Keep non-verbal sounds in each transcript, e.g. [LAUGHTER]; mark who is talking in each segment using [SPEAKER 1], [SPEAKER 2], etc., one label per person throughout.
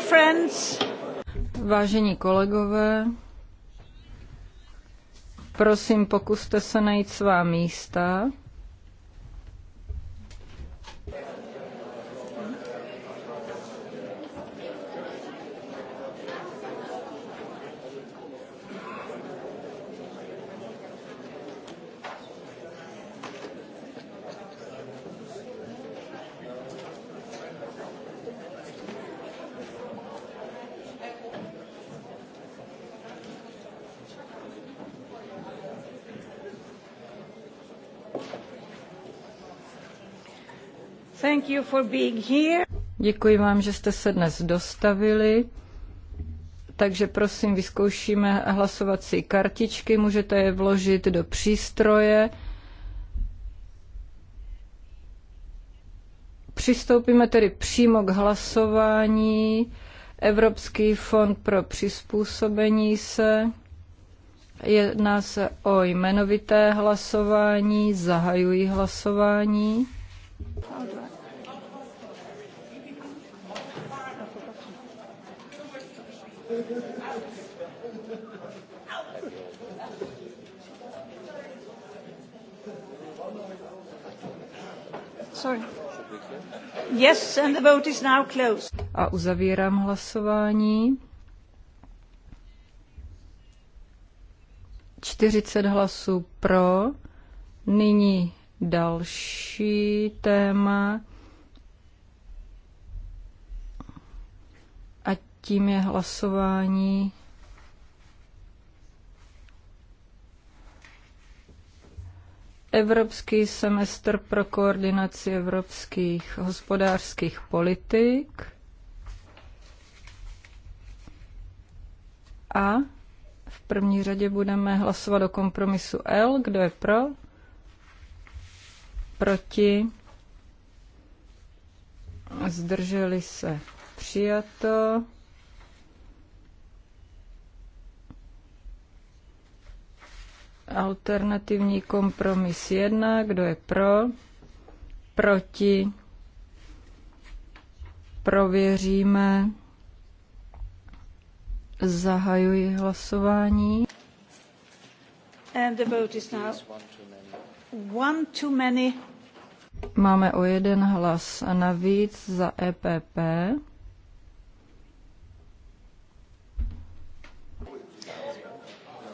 [SPEAKER 1] friends. Vážení kolegové, prosím, pokuste se najít svá místa. Děkuji vám, že jste se dnes dostavili. Takže prosím, vyzkoušíme hlasovací kartičky, můžete je vložit do přístroje. Přistoupíme tedy přímo k hlasování. Evropský fond pro přizpůsobení se. Jedná se o jmenovité hlasování. Zahajuji hlasování.
[SPEAKER 2] Okay.
[SPEAKER 3] Sorry. Yes, and the vote is now closed.
[SPEAKER 1] A uzavírám hlasování. 40 hlasů pro. Nyní další téma tím je hlasování Evropský semestr pro koordinaci evropských hospodářských politik a v první řadě budeme hlasovat o kompromisu L. Kdo je pro? Proti? Zdrželi se. Přijato. Alternativní kompromis 1, kdo je pro, proti, prověříme, zahajuji hlasování.
[SPEAKER 3] And the vote is now
[SPEAKER 1] one too many. Máme o jeden hlas navíc za EPP.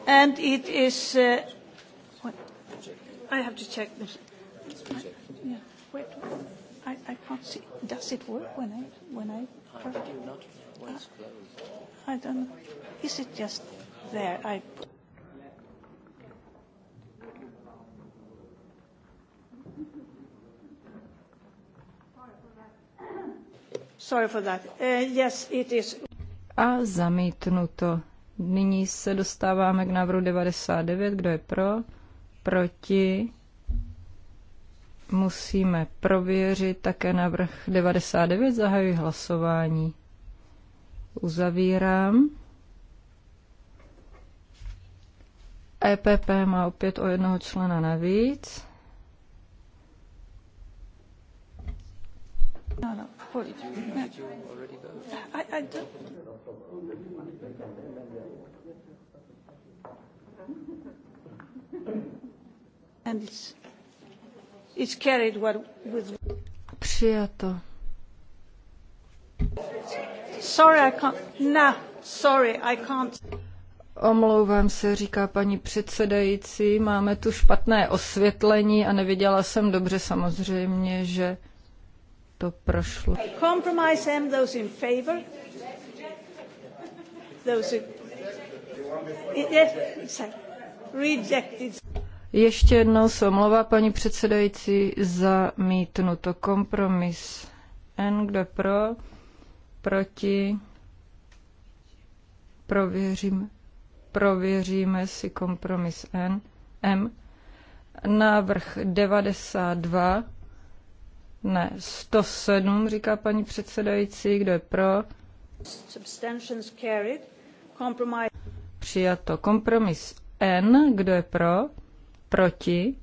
[SPEAKER 2] And it is. Uh,
[SPEAKER 3] I have to check this. I, I, can't see. Does it work when I when I? How
[SPEAKER 2] uh,
[SPEAKER 3] I don't. Know. Is it just there? I. Sorry for that. Uh, yes, it is.
[SPEAKER 1] A zamítnuto. Nyní se dostáváme k návrhu 99. Kdo je pro? Proti? Musíme prověřit také návrh 99. Zahajuji hlasování. Uzavírám. EPP má opět o jednoho člena navíc.
[SPEAKER 2] No, no, I, I don't...
[SPEAKER 1] Přijato. Sorry, I can't. No, sorry, I can't. Omlouvám se, říká paní předsedající, máme tu špatné osvětlení a neviděla jsem dobře samozřejmě, že to prošlo. Compromise those in Those
[SPEAKER 3] Rejected.
[SPEAKER 1] Ještě jednou se omlouvá paní předsedající za mítnuto kompromis. N, kdo pro, proti, prověříme, prověříme si kompromis N, M. Návrh 92, ne, 107, říká paní předsedající, kdo je pro. Přijato kompromis N, kdo je pro proti,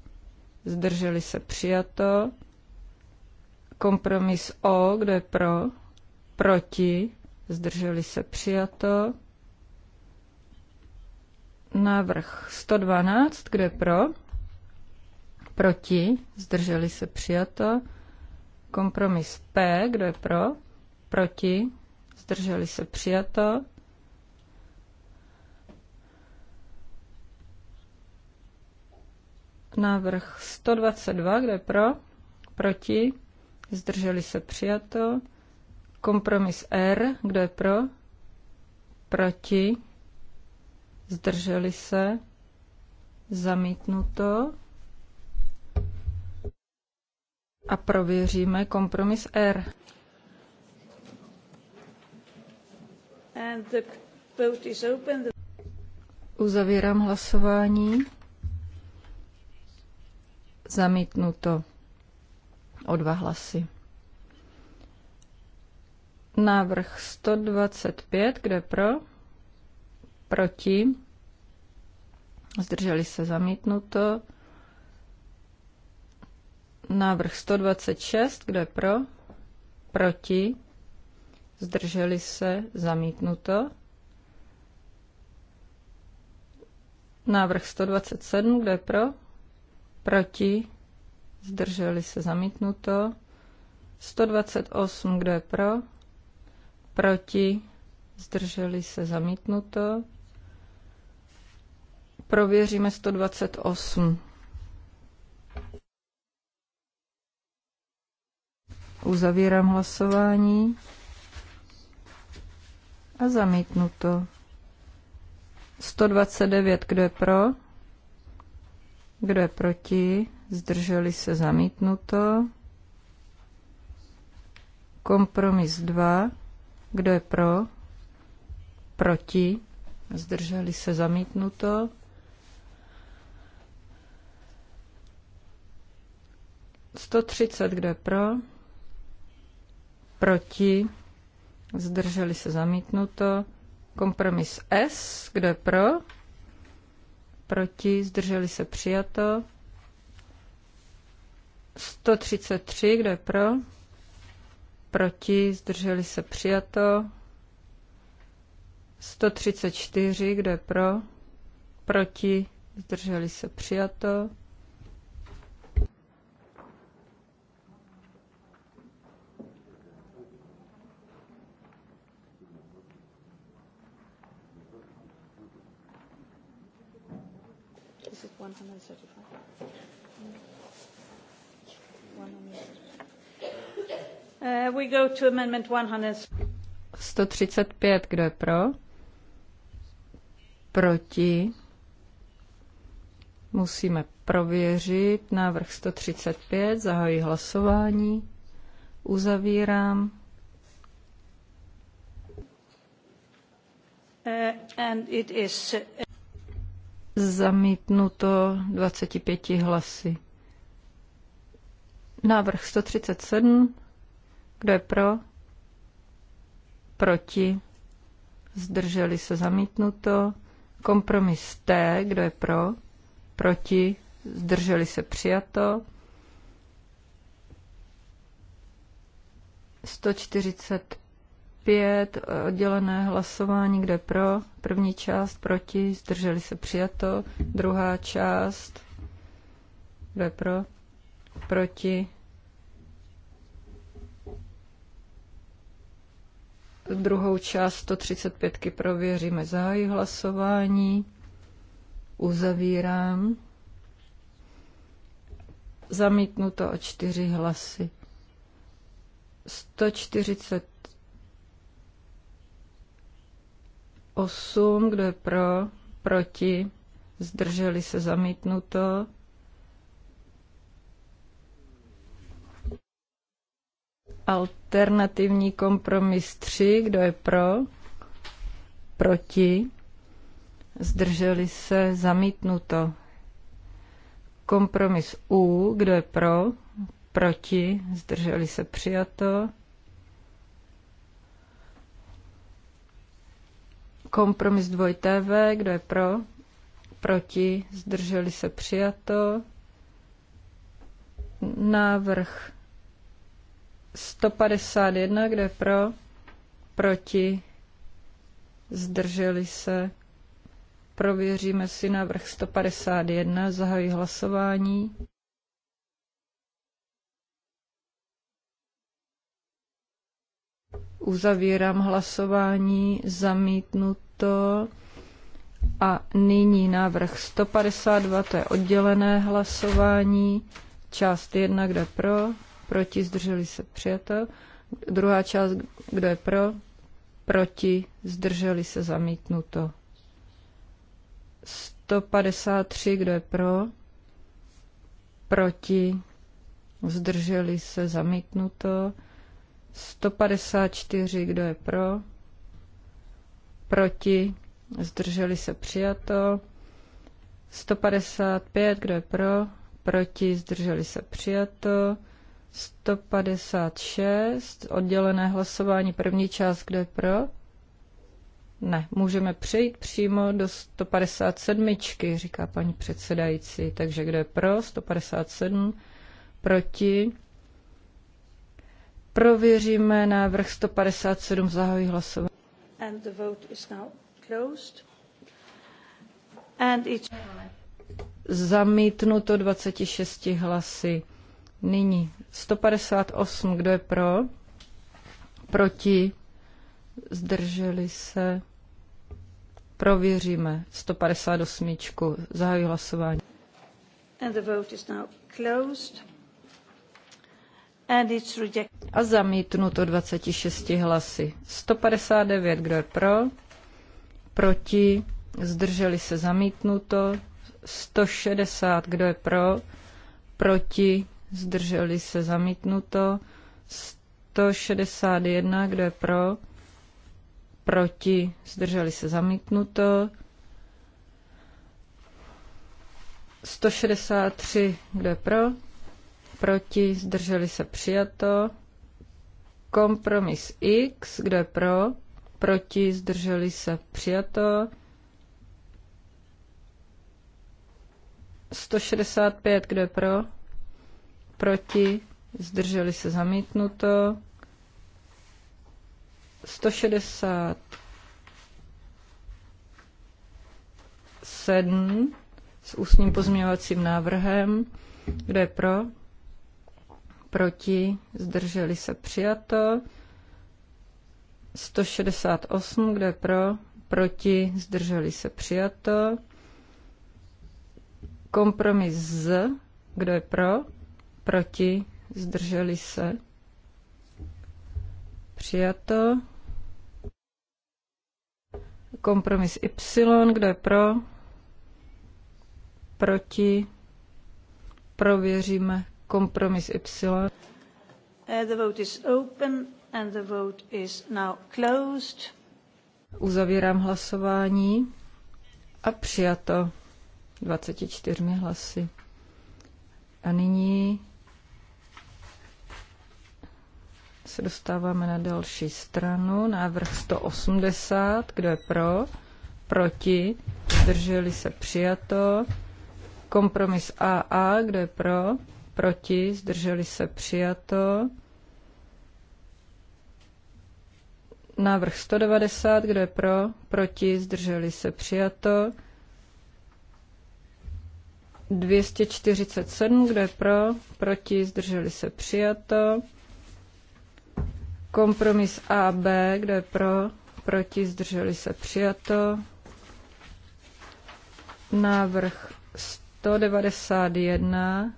[SPEAKER 1] zdrželi se přijato. Kompromis O, kdo je pro, proti, zdrželi se přijato. Návrh 112, kdo je pro, proti, zdrželi se přijato. Kompromis P, kdo je pro, proti, zdrželi se přijato. Návrh 122, kde pro, proti, zdrželi se přijato. Kompromis R, kdo je pro, proti, zdrželi se, zamítnuto. A prověříme kompromis R. Uzavírám hlasování. Zamítnuto o dva hlasy. Návrh 125, kde pro? Proti? Zdrželi se zamítnuto. Návrh 126, kde pro? Proti? Zdrželi se zamítnuto. Návrh 127, kde pro? Proti? Zdrželi se zamítnuto. 128, kdo je pro? Proti? Zdrželi se zamítnuto. Prověříme 128. Uzavírám hlasování a zamítnuto. 129, kdo je pro? Kdo je proti? Zdrželi se zamítnuto. Kompromis 2. Kdo je pro? Proti? Zdrželi se zamítnuto. Sto třicet, kdo je pro? Proti? Zdrželi se zamítnuto. Kompromis S, kdo je pro? proti, zdrželi se přijato. 133, kdo je pro, proti, zdrželi se přijato. 134, kdo je pro, proti, zdrželi se přijato.
[SPEAKER 2] 135.
[SPEAKER 1] Uh, kdo je pro? Proti? Musíme prověřit. Návrh 135, zahají hlasování. Uzavírám.
[SPEAKER 3] Uh, and it is, uh
[SPEAKER 1] zamítnuto 25 hlasy. Návrh 137. Kdo je pro? Proti? Zdrželi se zamítnuto. Kompromis T. Kdo je pro? Proti? Zdrželi se přijato. 145 pět oddělené eh, hlasování, kde pro, první část, proti, zdrželi se přijato, druhá část, kde pro, proti, druhou část 135 prověříme, zahájí hlasování, uzavírám, zamítnuto o čtyři hlasy. 140 8, kdo je pro, proti, zdrželi se zamítnuto. Alternativní kompromis 3, kdo je pro, proti, zdrželi se zamítnuto. Kompromis U, kdo je pro, proti, zdrželi se přijato. Kompromis 2TV, kdo je pro? Proti? Zdrželi se přijato. Návrh 151, kdo je pro? Proti? Zdrželi se. Prověříme si návrh 151, zahají hlasování. Uzavírám hlasování, zamítnut to A nyní návrh 152, to je oddělené hlasování. Část 1, kde pro, proti, zdrželi se přijato. Druhá část, kdo je pro, proti, zdrželi se zamítnuto. 153, kdo je pro, proti, zdrželi se zamítnuto. 154, kdo je pro, proti, zdrželi se přijato. 155, kdo je pro, proti, zdrželi se přijato. 156, oddělené hlasování, první část, kdo je pro? Ne, můžeme přejít přímo do 157, říká paní předsedající. Takže kdo je pro? 157, proti. Prověříme návrh 157, zahojí hlasování
[SPEAKER 3] and the vote is now closed. And it's...
[SPEAKER 1] Zamítnuto 26 hlasy. Nyní 158, kdo je pro? Proti? Zdrželi se? Prověříme 158. Zahajuji hlasování.
[SPEAKER 3] And the vote is now closed. A
[SPEAKER 1] zamítnuto 26 hlasy. 159, kdo je pro? Proti? Zdrželi se zamítnuto. 160, kdo je pro? Proti? Zdrželi se zamítnuto. 161, kdo je pro? Proti? Zdrželi se zamítnuto. 163, kdo je pro? proti, zdrželi se přijato. Kompromis X, kdo je pro, proti, zdrželi se přijato. 165, kdo je pro, proti, zdrželi se zamítnuto. 167 s ústním pozměňovacím návrhem. Kdo je pro? proti, zdrželi se přijato. 168, kde pro, proti, zdrželi se přijato. Kompromis z, kdo je pro, proti, zdrželi se přijato. Kompromis Y, kdo je pro, proti, prověříme Kompromis Y.
[SPEAKER 3] Eh, the vote is open and the vote is now closed.
[SPEAKER 1] Uzavírám hlasování a přijato 24 hlasy. A nyní se dostáváme na další stranu. Návrh 180, kdo je pro, proti, zdrželi se přijato. Kompromis AA, kdo je pro, proti, zdrželi se přijato. Návrh 190, kdo je pro, proti, zdrželi se přijato. 247, kdo je pro, proti, zdrželi se přijato. Kompromis AB, kdo je pro, proti, zdrželi se přijato. Návrh 191,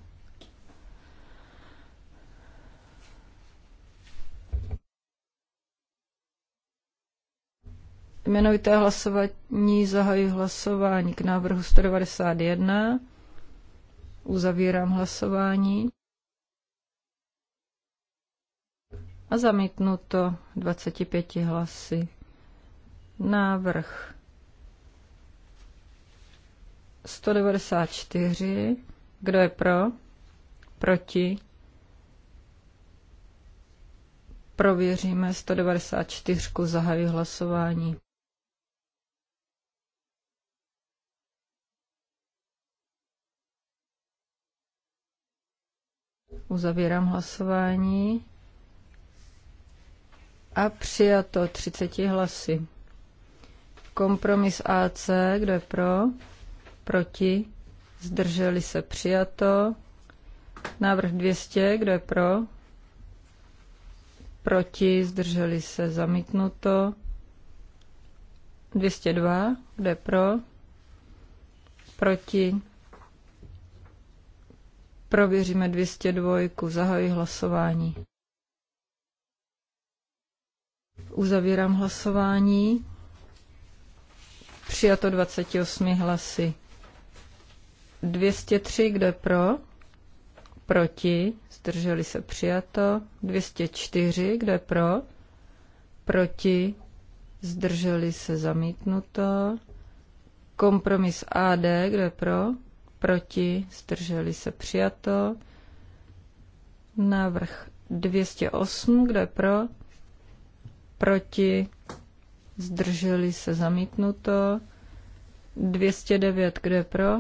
[SPEAKER 1] Jmenovité hlasování zahajuji hlasování k návrhu 191. Uzavírám hlasování. A zamítnuto 25 hlasy. Návrh 194. Kdo je pro? Proti? Prověříme 194. Zahajuji hlasování. Uzavírám hlasování. A přijato 30 hlasy. Kompromis AC, kdo je pro? Proti? Zdrželi se přijato. Návrh 200, kdo je pro? Proti? Zdrželi se zamítnuto. 202, kdo je pro? Proti? Prověříme 202. Zahajuji hlasování. Uzavírám hlasování. Přijato 28 hlasy. 203, kdo je pro? Proti. Zdrželi se přijato. 204, kdo je pro? Proti. Zdrželi se zamítnuto. Kompromis AD, kdo je pro? proti, zdrželi se přijato. Návrh 208, kdo je pro, proti, zdrželi se zamítnuto. 209, kdo je pro,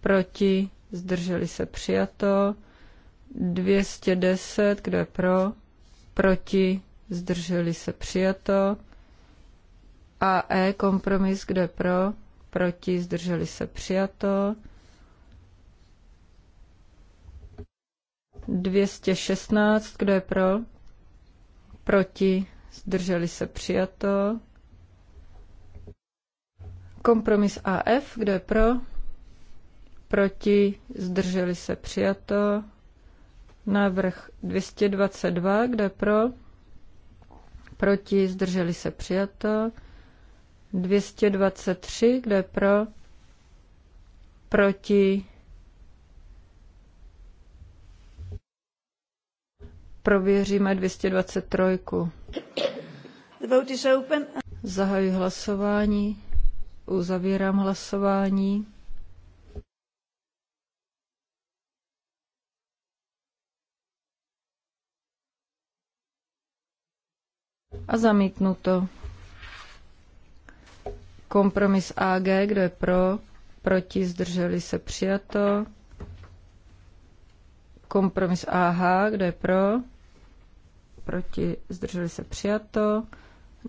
[SPEAKER 1] proti, zdrželi se přijato. 210, kdo je pro, proti, zdrželi se přijato. AE kompromis, kdo je pro, proti, zdrželi se přijato. 216, kdo je pro? Proti? Zdrželi se přijato. Kompromis AF, kdo je pro? Proti? Zdrželi se přijato. Návrh 222, kdo je pro? Proti? Zdrželi se přijato. 223, kdo je pro? Proti? Prověříme 223. The vote is open. Zahajuji hlasování. Uzavírám hlasování. A zamítnuto. Kompromis AG, kdo je pro, proti, zdrželi se, přijato. Kompromis AH, kdo je pro, proti, zdrželi se přijato.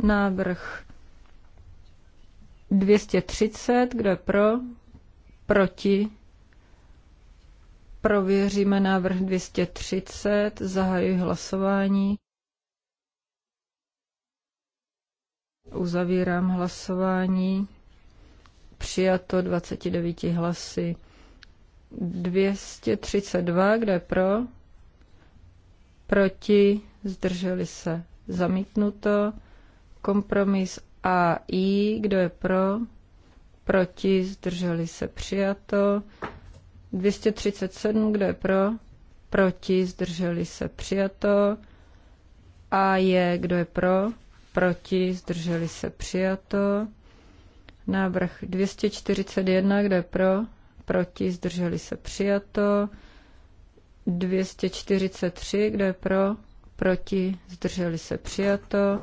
[SPEAKER 1] Návrh 230, kdo je pro, proti, prověříme návrh 230, zahajuji hlasování. Uzavírám hlasování. Přijato 29 hlasy. 232, kde pro? proti, zdrželi se, zamítnuto. Kompromis a i kdo je pro, proti, zdrželi se, přijato. 237, kdo je pro, proti, zdrželi se, přijato. A je, kdo je pro, proti, zdrželi se, přijato. Návrh 241, kdo je pro, proti, zdrželi se, přijato. 243, kdo je pro, proti, zdrželi se přijato.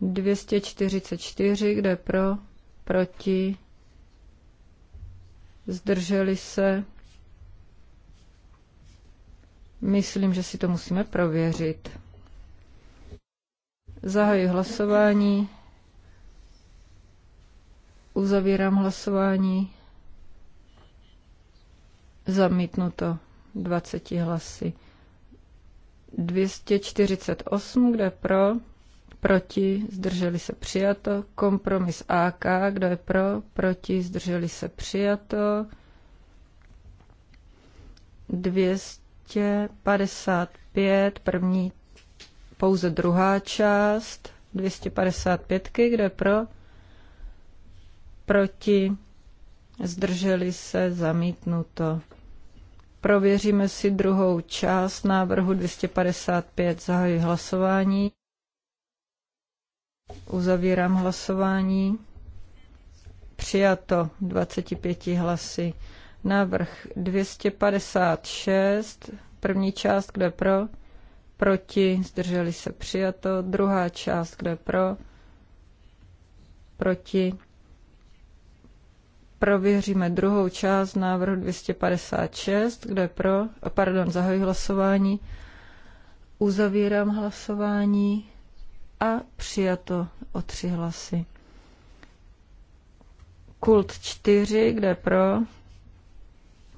[SPEAKER 1] 244, kdo je pro, proti, zdrželi se. Myslím, že si to musíme prověřit. Zahajuji hlasování. Uzavírám hlasování. Zamítnuto. 20 hlasy. 248, kdo je pro, proti, zdrželi se přijato. Kompromis AK, kdo je pro, proti, zdrželi se přijato. 255, první, pouze druhá část. 255, kdo je pro, proti, zdrželi se, zamítnuto. Prověříme si druhou část návrhu 255. Zahajuji hlasování. Uzavírám hlasování. Přijato 25 hlasy. Návrh 256. První část, kde pro? Proti. Zdrželi se přijato. Druhá část, kde pro? Proti prověříme druhou část návrhu 256, kde pro, pardon, zahoji hlasování, uzavírám hlasování a přijato o tři hlasy. Kult 4, kde pro,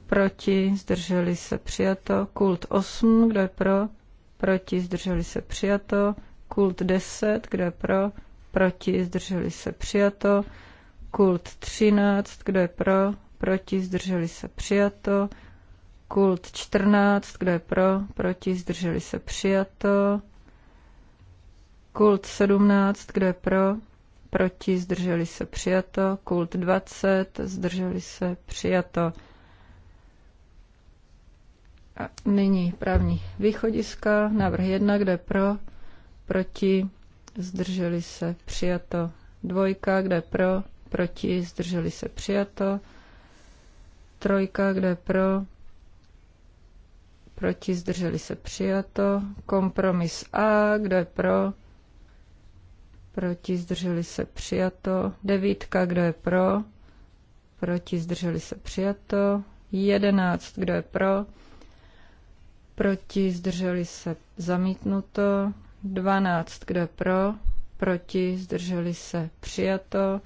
[SPEAKER 1] proti, zdrželi se přijato. Kult 8, kde pro, proti, zdrželi se přijato. Kult 10, kde pro, proti, zdrželi se přijato. Kult 13, kdo je pro, proti, zdrželi se přijato. Kult 14, kdo je pro, proti, zdrželi se přijato. Kult 17, kdo je pro, proti, zdrželi se přijato. Kult 20, zdrželi se přijato. A nyní právní východiska, návrh 1, kdo je pro, proti, zdrželi se, přijato. Dvojka, kde pro, proti, zdrželi se přijato. Trojka, kde pro, proti, zdrželi se přijato. Kompromis A, kde pro, proti, zdrželi se přijato. Devítka, kdo je pro, proti, zdrželi se přijato. Jedenáct, kdo je pro, proti, zdrželi se zamítnuto. Dvanáct, kdo je pro, proti, zdrželi se přijato.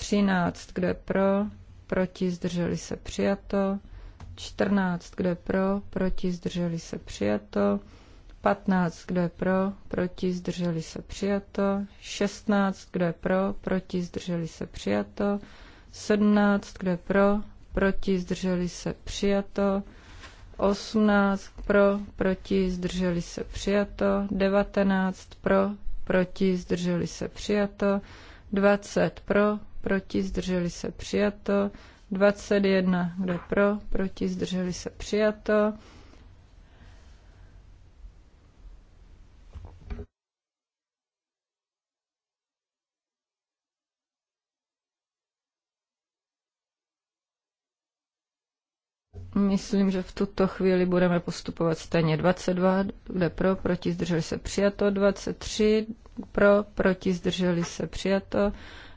[SPEAKER 1] 13, kdo je pro, proti, zdrželi se přijato. 14, kdo je pro, proti, zdrželi se přijato. 15, kdo je pro, proti, zdrželi se přijato. 16, kdo je pro, proti, zdrželi se přijato. 17, kdo je pro, proti, zdrželi se přijato. 18, pro, proti, zdrželi se přijato. 19, pro, proti, zdrželi se přijato. 20, pro, proti, zdrželi se přijato. 21, kdo je pro, proti, zdrželi se přijato. Myslím, že v tuto chvíli budeme postupovat stejně 22, kde pro, proti, zdrželi se přijato, 23, pro, proti, zdrželi se přijato,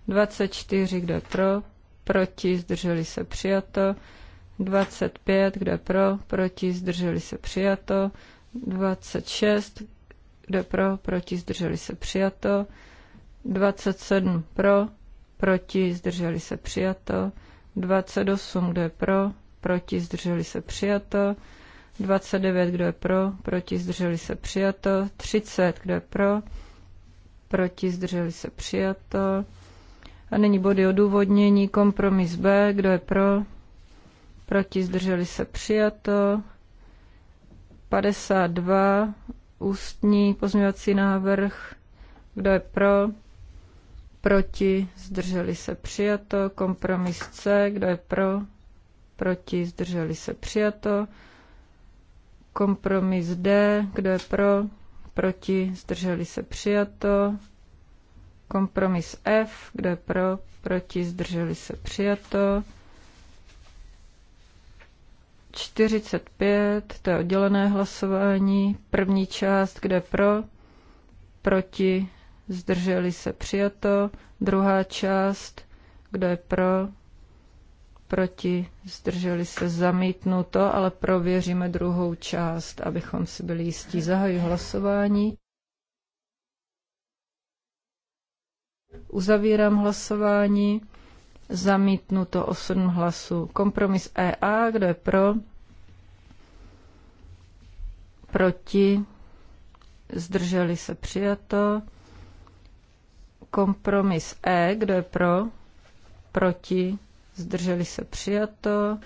[SPEAKER 1] 24, kdo je pro, proti, zdrželi se přijato. 25, kdo je pro, proti, zdrželi se přijato. 26, kdo je pro, proti, zdrželi se přijato. 27 pro, proti, zdrželi se přijato. 28, kdo je pro, proti, zdrželi se přijato. 29, kdo je pro, proti, zdrželi se přijato. 30, kdo je pro, proti, zdrželi se přijato. A nyní body odůvodnění. Kompromis B. Kdo je pro? Proti zdrželi se přijato. 52. Ústní pozměňovací návrh. Kdo je pro? Proti zdrželi se přijato. Kompromis C. Kdo je pro? Proti zdrželi se přijato. Kompromis D. Kdo je pro? Proti zdrželi se přijato. Kompromis F, kdo je pro, proti, zdrželi se přijato. 45, to je oddělené hlasování. První část, kde pro, proti, zdrželi se přijato. Druhá část, kdo je pro, proti, zdrželi se zamítnuto, ale prověříme druhou část, abychom si byli jistí. Zahajuji hlasování. Uzavírám hlasování. Zamítnuto 7 hlasů. Kompromis EA, kdo je pro? Proti? Zdrželi se přijato. Kompromis E, kdo je pro? Proti? Zdrželi se přijato.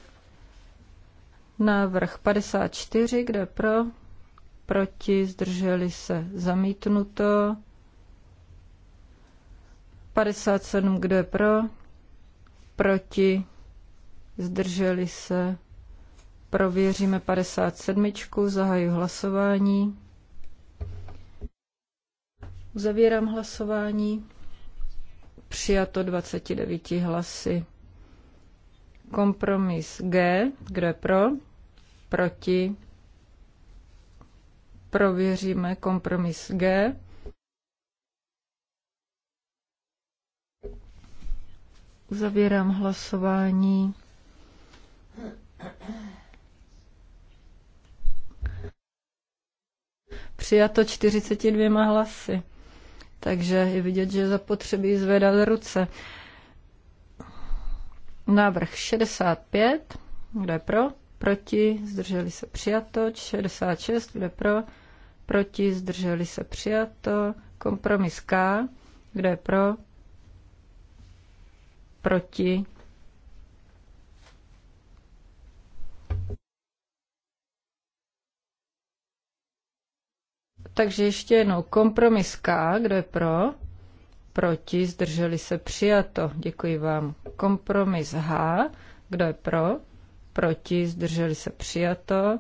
[SPEAKER 1] Návrh 54, kdo je pro? Proti? Zdrželi se zamítnuto. 57, kdo je pro? Proti? Zdrželi se? Prověříme 57. Zahaju hlasování. Uzavírám hlasování. Přijato 29 hlasy. Kompromis G. Kdo je pro? Proti? Prověříme kompromis G. Uzavírám hlasování. Přijato 42 hlasy. Takže je vidět, že zapotřebí zvedat ruce. Návrh 65. Kdo je pro? Proti. Zdrželi se přijato. 66. Kdo je pro? Proti. Zdrželi se přijato. Kompromis K. Kdo je pro? proti, Takže ještě jednou kompromis K, kdo je pro? Proti, zdrželi se přijato. Děkuji vám. Kompromis H, kdo je pro? Proti, zdrželi se přijato.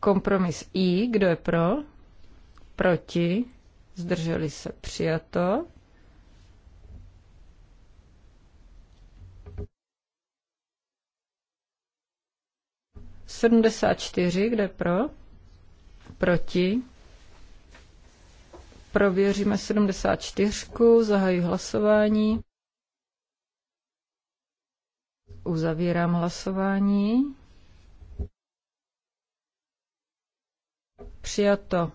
[SPEAKER 1] Kompromis I, kdo je pro? Proti, zdrželi se přijato. 74, kde pro? Proti. Prověříme 74, zahajuji hlasování. Uzavírám hlasování. Přijato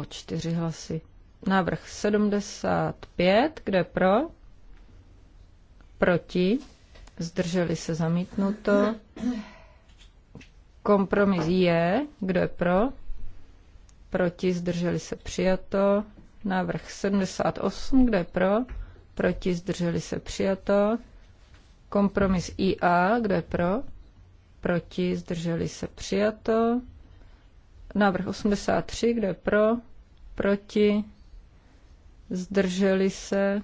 [SPEAKER 1] o čtyři hlasy. Návrh 75, kde pro? Proti. Zdrželi se zamítnuto. Kompromis je, kdo je pro, proti, zdrželi se přijato. Návrh 78, kdo je pro, proti, zdrželi se přijato. Kompromis IA, kdo je pro, proti, zdrželi se přijato. Návrh 83, kdo je pro, proti, zdrželi se,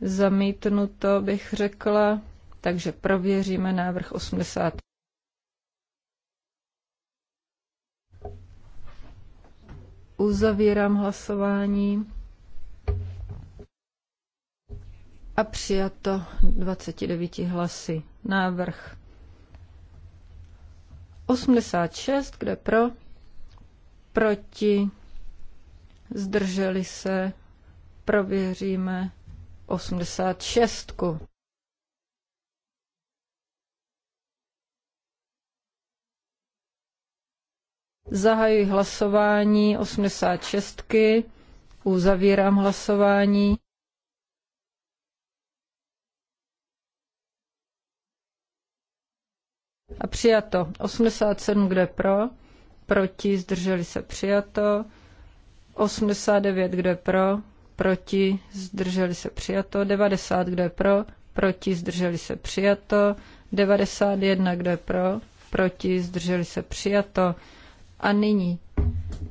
[SPEAKER 1] zamítnuto bych řekla, takže prověříme návrh 83. Uzavírám hlasování. A přijato 29 hlasy. Návrh 86, kde pro, proti, zdrželi se, prověříme 86. Zahajuji hlasování 86. Uzavírám hlasování. A přijato. 87, je pro? Proti, zdrželi se přijato. 89, je pro? Proti, zdrželi se přijato. 90, je pro? Proti, zdrželi se přijato. 91, je pro? Proti, zdrželi se přijato. A nyní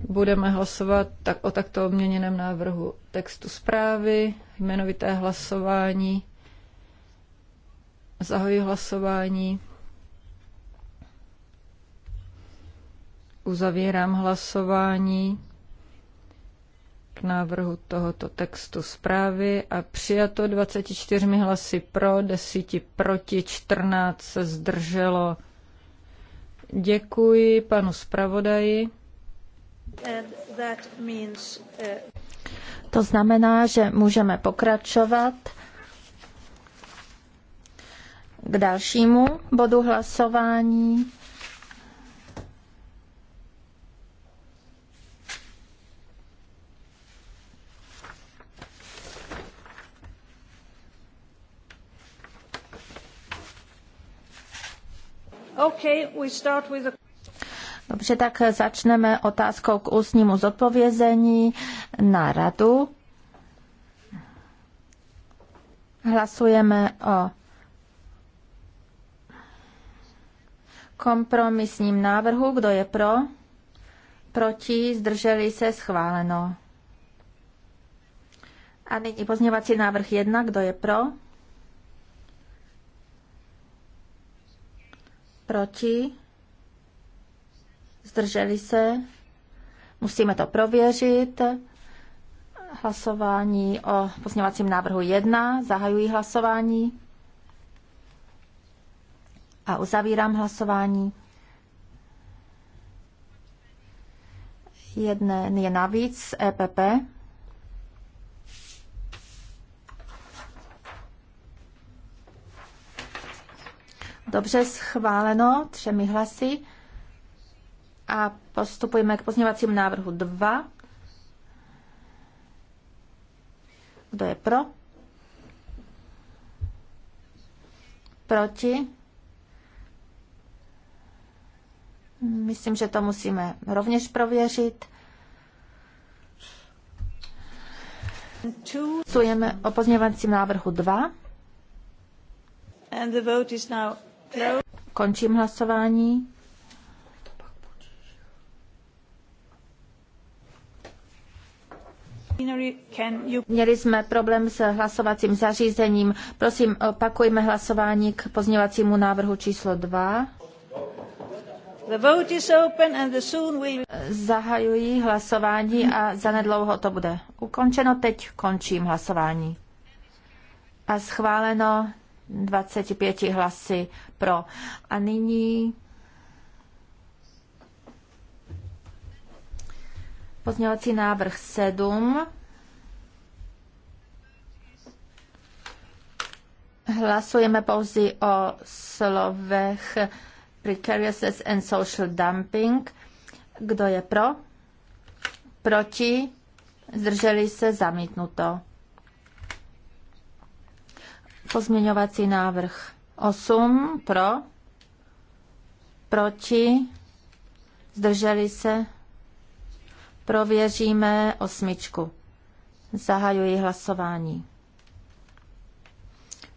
[SPEAKER 1] budeme hlasovat tak, o takto obměněném návrhu textu zprávy, jmenovité hlasování. Zahoji hlasování. Uzavírám hlasování k návrhu tohoto textu zprávy a přijato 24 hlasy pro, 10 proti, 14 se zdrželo. Děkuji
[SPEAKER 4] panu zpravodaji. To znamená, že můžeme pokračovat k dalšímu bodu hlasování. Dobře, tak začneme otázkou k ústnímu zodpovězení na radu. Hlasujeme o kompromisním návrhu. Kdo je pro? Proti? Zdrželi se? Schváleno. A nyní pozměvací návrh 1. Kdo je pro? proti, zdrželi se, musíme to prověřit. Hlasování o pozměňovacím návrhu 1, zahajuji hlasování a uzavírám hlasování. Jeden je navíc EPP. Dobře, schváleno třemi hlasy. A postupujeme k pozměňovacímu návrhu 2. Kdo je pro? Proti? Myslím, že to musíme rovněž prověřit. Hlasujeme o pozměňovacím návrhu 2.
[SPEAKER 3] And the vote is now
[SPEAKER 4] Končím hlasování. Měli jsme problém s hlasovacím zařízením. Prosím, opakujme hlasování k pozněvacímu návrhu číslo 2. The vote is open and the soon hlasování a zanedlouho to bude ukončeno. Teď končím hlasování. A schváleno 25 hlasy pro. A nyní pozměňovací návrh 7. Hlasujeme pouze o slovech precariousness and social dumping. Kdo je pro? Proti? Zdrželi se zamítnuto. Pozměňovací návrh 8 pro, proti, zdrželi se, prověříme osmičku. Zahajuji hlasování.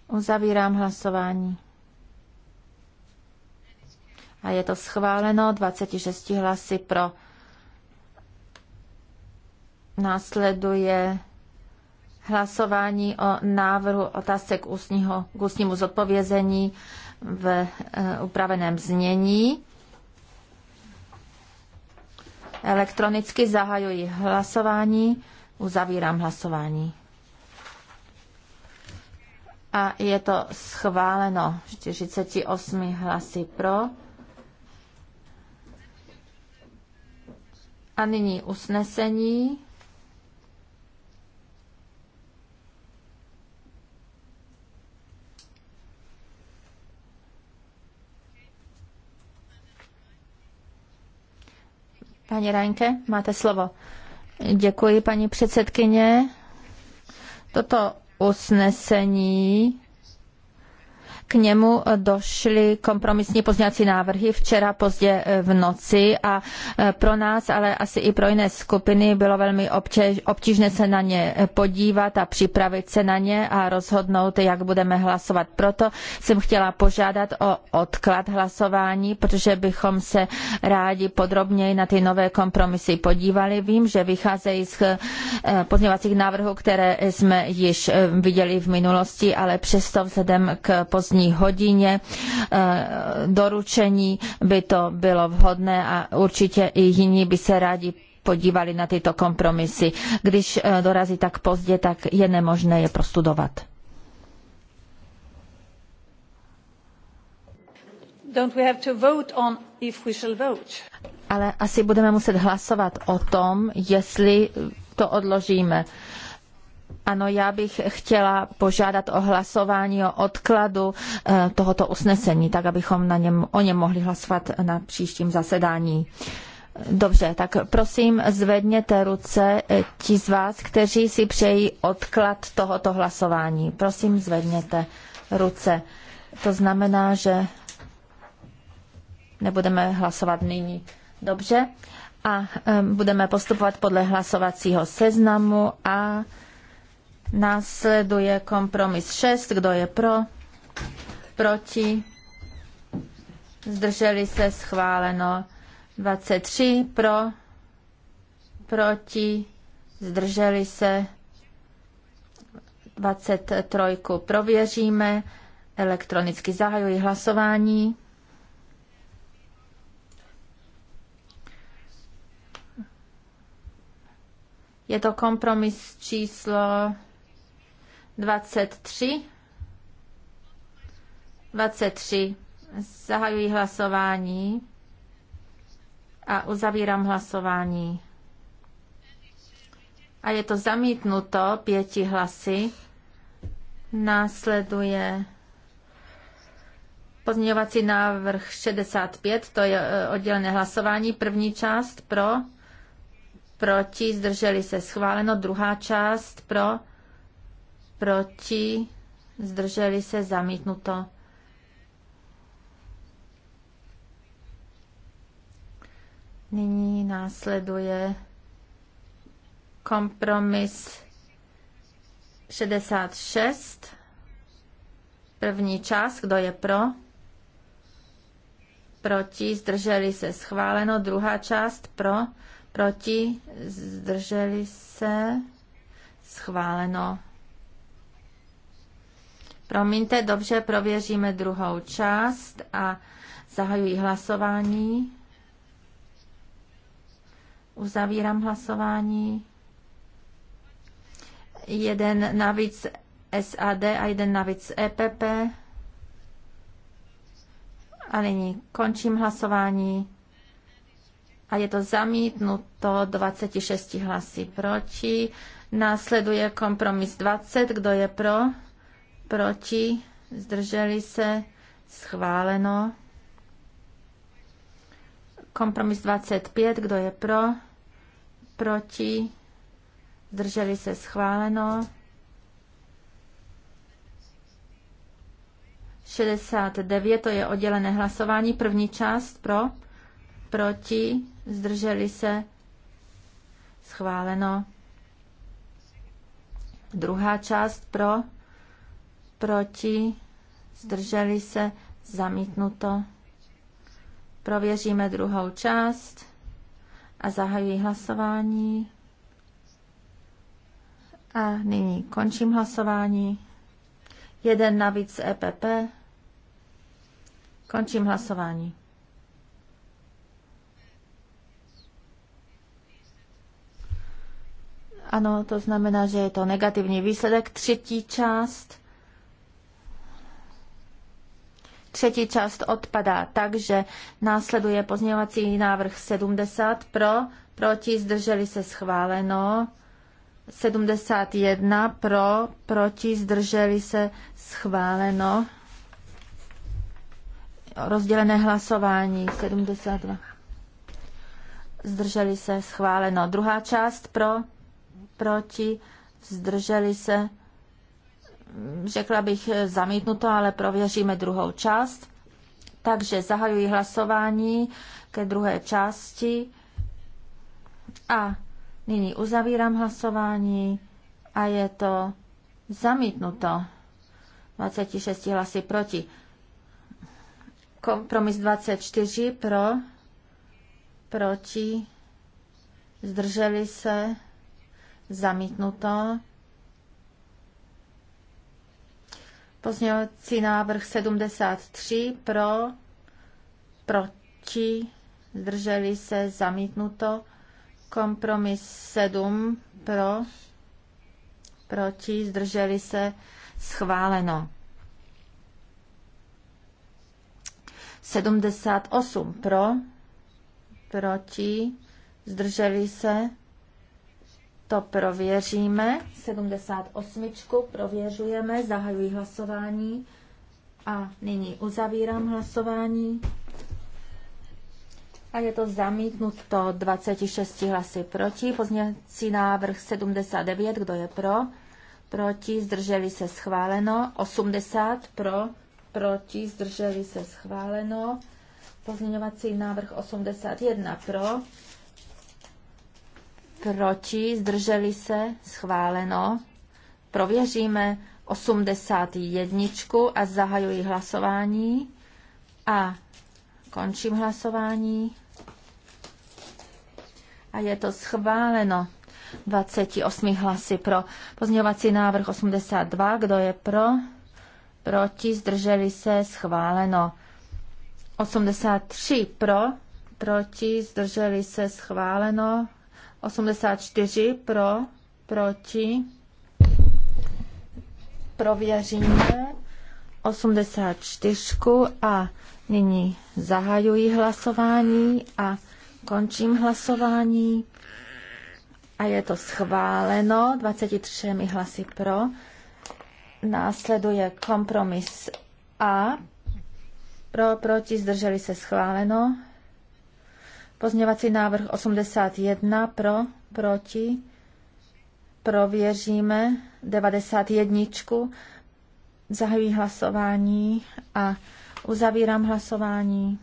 [SPEAKER 4] Uzavírám hlasování. A je to schváleno 26 hlasy pro. Následuje hlasování o návrhu otázek ústního, k ústnímu zodpovězení v e, upraveném znění. Elektronicky zahajuji hlasování, uzavírám hlasování. A je to schváleno 48 hlasy pro. A nyní usnesení. Paní Rajnke, máte slovo. Děkuji, paní předsedkyně. Toto usnesení k němu došly kompromisní pozněcí návrhy včera pozdě e, v noci a e, pro nás, ale asi i pro jiné skupiny bylo velmi obtížné se na ně podívat a připravit se na ně a rozhodnout, jak budeme hlasovat. Proto jsem chtěla požádat o odklad hlasování, protože bychom se rádi podrobněji na ty nové kompromisy podívali. Vím, že vycházejí z e, pozněvacích návrhů, které jsme již viděli v minulosti, ale přesto vzhledem k pozdní první hodině eh, doručení by to bylo vhodné a určitě i jiní by se rádi podívali na tyto kompromisy. Když eh, dorazí tak pozdě, tak je nemožné je prostudovat. Ale asi budeme muset hlasovat o tom, jestli to odložíme. Ano, já bych chtěla požádat o hlasování, o odkladu eh, tohoto usnesení, tak abychom na něm, o něm mohli hlasovat na příštím zasedání. Dobře, tak prosím zvedněte ruce eh, ti z vás, kteří si přejí odklad tohoto hlasování. Prosím zvedněte ruce. To znamená, že nebudeme hlasovat nyní. Dobře. A eh, budeme postupovat podle hlasovacího seznamu a Následuje kompromis 6. Kdo je pro? Proti? Zdrželi se schváleno 23 pro, proti, zdrželi se 23. Prověříme, elektronicky zahajuji hlasování. Je to kompromis číslo 23. 23. Zahajuji hlasování a uzavírám hlasování. A je to zamítnuto pěti hlasy. Následuje pozměňovací návrh 65, to je e, oddělené hlasování. První část pro, proti, zdrželi se schváleno. Druhá část pro, proti, zdrželi se zamítnuto. Nyní následuje kompromis 66. První část, kdo je pro? Proti, zdrželi se schváleno. Druhá část pro, proti, zdrželi se schváleno. Promiňte, dobře, prověříme druhou část a zahajuji hlasování. Uzavírám hlasování. Jeden navíc SAD a jeden navíc EPP. A nyní končím hlasování. A je to zamítnuto 26 hlasy proti. Následuje kompromis 20. Kdo je pro? proti, zdrželi se, schváleno. Kompromis 25, kdo je pro, proti, zdrželi se, schváleno. 69, to je oddělené hlasování, první část pro, proti, zdrželi se, schváleno. Druhá část pro, proti, zdrželi se, zamítnuto. Prověříme druhou část a zahajuji hlasování. A nyní končím hlasování. Jeden navíc EPP. Končím hlasování. Ano, to znamená, že je to negativní výsledek. Třetí část. třetí část odpadá, takže následuje pozměňovací návrh 70 pro, proti, zdrželi se schváleno. 71 pro, proti, zdrželi se schváleno. Rozdělené hlasování 72. Zdrželi se schváleno. Druhá část pro, proti, zdrželi se řekla bych eh, zamítnuto, ale prověříme druhou část. Takže zahajuji hlasování ke druhé části a nyní uzavírám hlasování a je to zamítnuto. 26 hlasy proti. Kompromis 24 pro, proti, zdrželi se, zamítnuto. Pozměňovací návrh 73 pro, proti, zdrželi se, zamítnuto. Kompromis 7 pro, proti, zdrželi se, schváleno. 78 pro, proti, zdrželi se, to prověříme. 78. prověřujeme, zahajuji hlasování a nyní uzavírám hlasování. A je to zamítnuto 26 hlasy proti. Pozněcí návrh 79, kdo je pro? Proti, zdrželi se schváleno. 80 pro, proti, zdrželi se schváleno. Pozměňovací návrh 81 pro, proti, zdrželi se, schváleno. Prověříme 81 a zahajuji hlasování a končím hlasování. A je to schváleno. 28 hlasy pro pozměňovací návrh 82. Kdo je pro? Proti, zdrželi se, schváleno. 83 pro, proti, zdrželi se, schváleno. 84 pro, proti. Prověříme 84 a nyní zahajuji hlasování a končím hlasování. A je to schváleno 23 hlasy pro. Následuje kompromis A. Pro, proti, zdrželi se schváleno. Pozměňovací návrh 81 pro, proti. Prověříme 91. Zahajuji hlasování a uzavírám hlasování.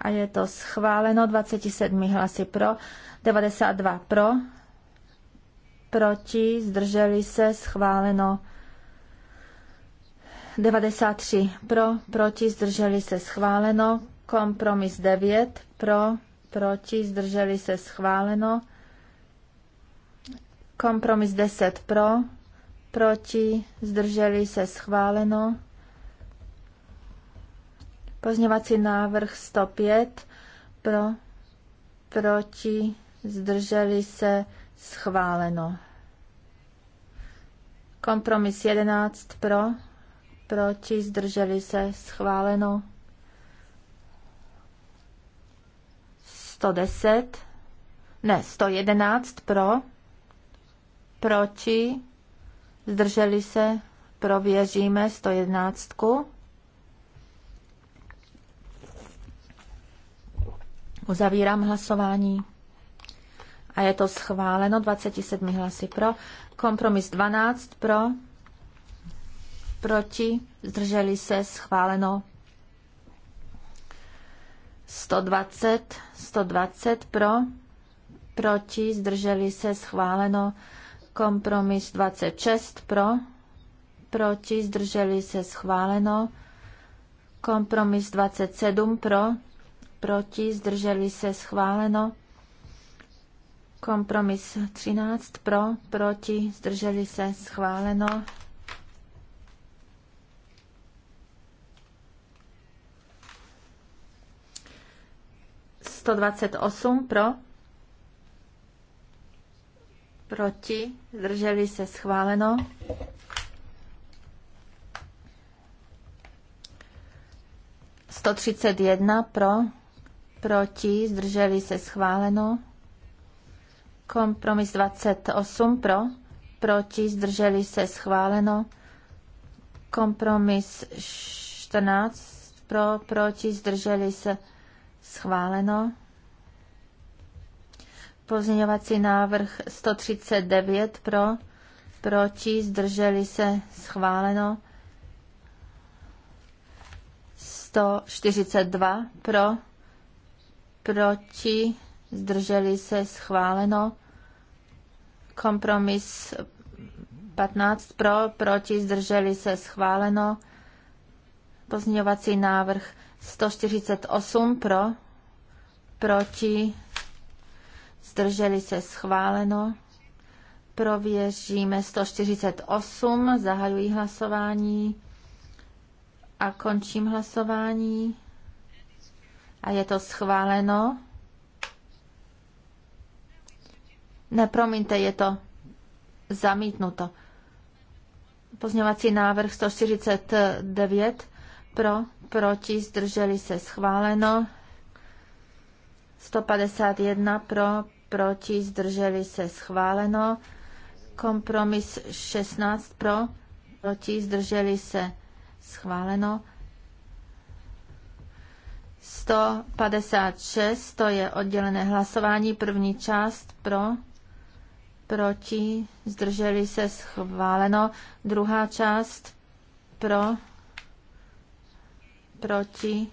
[SPEAKER 4] A je to schváleno 27 hlasy pro, 92 pro, proti, zdrželi se, schváleno 93 pro, proti, zdrželi se, schváleno Kompromis 9 pro, proti, zdrželi se schváleno. Kompromis 10 pro, proti, zdrželi se schváleno. Pozněvací návrh 105 pro, proti, zdrželi se schváleno. Kompromis 11 pro, proti, zdrželi se schváleno. 110, ne, 111 pro, proti, zdrželi se, prověříme 111. Uzavírám hlasování. A je to schváleno 27 hlasy pro. Kompromis 12 pro. Proti. Zdrželi se. Schváleno 120, 120 pro, proti, zdrželi se, schváleno. Kompromis 26 pro, proti, zdrželi se, schváleno. Kompromis 27 pro, proti, zdrželi se, schváleno. Kompromis 13 pro, proti, zdrželi se, schváleno. 128 pro, proti, zdrželi se schváleno. Sto třicet jedna pro, proti, zdrželi se schváleno. Kompromis 28 pro, proti, zdrželi se schváleno. Kompromis čtrnáct pro, proti, zdrželi se schváleno Schváleno. Pozměňovací návrh 139 pro, proti, zdrželi se, schváleno. 142 pro, proti, zdrželi se, schváleno. Kompromis 15 pro, proti, zdrželi se, schváleno. Pozměňovací návrh 148 pro, proti, zdrželi se schváleno. Prověříme 148, zahajuji hlasování a končím hlasování. A je to schváleno. Ne, promiňte, je to zamítnuto. Pozměňovací návrh 149 pro proti, zdrželi se schváleno. 151 pro, proti, zdrželi se schváleno. Kompromis 16 pro, proti, zdrželi se schváleno. 156, to je oddělené hlasování, první část pro, proti, zdrželi se schváleno, druhá část pro, proti,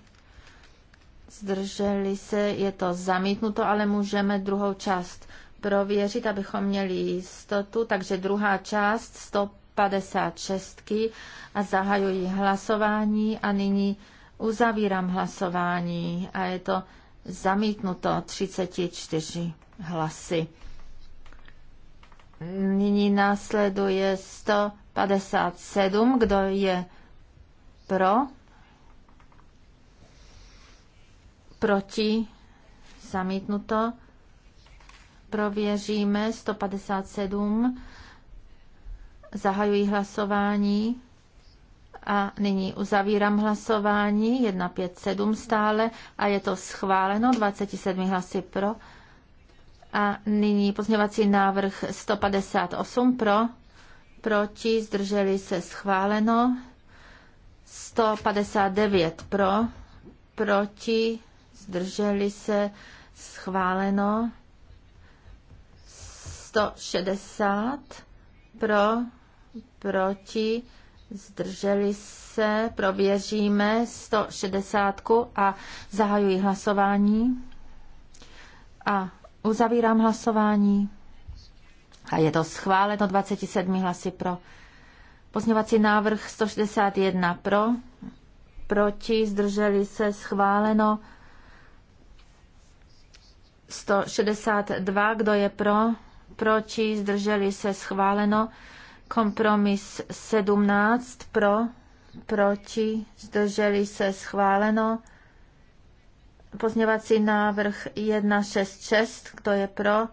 [SPEAKER 4] zdrželi se, je to zamítnuto, ale můžeme druhou část prověřit, abychom měli jistotu. Takže druhá část 156 a zahajuji hlasování a nyní uzavírám hlasování a je to zamítnuto 34 hlasy. Nyní následuje 157, kdo je pro, proti, zamítnuto. Prověříme 157. Zahajuji hlasování a nyní uzavírám hlasování 157 stále a je to schváleno 27 hlasy pro. A nyní pozměvací návrh 158 pro, proti, zdrželi se schváleno, 159 pro, proti, zdrželi se, schváleno. 160 pro, proti, zdrželi se, prověříme 160 a zahajuji hlasování a uzavírám hlasování. A je to schváleno 27 hlasy pro. Pozměňovací návrh 161 pro, proti, zdrželi se, schváleno 162, kdo je pro, proti, zdrželi se schváleno. Kompromis 17 pro, proti, zdrželi se schváleno. Pozměvací návrh 166, kdo je pro,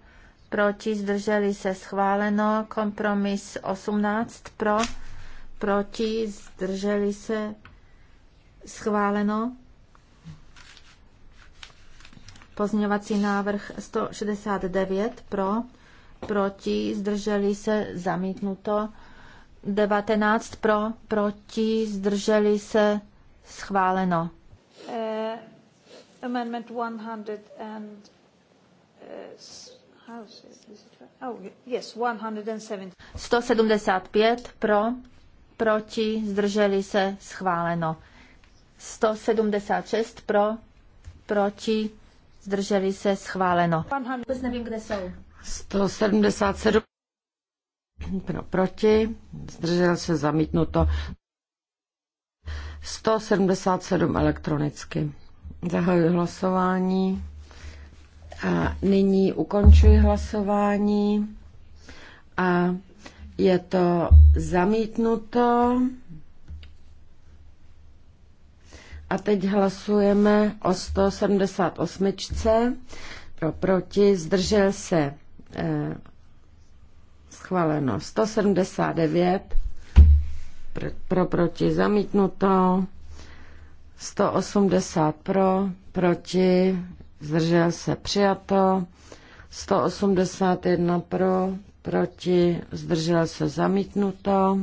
[SPEAKER 4] proti, zdrželi se schváleno. Kompromis 18 pro, proti, zdrželi se schváleno. Pozměňovací návrh 169 pro, proti, zdrželi se, zamítnuto. 19 pro, proti, zdrželi se, schváleno.
[SPEAKER 3] Uh, amendment 100 and, uh, oh, yes,
[SPEAKER 4] 175 pro, proti, zdrželi se, schváleno. 176 pro, proti,
[SPEAKER 5] zdrželi se, schváleno.
[SPEAKER 4] Vůbec nevím, kde jsou.
[SPEAKER 5] 177 pro, proti, zdržel se, zamítnuto. 177 elektronicky. Zahajuji hlasování. A nyní ukončuji hlasování. A je to zamítnuto. A teď hlasujeme o 178. Pro, proti, zdržel se eh, schváleno 179, pro, pro proti zamítnuto, 180 pro, proti, zdržel se přijato, 181 pro, proti, zdržel se zamítnuto.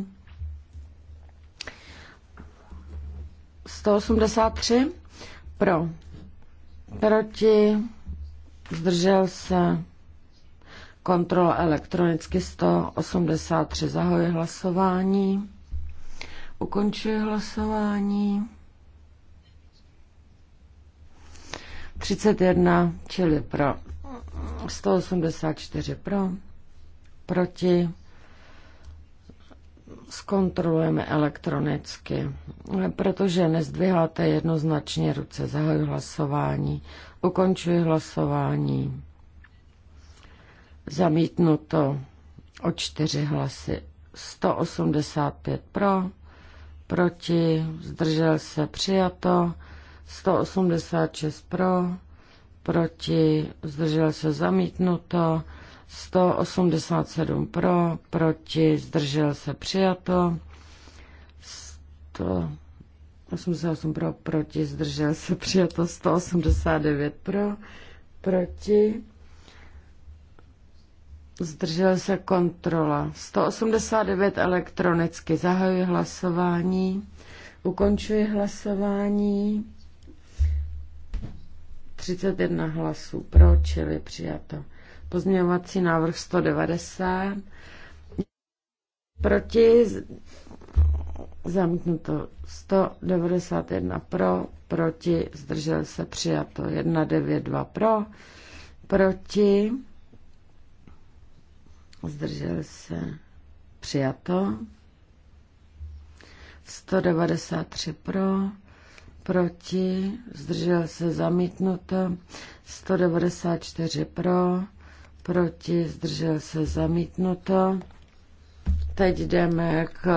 [SPEAKER 5] 183 pro, proti, zdržel se, kontrola elektronicky 183, zahoji hlasování, ukončuji hlasování. 31, čili pro, 184 pro, proti, zkontrolujeme elektronicky, protože nezdviháte jednoznačně ruce. Zahajuji hlasování, ukončuji hlasování. Zamítnuto o čtyři hlasy. 185 pro, proti, zdržel se přijato, 186 pro, proti, zdržel se zamítnuto, 187 pro, proti, zdržel se přijato. 188 pro, proti, zdržel se přijato. 189 pro, proti, zdržel se kontrola. 189 elektronicky. Zahajuji hlasování. Ukončuji hlasování. 31 hlasů pro, čili přijato. Pozměňovací návrh 190. Proti zamítnuto 191 pro, proti zdržel se přijato 192 pro, proti zdržel se přijato 193 pro, proti zdržel se zamítnuto 194 pro, proti, zdržel se zamítnuto. Teď jdeme k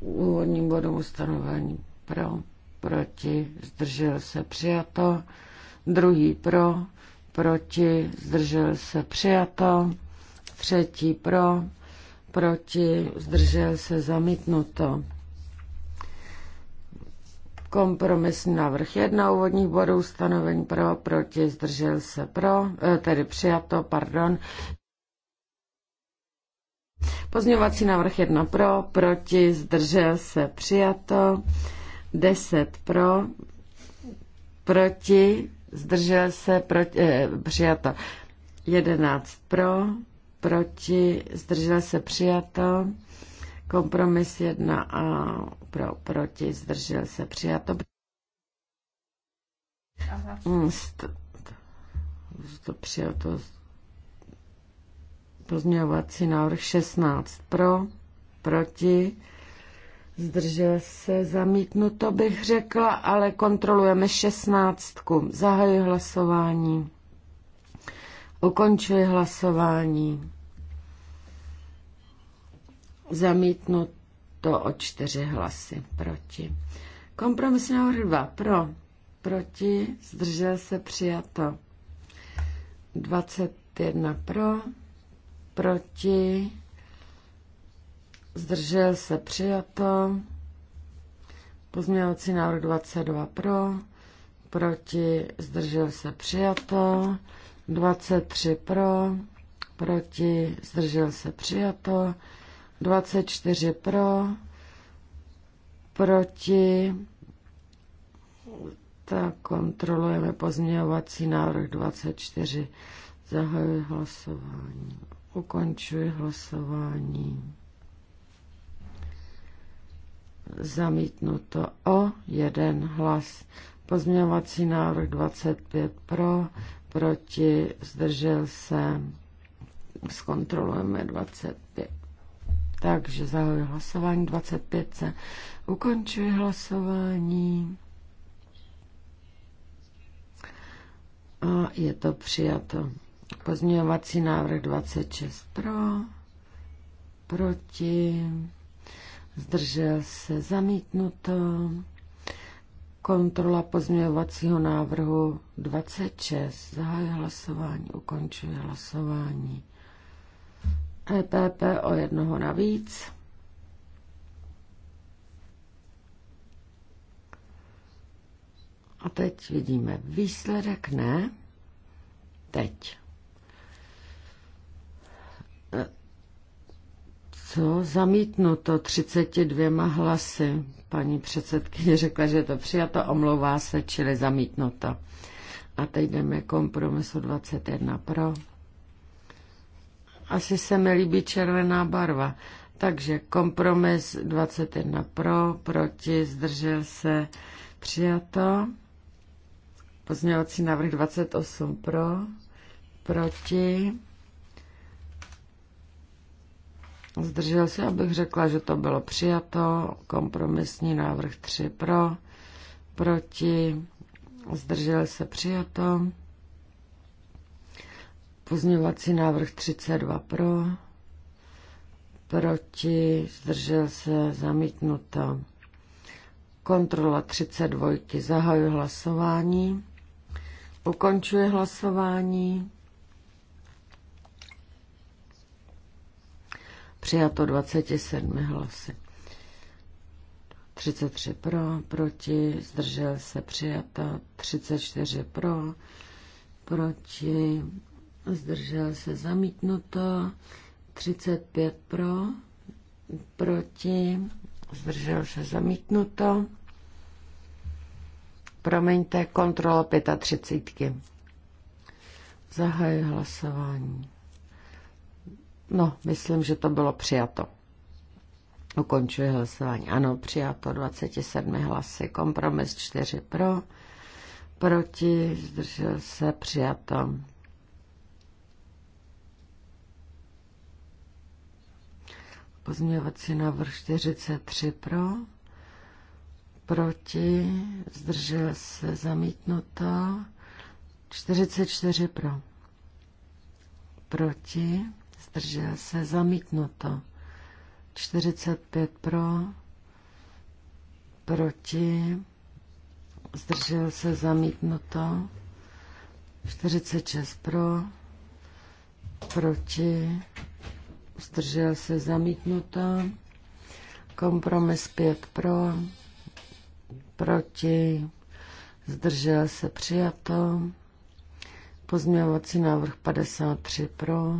[SPEAKER 5] úvodním bodům ustanovení pro, proti, zdržel se přijato. Druhý pro, proti, zdržel se přijato. Třetí pro, proti, zdržel se zamítnuto. Kompromisní návrh jedna úvodních bodů stanovení pro, proti, zdržel se pro, eh, tedy přijato, pardon. Pozňovací návrh jedna pro, proti, zdržel se přijato, 10 pro, proti, zdržel se proti, eh, přijato, 11 pro, proti, zdržel se přijato, Kompromis 1 a pro, proti zdržel se přijato. Hm, to přijato pozměňovací návrh 16 pro, proti, zdržel se, zamítnuto bych řekla, ale kontrolujeme 16. Zahajuji hlasování. Ukončuji hlasování. Zamítnuto o čtyři hlasy proti. Kompromis návrh 2 pro, proti, zdržel se přijato. 21 pro, proti, zdržel se přijato. Pozměňovací návrh 22 pro, proti, zdržel se přijato. 23 pro, proti, zdržel se přijato. 24 pro, proti, tak kontrolujeme pozměňovací návrh 24. Zahajuji hlasování. Ukončuji hlasování. Zamítnuto o jeden hlas. Pozměňovací návrh 25 pro, proti, zdržel se. Zkontrolujeme 25. Takže zahajuji hlasování 25. Se ukončuji hlasování. A je to přijato. Pozměňovací návrh 26 pro, proti, zdržel se zamítnuto. Kontrola pozměňovacího návrhu 26. Zahajuji hlasování, ukončuji hlasování. EPP o jednoho navíc. A teď vidíme výsledek, ne? Teď. E, co zamítnuto 32 hlasy? Paní předsedkyně řekla, že je to přijato, omlouvá se, čili zamítnuto. A teď jdeme kompromisu 21 pro, asi se mi líbí červená barva. Takže kompromis 21 pro, proti, zdržel se, přijato. Pozměňovací návrh 28 pro, proti. Zdržel se, abych řekla, že to bylo přijato. Kompromisní návrh 3 pro, proti. Zdržel se, přijato. Pozměňovací návrh 32 pro, proti, zdržel se, zamítnuto. Kontrola 32, zahajuje hlasování, ukončuje hlasování. Přijato 27 hlasy. 33 pro, proti, zdržel se, přijato 34 pro, proti, zdržel se zamítnuto, 35 pro, proti, zdržel se zamítnuto. Promiňte, kontrola 35. Zahajuji hlasování. No, myslím, že to bylo přijato. Ukončuji hlasování. Ano, přijato 27 hlasy. Kompromis 4 pro, proti, zdržel se, přijato. Pozměňovací návrh 43 pro, proti, zdržel se zamítnuto, 44 pro, proti, zdržel se zamítnuto, 45 pro, proti, zdržel se zamítnuto, 46 pro, proti, zdržel se zamítnuto. Kompromis 5 pro, proti, zdržel se přijato. Pozměňovací návrh 53 pro,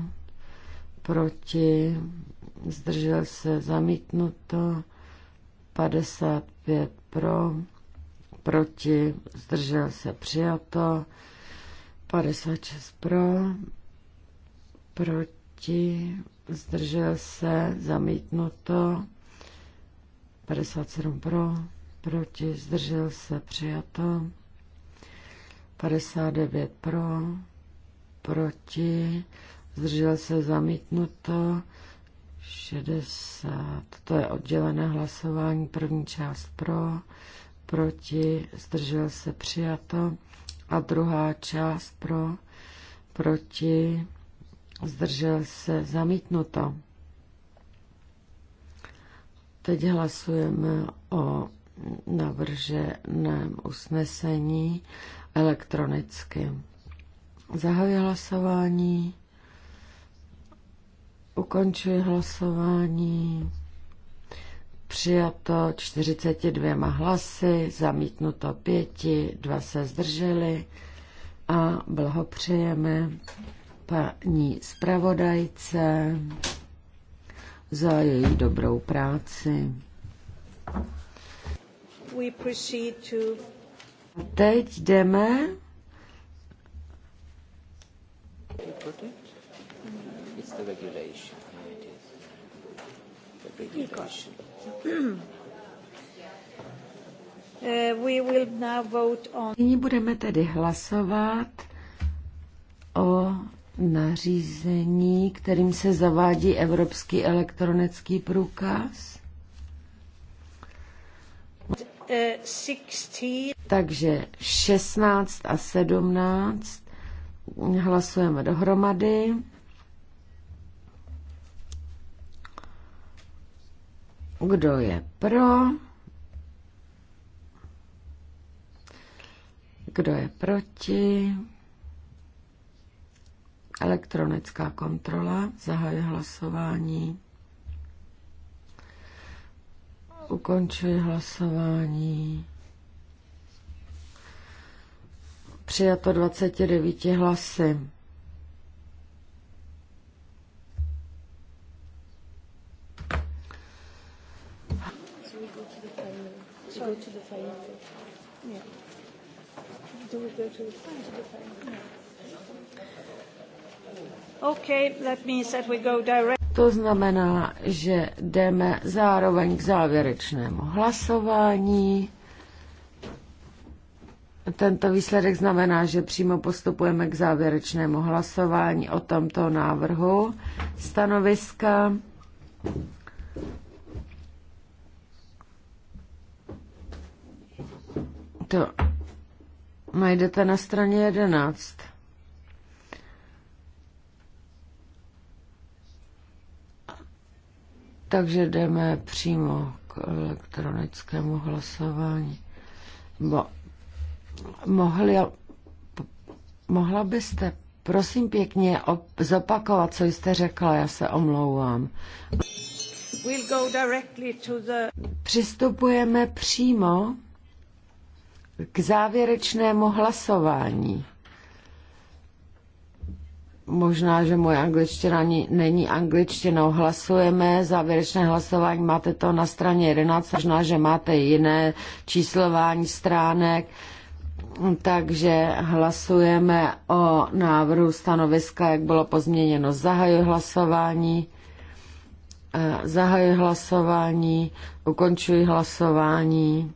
[SPEAKER 5] proti, zdržel se zamítnuto. 55 pro, proti, zdržel se přijato. 56 pro, proti, zdržel se, zamítnuto, 57 pro, proti, zdržel se, přijato, 59 pro, proti, zdržel se, zamítnuto, 60, to je oddělené hlasování, první část pro, proti, zdržel se, přijato, a druhá část pro, proti, zdržel se, zamítnuto. Teď hlasujeme o navrženém usnesení elektronicky. Zahajuji hlasování, ukončuji hlasování, přijato 42 hlasy, zamítnuto pěti, dva se zdrželi a blahopřejeme paní zpravodajce za její dobrou práci. A teď jdeme [CLEARS THROAT] uh, We will now vote on... Nyní budeme tedy hlasovat o nařízení, kterým se zavádí evropský elektronický průkaz. Takže 16 a 17 hlasujeme dohromady. Kdo je pro? Kdo je proti? Elektronická kontrola, zahajuje hlasování. Ukončuji hlasování. Přijato 29 hlasy.
[SPEAKER 3] go to the Yeah. Do we go to the final?
[SPEAKER 5] To znamená, že jdeme zároveň k závěrečnému hlasování. Tento výsledek znamená, že přímo postupujeme k závěrečnému hlasování o tomto návrhu stanoviska. To najdete na straně 11. Takže jdeme přímo k elektronickému hlasování. Bo, mohli, mohla byste, prosím pěkně, op, zopakovat, co jste řekla, já se omlouvám.
[SPEAKER 3] We'll go to the...
[SPEAKER 5] Přistupujeme přímo k závěrečnému hlasování. Možná, že moje angličtina není angličtinou. Hlasujeme, závěrečné hlasování máte to na straně 11, možná, že máte jiné číslování stránek. Takže hlasujeme o návrhu stanoviska, jak bylo pozměněno. Zahajuji hlasování. Eh, zahajuji hlasování, ukončuji hlasování.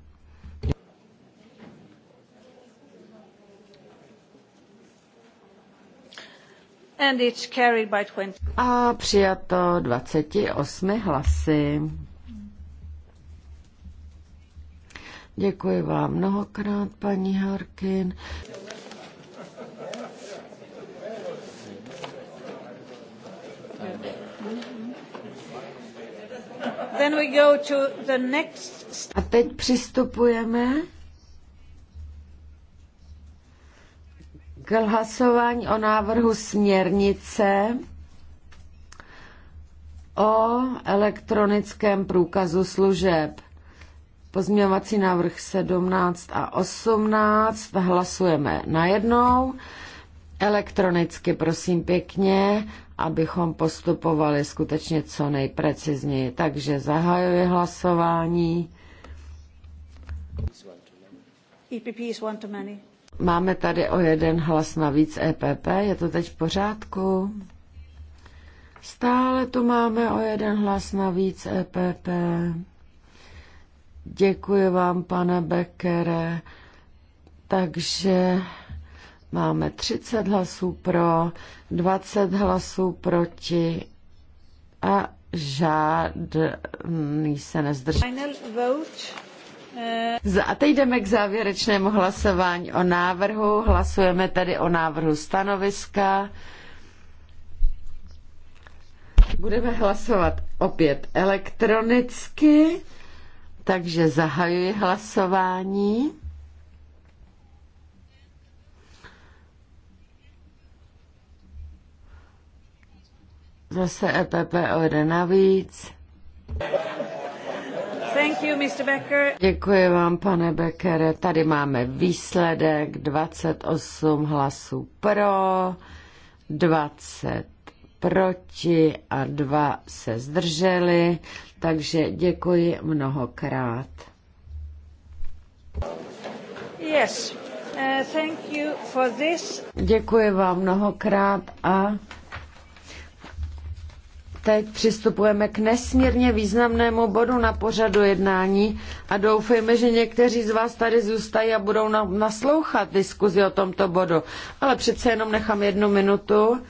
[SPEAKER 5] A přijato 28 hlasy. Děkuji vám mnohokrát, paní Harkin.
[SPEAKER 3] Then we go to the next...
[SPEAKER 5] A teď přistupujeme K hlasování o návrhu směrnice o elektronickém průkazu služeb. Pozměňovací návrh 17 a 18 hlasujeme najednou. Elektronicky, prosím pěkně, abychom postupovali skutečně co nejprecizněji. Takže zahajuji hlasování.
[SPEAKER 3] EPP e is one too many.
[SPEAKER 5] Máme tady o jeden hlas navíc EPP, je to teď v pořádku? Stále tu máme o jeden hlas navíc EPP. Děkuji vám, pane Beckere. Takže máme 30 hlasů pro, 20 hlasů proti a žádný se nezdrží.
[SPEAKER 3] Final vote.
[SPEAKER 5] A teď jdeme k závěrečnému hlasování o návrhu. Hlasujeme tedy o návrhu stanoviska. Budeme hlasovat opět elektronicky, takže zahajuji hlasování. Zase EPP o jeden navíc.
[SPEAKER 3] Thank you, Mr. Becker.
[SPEAKER 5] Děkuji vám, pane Beckere. Tady máme výsledek 28 hlasů pro, 20 proti a dva se zdrželi, takže děkuji mnohokrát.
[SPEAKER 3] Yes. Uh, thank you for this.
[SPEAKER 5] Děkuji vám mnohokrát a teď přistupujeme k nesmírně významnému bodu na pořadu jednání a doufejme, že někteří z vás tady zůstají a budou na, naslouchat diskuzi o tomto bodu. Ale přece jenom nechám jednu minutu,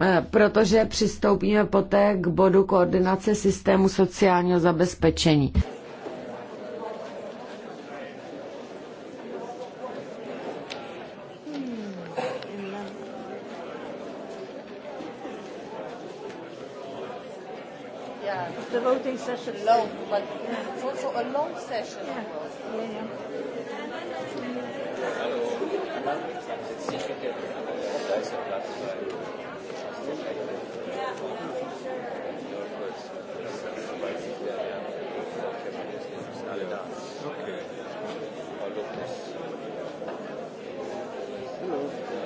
[SPEAKER 5] eh, protože přistoupíme poté k bodu koordinace systému sociálního zabezpečení.
[SPEAKER 3] session long, but it's also a long session. Yeah.
[SPEAKER 2] Yeah,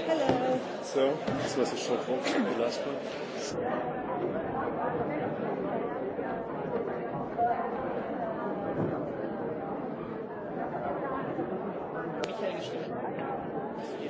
[SPEAKER 2] Hello. So, this was a short walk from the last one.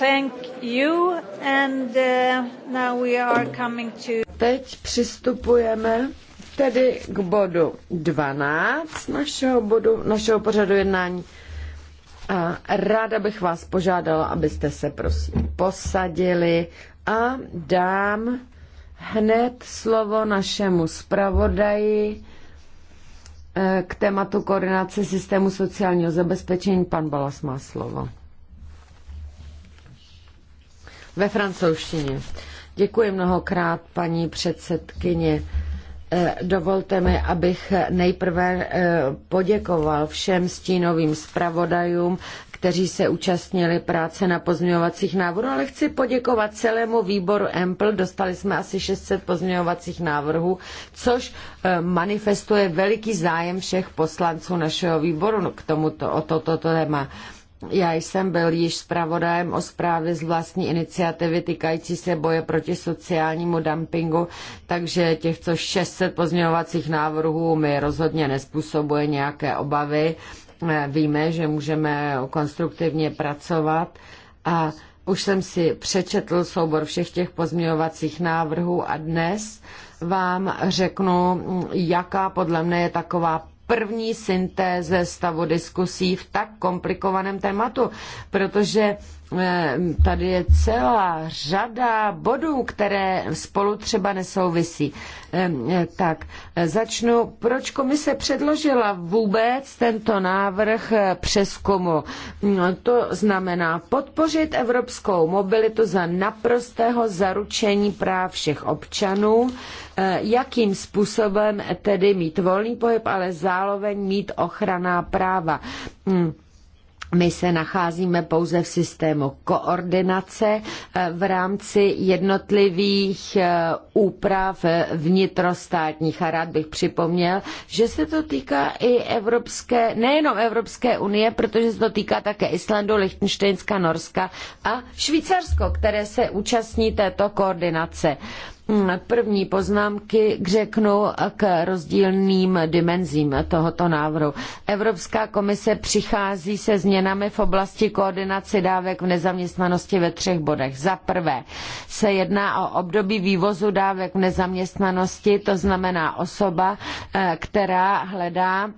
[SPEAKER 3] Thank you and uh, now we are coming to...
[SPEAKER 5] Teď přistupujeme tedy k bodu 12 našeho, bodu, našeho pořadu jednání. A ráda bych vás požádala, abyste se prosím posadili a dám hned slovo našemu zpravodaji eh, k tématu koordinace systému sociálního zabezpečení. Pan Balas má slovo ve francouzštině. Děkuji mnohokrát, paní předsedkyně. E, dovolte mi, abych nejprve e, poděkoval všem stínovým zpravodajům, kteří se účastnili práce na pozměňovacích návrhů, ale chci poděkovat celému výboru EMPL. Dostali jsme asi 600 pozměňovacích návrhů, což e, manifestuje veliký zájem všech poslanců našeho výboru k tomuto, o toto téma. To, to, já jsem byl již zpravodajem o zprávě z vlastní iniciativy týkající se boje proti sociálnímu dumpingu, takže těchto 600 pozměňovacích návrhů mi rozhodně nespůsobuje nějaké obavy. Eh, víme, že můžeme konstruktivně pracovat a už jsem si přečetl soubor všech těch pozměňovacích návrhů a dnes vám řeknu, jaká podle mne je taková první syntéze stavu diskusí v tak komplikovaném tématu, protože Eh, tady je celá řada bodů, které spolu třeba nesouvisí. Eh, tak, eh, začnu. Proč komise předložila vůbec tento návrh přeskumu? No, to znamená podpořit evropskou mobilitu za naprostého zaručení práv všech občanů, jakým způsobem tedy mít volný pohyb, ale zároveň mít ochraná práva. Hmm. My se nacházíme pouze v systému koordinace eh, v rámci jednotlivých eh, úprav vnitrostátních. A rád bych připomněl, že se to týká i Evropské, nejenom Evropské unie, protože se to týká také Islandu, Lichtensteinska, Norska a Švýcarsko, které se účastní této koordinace. Hmm, první poznámky k řeknu k rozdílným dimenzím tohoto návrhu. Evropská komise přichází se změnami v oblasti koordinace dávek v nezaměstnanosti ve třech bodech. Za prvé se jedná o období vývozu dávek v nezaměstnanosti, to znamená osoba, eh, která hledá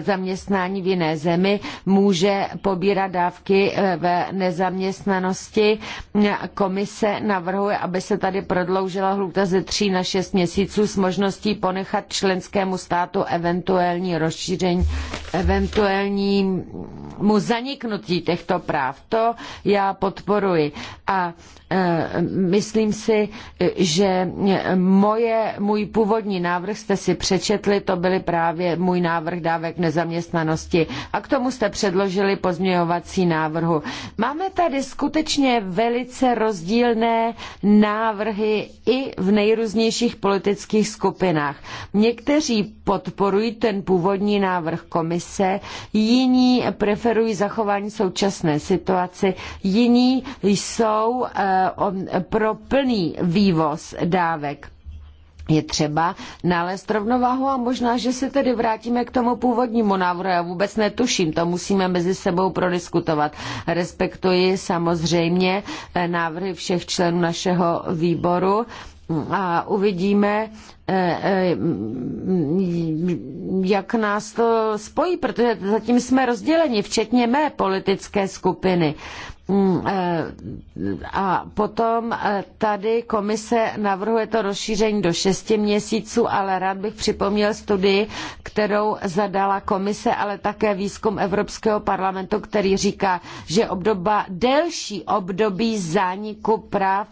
[SPEAKER 5] zaměstnání v jiné zemi, může pobírat dávky eh, ve nezaměstnanosti. Komise navrhuje, aby se tady prodloužila hluta lhůta ze tří na šest měsíců s možností ponechat členskému státu eventuální rozšíření, eventuálnímu zaniknutí těchto práv. To já podporuji. A Eh, myslím si, že moje, můj původní návrh jste si přečetli, to byly právě můj návrh dávek nezaměstnanosti a k tomu jste předložili pozměňovací návrhu. Máme tady skutečně velice rozdílné návrhy i v nejrůznějších politických skupinách. Někteří podporují ten původní návrh komise, jiní preferují zachování současné situace, jiní jsou e, Eh, pro plný vývoz dávek je třeba nalézt rovnováhu a možná, že se tedy vrátíme k tomu původnímu návrhu. Já vůbec netuším, to musíme mezi sebou prodiskutovat. Respektuji samozřejmě eh, návrhy všech členů našeho výboru a uvidíme, eh, eh, jak nás to spojí, protože zatím jsme rozděleni, včetně mé politické skupiny. Mm, eh, a potom tady komise navrhuje to rozšíření do šesti měsíců, ale rád bych připomněl studii, kterou zadala komise, ale také výzkum Evropského parlamentu, který říká, že obdoba delší období zániku práv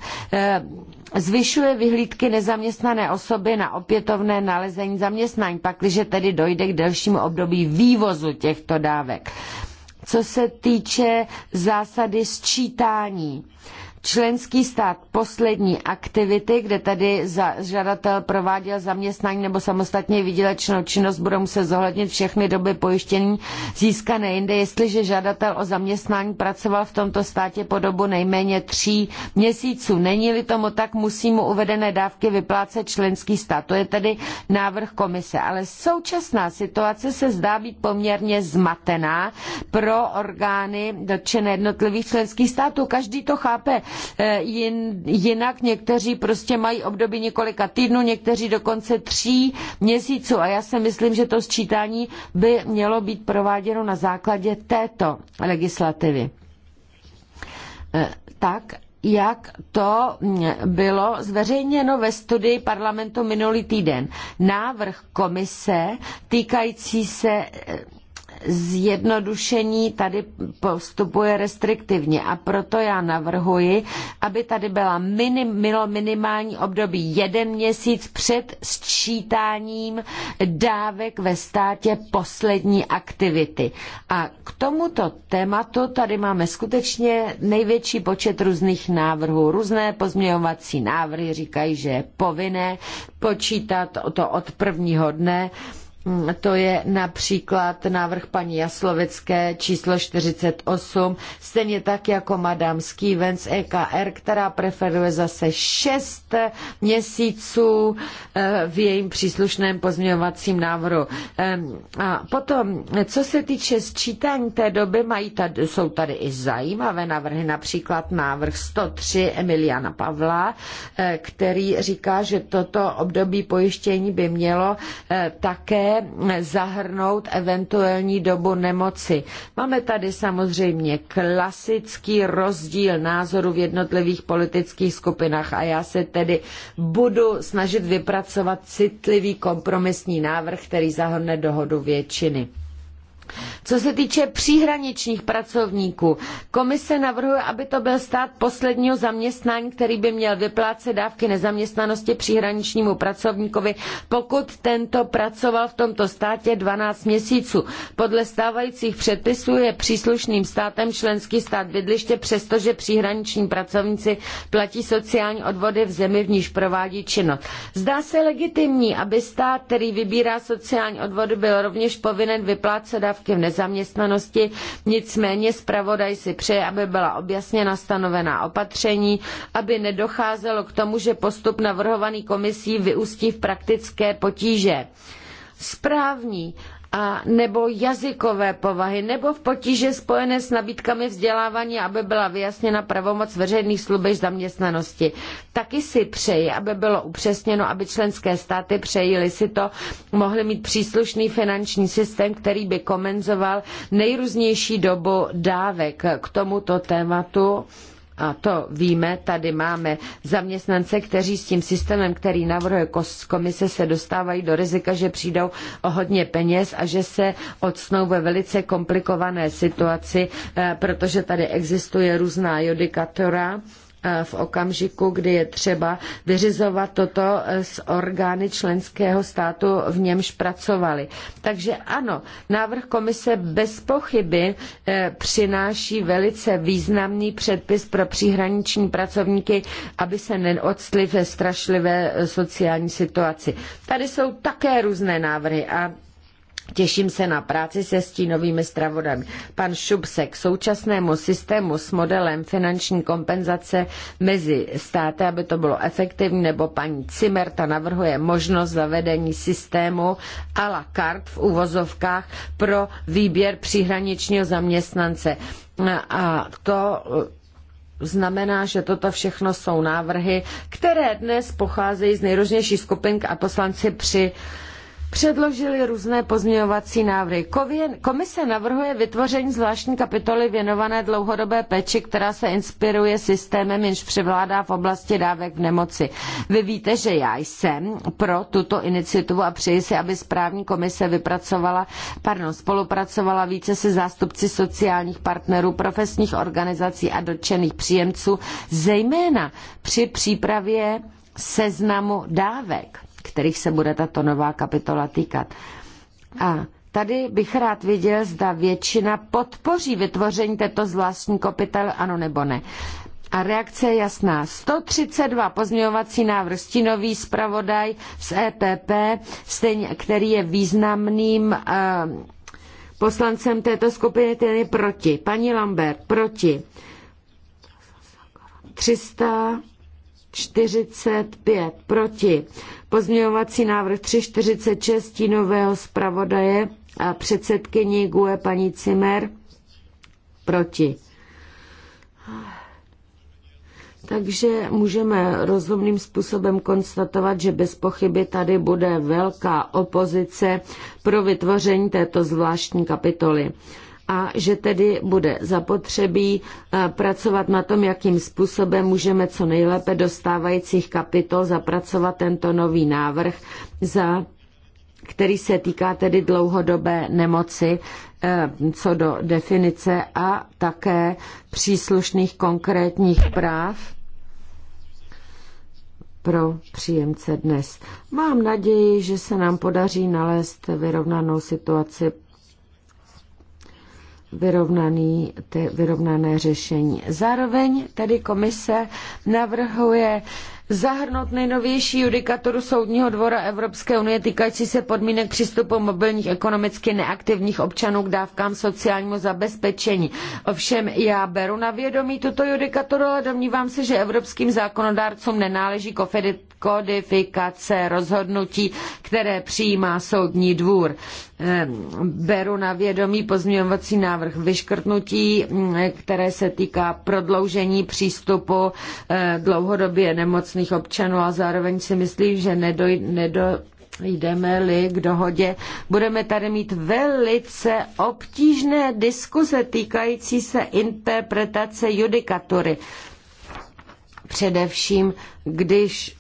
[SPEAKER 5] zvyšuje vyhlídky nezaměstnané osoby na opětovné nalezení zaměstnání, pakliže tedy dojde k delšímu období vývozu těchto dávek. Co se týče zásady sčítání, členský stát poslední aktivity, kde tedy za, žadatel prováděl zaměstnání nebo samostatně výdělečnou činnost, budou muset zohlednit všechny doby pojištění získané jinde, jestliže žadatel o zaměstnání pracoval v tomto státě po dobu nejméně tří měsíců. Není-li tomu tak, musí mu uvedené dávky vyplácet členský stát. To je tedy návrh komise. Ale současná situace se zdá být poměrně zmatená pro orgány dotčené jednotlivých členských států. Každý to chápe Eh, jinak někteří prostě mají období několika týdnů, někteří dokonce tří měsíců a já si myslím, že to sčítání by mělo být prováděno na základě této legislativy. Eh, tak, jak to bylo zveřejněno ve studii parlamentu minulý týden. Návrh komise týkající se eh, zjednodušení tady postupuje restriktivně a proto já navrhuji, aby tady byla minim, minimální období jeden měsíc před sčítáním dávek ve státě poslední aktivity. A k tomuto tématu tady máme skutečně největší počet různých návrhů. Různé pozměňovací návrhy říkají, že je povinné počítat to od prvního dne to je například návrh paní jaslovické číslo 48, stejně tak jako Madame Stevens EKR, která preferuje zase 6 měsíců eh, v jejím příslušném pozměňovacím návrhu. A potom, co se týče sčítání té doby, mají tady, jsou tady i zajímavé návrhy, například návrh 103 Emiliana Pavla, eh, který říká, že toto období pojištění by mělo eh, také zahrnout eventuální dobu nemoci. Máme tady samozřejmě klasický rozdíl názoru v jednotlivých politických skupinách a já se tedy budu snažit vypracovat citlivý kompromisní návrh, který zahrne dohodu většiny. Co se týče příhraničních pracovníků, komise navrhuje, aby to byl stát posledního zaměstnání, který by měl vyplácet dávky nezaměstnanosti příhraničnímu pracovníkovi, pokud tento pracoval v tomto státě 12 měsíců. Podle stávajících předpisů je příslušným státem členský stát bydliště, přestože příhraniční pracovníci platí sociální odvody v zemi, v níž provádí činnost. Zdá se legitimní, aby stát, který vybírá sociální odvody, byl rovněž povinen vyplácet dávky prvky v nezaměstnanosti. Nicméně zpravodaj si přeje, aby byla objasněna stanovená opatření, aby nedocházelo k tomu, že postup navrhovaný komisí vyústí v praktické potíže správní a nebo jazykové povahy, nebo v potíže spojené s nabídkami vzdělávání, aby byla vyjasněna pravomoc veřejných slubež zaměstnanosti. Taky si přeji, aby bylo upřesněno, aby členské státy přejili si to, mohly mít příslušný finanční systém, který by komenzoval nejrůznější dobu dávek k tomuto tématu a to víme, tady máme zaměstnance, kteří s tím systémem, který navrhuje komise, se dostávají do rizika, že přijdou o hodně peněz a že se odsnou ve velice komplikované situaci, eh, protože tady existuje různá judikatura Eh, v okamžiku, kdy je třeba vyřizovat toto z eh, orgány členského státu, v němž pracovali. Takže ano, návrh komise bez pochyby eh, přináší velice významný předpis pro příhraniční pracovníky, aby se neodstli ve strašlivé sociální situaci. Tady jsou také různé návrhy a Těším se na práci se stínovými stravodami. Pan Šubsek k současnému systému s modelem finanční kompenzace mezi státy, aby to bylo efektivní, nebo paní Cimer, ta navrhuje možnost zavedení systému a la carte v uvozovkách pro výběr příhraničního zaměstnance. A to znamená, že toto všechno jsou návrhy, které dnes pocházejí z nejrůznějších skupin a poslanci při uh, předložili různé pozměňovací návrhy. Komise navrhuje vytvoření zvláštní kapitoly věnované dlouhodobé péči, která se inspiruje systémem, jenž převládá v oblasti dávek v nemoci. Vy víte, že já jsem pro tuto iniciativu a přeji si, aby správní komise vypracovala, pardon, spolupracovala více se zástupci sociálních partnerů, profesních organizací a dotčených příjemců, zejména při přípravě seznamu dávek kterých se bude tato nová kapitola týkat. A Tady bych rád viděl, zda většina podpoří vytvoření této zvláštní kapitel, ano nebo ne. A reakce je jasná. 132 pozměňovací návrh stínový zpravodaj z ETP, stejně, který je významným uh, poslancem této skupiny, ten je proti. Paní Lambert, proti. 345 proti. Pozměňovací návrh 346 nového zpravodaje a předsedkyni GUE paní Cimer proti. Takže můžeme rozumným způsobem konstatovat, že bez pochyby tady bude velká opozice pro vytvoření této zvláštní kapitoly a že tedy bude zapotřebí eh, pracovat na tom, jakým způsobem můžeme co nejlépe do stávajících kapitol zapracovat tento nový návrh za který se týká tedy dlouhodobé nemoci eh, co do definice a také příslušných konkrétních práv pro příjemce dnes. Mám naději, že se nám podaří nalézt vyrovnanou situaci vyrovnaný, ty vyrovnané řešení. Zároveň tedy komise navrhuje zahrnout nejnovější judikaturu Soudního dvora Evropské unie týkající se podmínek přístupu mobilních ekonomicky neaktivních občanů k dávkám sociálnímu zabezpečení. Ovšem já beru na vědomí tuto judikaturu, ale domnívám se, že evropským zákonodárcům nenáleží kodifikace rozhodnutí, které přijímá soudní dvůr. Ehm, beru na vědomí pozměňovací návrh vyškrtnutí, mm, které se týká prodloužení přístupu eh, dlouhodobě nemocných občanů a zároveň si myslím, že nedoj, nedo, jdeme-li k dohodě, budeme tady mít velice obtížné diskuze týkající se interpretace judikatury. Především, když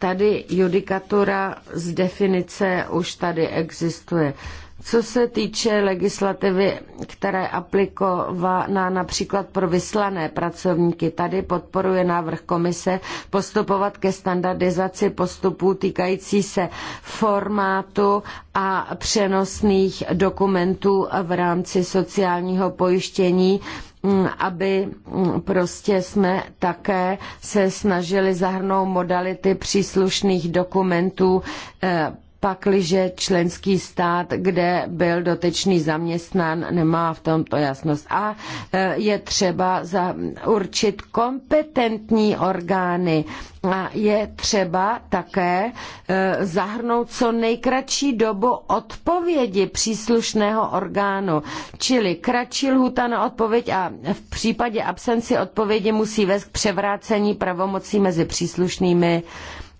[SPEAKER 5] Tady judikatura z definice už tady existuje. Co se týče legislativy, které aplikována například pro vyslané pracovníky, tady podporuje návrh komise postupovat ke standardizaci postupů týkající se formátu a přenosných dokumentů v rámci sociálního pojištění mm, aby mm, prostě jsme také se snažili zahrnout modality příslušných dokumentů eh, pakliže členský stát, kde byl dotyčný zaměstnán, nemá v tomto jasnost. A e, je třeba za, určit kompetentní orgány a je třeba také e, zahrnout co nejkratší dobu odpovědi příslušného orgánu, čili kratší lhuta na odpověď a v případě absenci odpovědi musí vést k převrácení pravomocí mezi příslušnými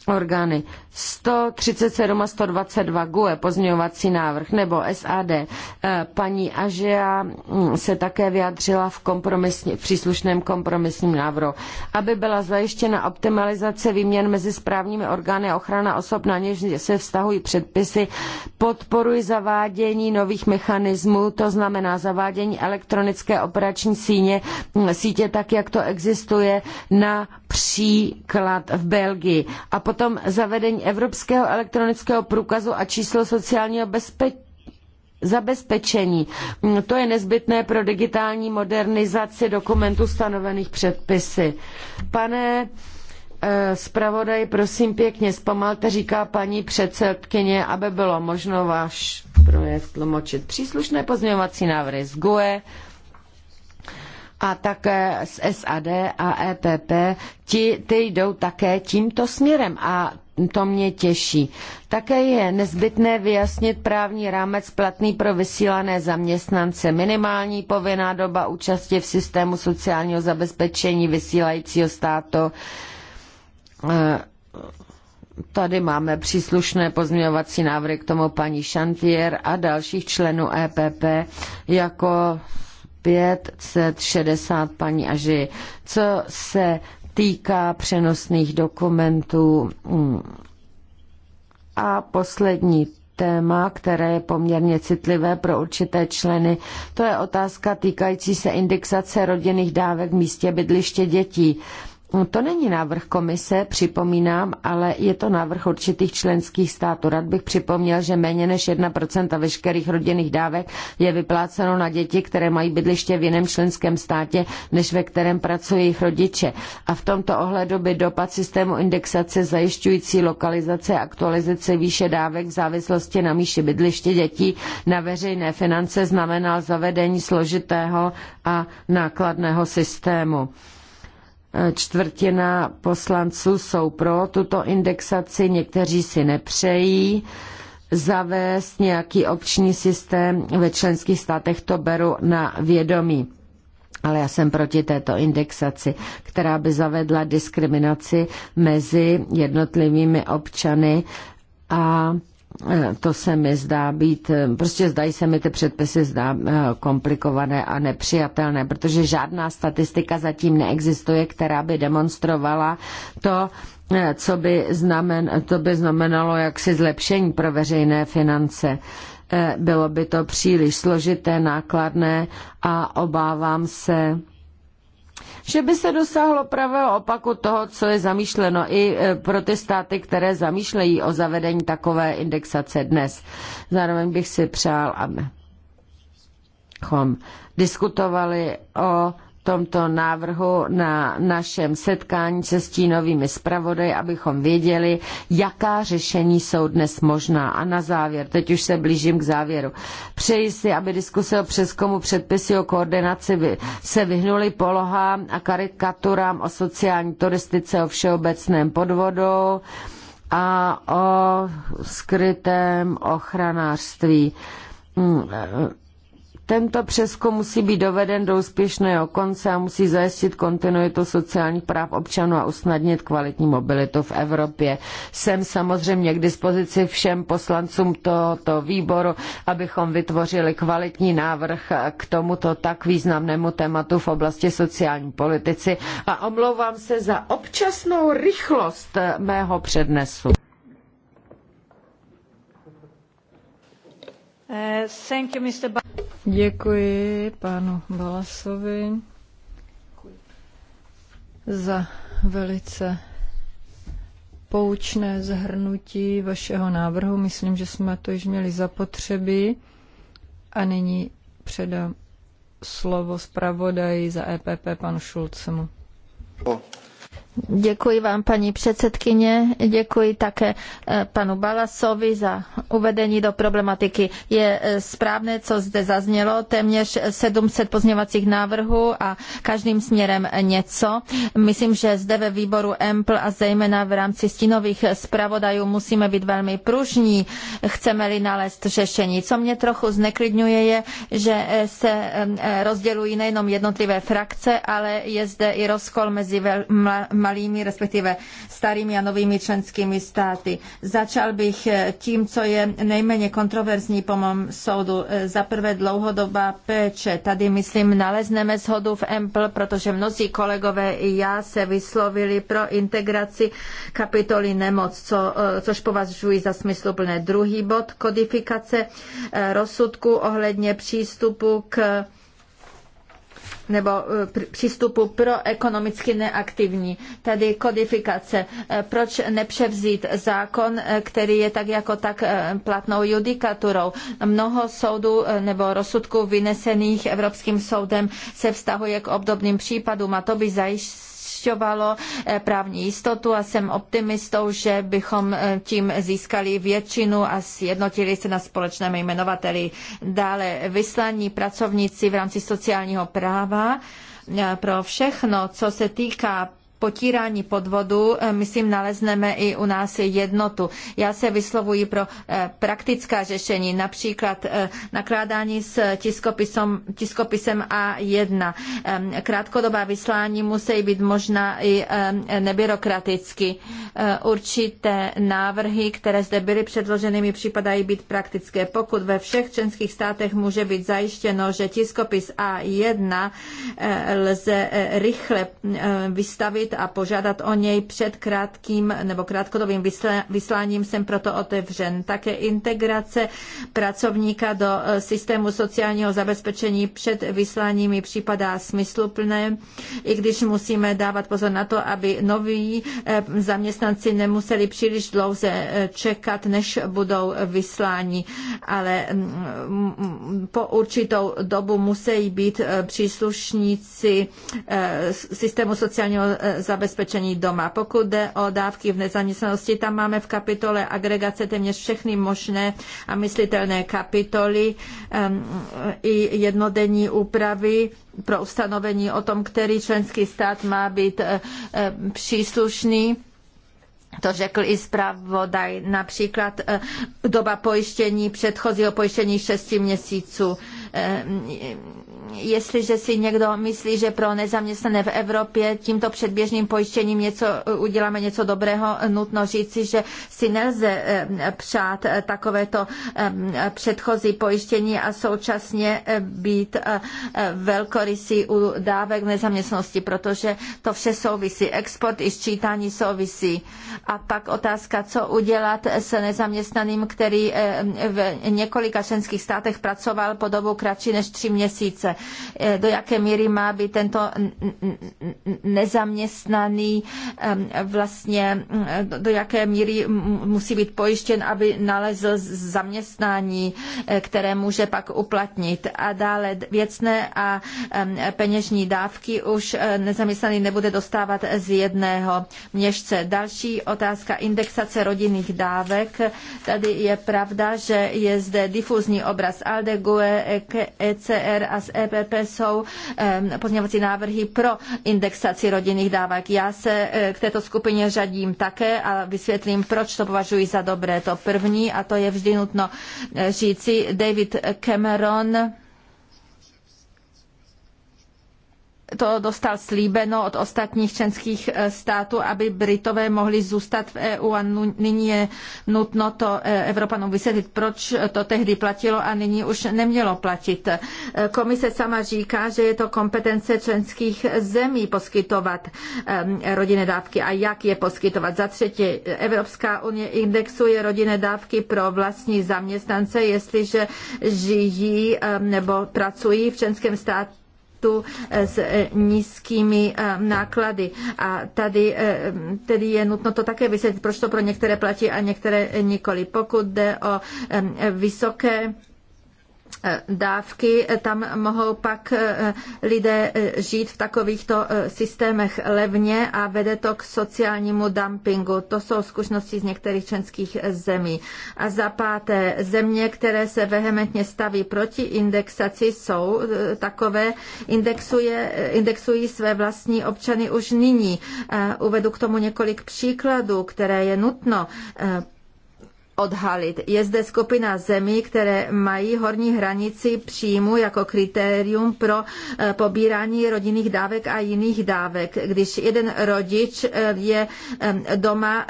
[SPEAKER 5] orgány. 137 a 122 GUE pozměňovací návrh nebo SAD. Eh, paní Ažea mm, se také vyjádřila v, kompromisní, v příslušném kompromisním návrhu. Aby byla zajištěna optimalizace výměn mezi správními orgány a ochrana osob, na něž se vztahují předpisy, podporuji zavádění nových mechanismů, to znamená zavádění elektronické operační síně, mm, sítě tak, jak to existuje, například v Belgii. A potom zavedení evropského elektronického průkazu a číslo sociálního bezpečí zabezpečení. To je nezbytné pro digitální modernizaci dokumentů stanovených předpisy. Pane eh, zpravodaj, prosím pěkně, zpomalte, říká paní předsedkyně, aby bylo možno váš projev tlumočit. Příslušné pozměňovací návrhy z GUE a také z SAD a EPP, ti, ty jdou také tímto směrem a to mě těší. Také je nezbytné vyjasnit právní rámec platný pro vysílané zaměstnance. Minimální povinná doba účasti v systému sociálního zabezpečení vysílajícího státu. Eh, tady máme příslušné pozměňovací návrhy k tomu paní Šantier a dalších členů EPP jako 560 paní Aži. Co se týká přenosných dokumentů. A poslední téma, které je poměrně citlivé pro určité členy. To je otázka týkající se indexace rodinných dávek v místě bydliště dětí. No, to není návrh komise, připomínám, ale je to návrh určitých členských států. Rad bych připomněl, že méně než 1% veškerých rodinných dávek je vypláceno na děti, které mají bydliště v jiném členském státě, než ve kterém pracují jejich rodiče. A v tomto ohledu by dopad systému indexace zajišťující lokalizace a aktualizace výše dávek v závislosti na míši bydliště dětí na veřejné finance znamenal zavedení složitého a nákladného systému čtvrtina poslanců jsou pro tuto indexaci, někteří si nepřejí zavést nějaký opční systém ve členských státech, to beru na vědomí. Ale já jsem proti této indexaci, která by zavedla diskriminaci mezi jednotlivými občany a E, to se mi zdá být, e, prostě zdají se mi ty předpisy zdá e, komplikované a nepřijatelné, protože žádná statistika zatím neexistuje, která by demonstrovala to, co by, znamen, to by znamenalo jaksi zlepšení pro veřejné finance. Bylo by to příliš složité, nákladné a obávám se, že by se dosáhlo pravého opaku toho, co je zamýšleno i e, pro ty státy, které zamýšlejí o zavedení takové indexace dnes. Zároveň bych si přál, abychom diskutovali o tomto návrhu na našem setkání se stínovými zpravodaji, abychom věděli, jaká řešení jsou dnes možná. A na závěr, teď už se blížím k závěru. Přeji si, aby diskuse o přeskumu předpisy o koordinaci se vyhnuly polohám a karikaturám o sociální turistice, o všeobecném podvodu a o skrytém ochranářství hmm, tento přeskum musí být doveden do úspěšného konce a musí zajistit kontinuitu sociálních práv občanů a usnadnit kvalitní mobilitu v Evropě. Jsem samozřejmě k dispozici všem poslancům tohoto výboru, abychom vytvořili kvalitní návrh k tomuto tak významnému tématu v oblasti sociální politici a omlouvám se za občasnou rychlost mého přednesu.
[SPEAKER 1] Děkuji panu Balasovi za velice poučné zhrnutí vašeho návrhu. Myslím, že jsme to již měli zapotřebí. A nyní předám slovo zpravodaji za EPP panu Šulcemu.
[SPEAKER 4] Děkuji vám, paní předsedkyně, děkuji také eh, panu Balasovi za uvedení do problematiky. Je eh, správné, co zde zaznělo, téměř 700 pozměvacích návrhů a každým směrem něco. Myslím, že zde ve výboru EMPL a zejména v rámci stínových zpravodajů musíme být velmi pružní, chceme-li nalézt řešení. Co mě trochu zneklidňuje je, že eh, se rozdělují nejenom jednotlivé frakce, ale je zde i rozkol mezi vel- malými, respektive starými a novými členskými státy. Začal bych tím, co je nejméně kontroverzní po mém soudu. Za prvé dlouhodobá péče. Tady, myslím, nalezneme shodu v EMPL, protože mnozí kolegové i já se vyslovili pro integraci kapitoly nemoc, co, což považuji za smysluplné. Druhý bod, kodifikace rozsudku ohledně přístupu k nebo e, přístupu pro ekonomicky neaktivní. tedy kodifikace. E, proč nepřevzít zákon, e, který je tak jako tak platnou judikaturou? Mnoho soudů nebo rozsudků vynesených Evropským soudem se vztahuje k obdobným případům a to by zajistilo zajišťovalo eh, právní jistotu a jsem optimistou, že bychom eh, tím získali většinu a sjednotili se na společném jmenovateli. Dále vyslaní pracovníci v rámci sociálního práva eh, pro všechno, co se týká potírání podvodu, eh, myslím, nalezneme i u nás jednotu. Já se vyslovuji pro eh, praktická řešení, například eh, nakládání s tiskopisem, tiskopisem A1. Krátkodobá vyslání musí být možná i nebyrokraticky. Určité návrhy, které zde byly předloženy, mi připadají být praktické. Pokud ve všech členských státech může být zajištěno, že tiskopis A1 lze rychle vystavit, předložit a požádat o něj před krátkým nebo krátkodobým vysláním jsem proto otevřen. Také integrace pracovníka do eh, systému sociálního zabezpečení před vysláním mi připadá smysluplné, i když musíme dávat pozor na to, aby noví eh, zaměstnanci nemuseli příliš dlouze eh, čekat, než budou vysláni, ale mm, po určitou dobu musí být příslušníci systému sociálního zabezpečení doma. Pokud jde o dávky v nezaměstnanosti, tam máme v kapitole agregace téměř všechny možné a myslitelné kapitoly i jednodenní úpravy pro ustanovení o tom, který členský stát má být eh, eh, příslušný. To řekl i zpravodaj, například eh, doba pojištění, předchozího pojištění 6 měsíců jestliže si někdo myslí, že pro nezaměstnané v Evropě tímto předběžným pojištěním něco e, uděláme něco dobrého, nutno říci, že si nelze e, přát e, takovéto předchozí pojištění a současně být velkorysý u dávek nezaměstnosti, protože to vše souvisí. Export i sčítání souvisí. A pak otázka, co udělat s nezaměstnaným, který v několika členských státech pracoval po dobu kratší než tři měsíce. E, do jaké míry má být tento nezaměstnaný e, vlastně, e, do jaké míry musí být pojištěn, aby nalezl zaměstnání, které může pak uplatnit. A dále věcné a peněžní dávky už nezaměstnaný nebude dostávat z jedného měšce. Další otázka indexace rodinných dávek. Tady je pravda, že je zde difuzní obraz ALDE, GUE, ECR a z EPP jsou pozměňovací návrhy pro indexaci rodinných dávek. Já se e, k této skupině řadím také a vysvětlím, proč to považuji za dobré. To první, a to je vždy nutno e, říci, David Cameron to dostal slíbeno od ostatních členských eh, států, aby Britové mohli zůstat v EU a nyní je nutno to eh, Evropanům vysvětlit, proč to tehdy platilo a nyní už nemělo platit. Eh, komise sama říká, že je to kompetence členských zemí poskytovat rodinné dávky a jak je poskytovat. Za třetí, Evropská unie indexuje rodinné dávky pro vlastní zaměstnance, jestliže žijí nebo pracují v členském státě projektů eh, s eh, nízkými eh, náklady. A tady tedy je nutno to také vysvětlit, proč to pro některé platí a některé nikoli. Pokud jde o vysoké Eh, dávky, eh, tam mohou pak eh, lidé žít v takovýchto systémech levně a vede to k sociálnímu dumpingu. To jsou zkušenosti z některých členských zemí. A za páté, země, které se vehementně staví proti indexaci, jsou takové, indexuje, indexují své vlastní občany už nyní. Uvedu k tomu několik příkladů, které je nutno odhalit. Je zde skupina zemí, které mají horní hranici příjmu jako kritérium pro eh, pobírání rodinných dávek a jiných dávek. Když jeden rodič eh, je eh, doma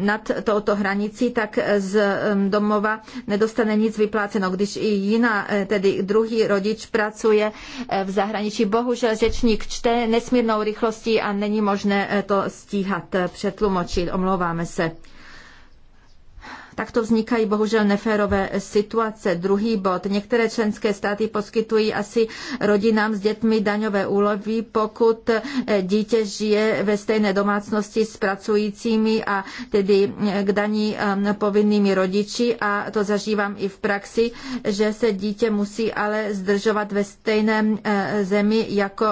[SPEAKER 4] nad touto hranicí, tak z domova nedostane nic vypláceno. Když i jiná, tedy druhý rodič pracuje v zahraničí, bohužel řečník čte nesmírnou rychlostí a není možné to stíhat, přetlumočit, omlouváme se. Takto vznikají bohužel neférové situace. Druhý bod. Některé členské státy poskytují asi rodinám s dětmi daňové úlevy, pokud eh, dítě žije ve stejné domácnosti s pracujícími a tedy eh, k daní ehm, povinnými rodiči a to zažívám i v praxi, že se dítě musí ale zdržovat ve stejném eh, zemi jako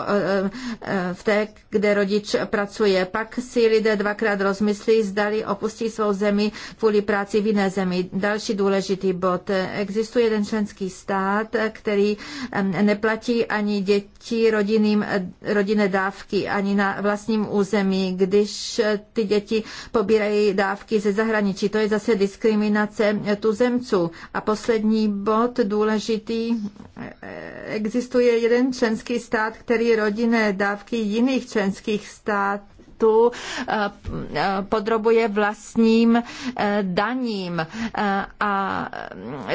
[SPEAKER 4] v té, kde rodič pracuje. Pak si lidé dvakrát rozmyslí, zdali opustí svou zemi kvůli práci v jiné zemi. Další důležitý bod. Existuje jeden členský stát, který neplatí ani děti rodinným, rodinné dávky, ani na vlastním území, když ty děti pobírají dávky ze zahraničí. To je zase diskriminace tuzemců. A poslední bod důležitý. Existuje jeden členský stát, který rodinné dávky jiných členských států státu eh, podrobuje vlastním eh, daním eh, a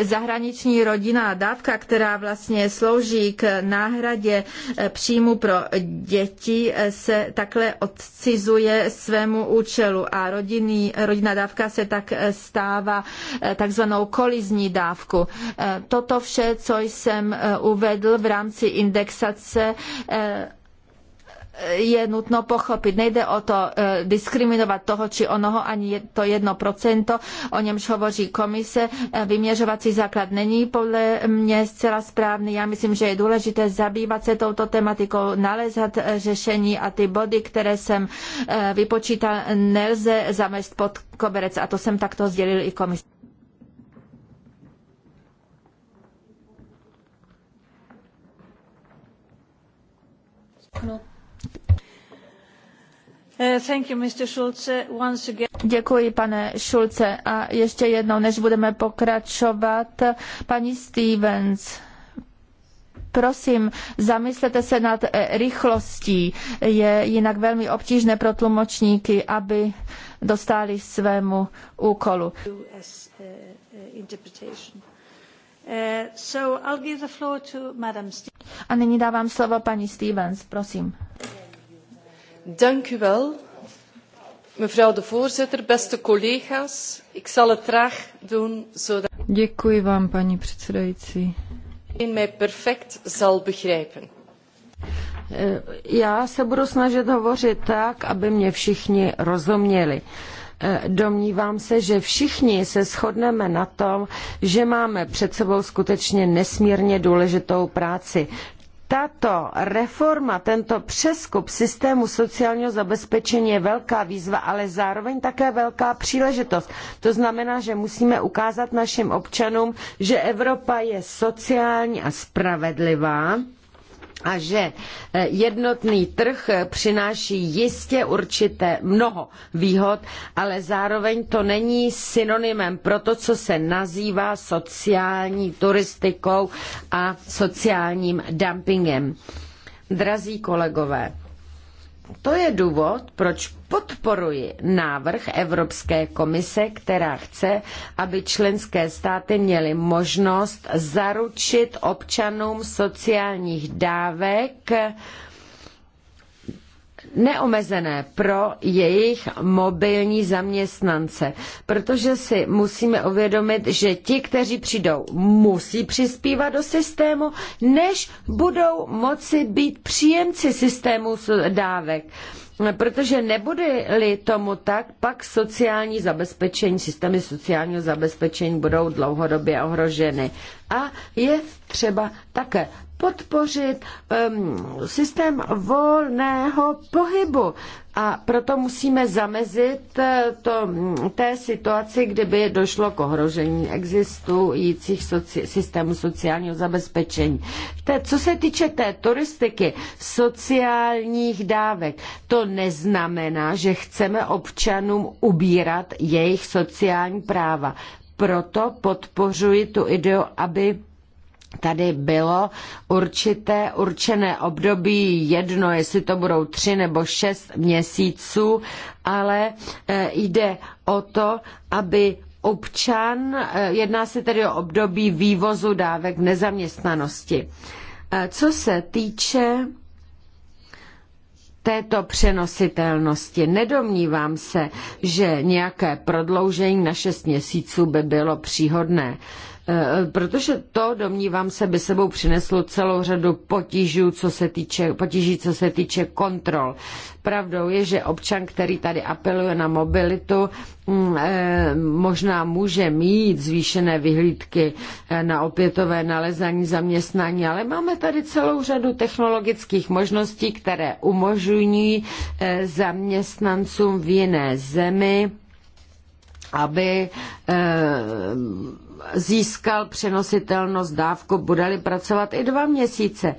[SPEAKER 4] zahraniční rodinná dávka, která vlastně slouží k náhradě příjmu pro děti, se takhle odcizuje svému účelu a rodinný, rodinná dávka se tak stává takzvanou kolizní dávku. Toto vše, co jsem uvedl v rámci indexace, je nutno pochopit. Nejde o to e, diskriminovat toho či onoho, ani to jedno procento, o němž hovoří komise. E, vyměřovací základ není podle mě zcela správný. Já myslím, že je důležité zabývat se touto tematikou, nalézat e, řešení a ty body, které jsem vypočítal, nelze zamést pod koberec. A to jsem takto sdělil i komisi. No. Uh, Děkuji, pane Schulze. A ještě jednou, než budeme pokračovat, paní Stevens. Prosím, zamyslete se nad eh, rychlostí. Je jinak velmi obtížné pro tlumočníky, aby dostali svému úkolu.
[SPEAKER 3] Eh, eh,
[SPEAKER 4] A nyní dávám slovo paní Stevens, prosím.
[SPEAKER 1] Dank u wel, mevrouw de voorzitter, beste collega's. Ik zal het traag doen, zodat... Děkuji vám, paní předsedající. ...in mij perfect zal begrijpen.
[SPEAKER 5] Eh, já se budu snažit hovořit tak, aby mě všichni rozuměli. Eh, domnívám se, že všichni se shodneme na tom, že máme před sebou skutečně nesmírně důležitou práci. Tato reforma, tento přeskup systému sociálního zabezpečení je velká výzva, ale zároveň také velká příležitost. To znamená, že musíme ukázat našim občanům, že Evropa je sociální a spravedlivá a že eh, jednotný trh eh, přináší jistě určité mnoho výhod, ale zároveň to není synonymem pro to, co se nazývá sociální turistikou a sociálním dumpingem. Drazí kolegové, to je důvod, proč podporuji návrh Evropské komise, která chce, aby členské státy měly možnost zaručit občanům sociálních dávek neomezené pro jejich mobilní zaměstnance, protože si musíme uvědomit, že ti, kteří přijdou, musí přispívat do systému, než budou moci být příjemci systému dávek. Protože nebude-li tomu tak, pak sociální zabezpečení, systémy sociálního zabezpečení budou dlouhodobě ohroženy. A je třeba také podpořit um, systém volného pohybu. A proto musíme zamezit eh, to, mm, té situaci, kdyby došlo k ohrožení existujících soci- systémů sociálního zabezpečení. Te, co se týče té turistiky, sociálních dávek, to neznamená, že chceme občanům ubírat jejich sociální práva. Proto podpořuji tu ideu, aby tady bylo určité určené období, jedno, jestli to budou tři nebo šest měsíců, ale eh, jde o to, aby občan, eh, jedná se tedy o období vývozu dávek nezaměstnanosti. Eh, co se týče této přenositelnosti. Nedomnívám se, že nějaké prodloužení na šest měsíců by bylo příhodné. Eh, protože to, domnívám se, by sebou přineslo celou řadu potížů, co se týče, potíží, co se týče kontrol. Pravdou je, že občan, který tady apeluje na mobilitu, mm, eh, možná může mít zvýšené vyhlídky eh, na opětové nalezání zaměstnání, ale máme tady celou řadu technologických možností, které umožňují zaměstnancům v jiné zemi, aby získal přenositelnost dávku, bude-li pracovat i dva měsíce.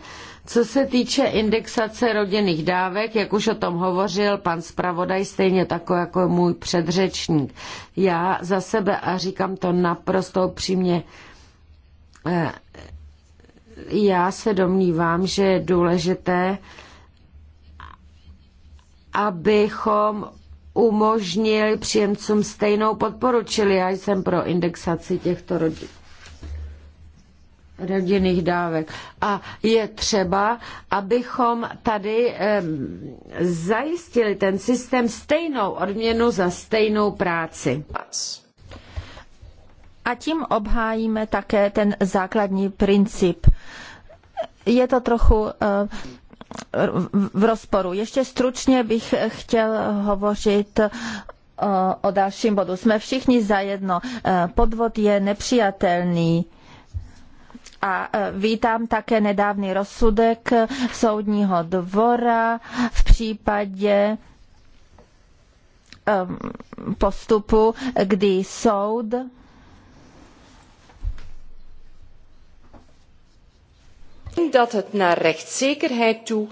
[SPEAKER 5] Co se týče indexace rodinných dávek, jak už o tom hovořil pan zpravodaj, stejně tako jako můj předřečník. Já za sebe, a říkám to naprosto upřímně, eh, já se domnívám, že je důležité, abychom umožnil příjemcům stejnou podporu, čili já jsem pro indexaci těchto rodin rodinných dávek. A je třeba, abychom tady um, zajistili ten systém stejnou odměnu za stejnou práci.
[SPEAKER 4] A tím obhájíme také ten základní princip. Je to trochu uh, v rozporu. Ještě stručně bych chtěl hovořit eh, o dalším bodu. Jsme všichni zajedno. Eh, podvod je nepřijatelný a eh, vítám také nedávný rozsudek soudního dvora v případě ehm, postupu, kdy soud Dat het naar rechtszekerheid toe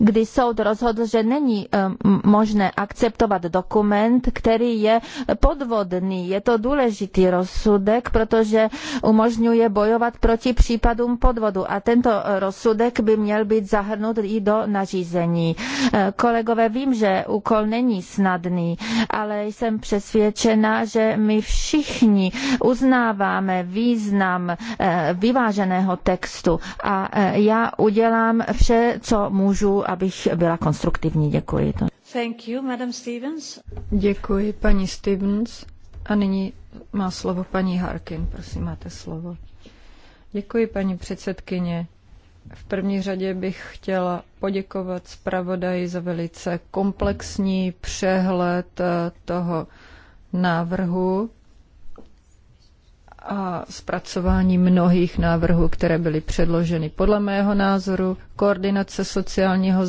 [SPEAKER 4] kdy soud rozhodl, že není eh, možné akceptovat dokument, který je podvodný. Je to důležitý rozsudek, protože umožňuje bojovat proti případům podvodu a tento eh, rozsudek by měl být zahrnut i do nařízení. Eh, kolegové, vím, že úkol není snadný, ale jsem přesvědčena, že my všichni uznáváme význam vyváženého textu a já udělám vše, co můžu můžu, abych byla konstruktivní. Děkuji. To.
[SPEAKER 1] Thank you, Madam Stevens.
[SPEAKER 4] Děkuji, paní Stevens.
[SPEAKER 1] A nyní má slovo paní Harkin. Prosím, máte slovo. Děkuji, paní předsedkyně. V první řadě bych chtěla poděkovat zpravodaji za velice komplexní přehled eh, toho návrhu a zpracování mnohých návrhů, které byly předloženy. Podle mého názoru koordinace sociálního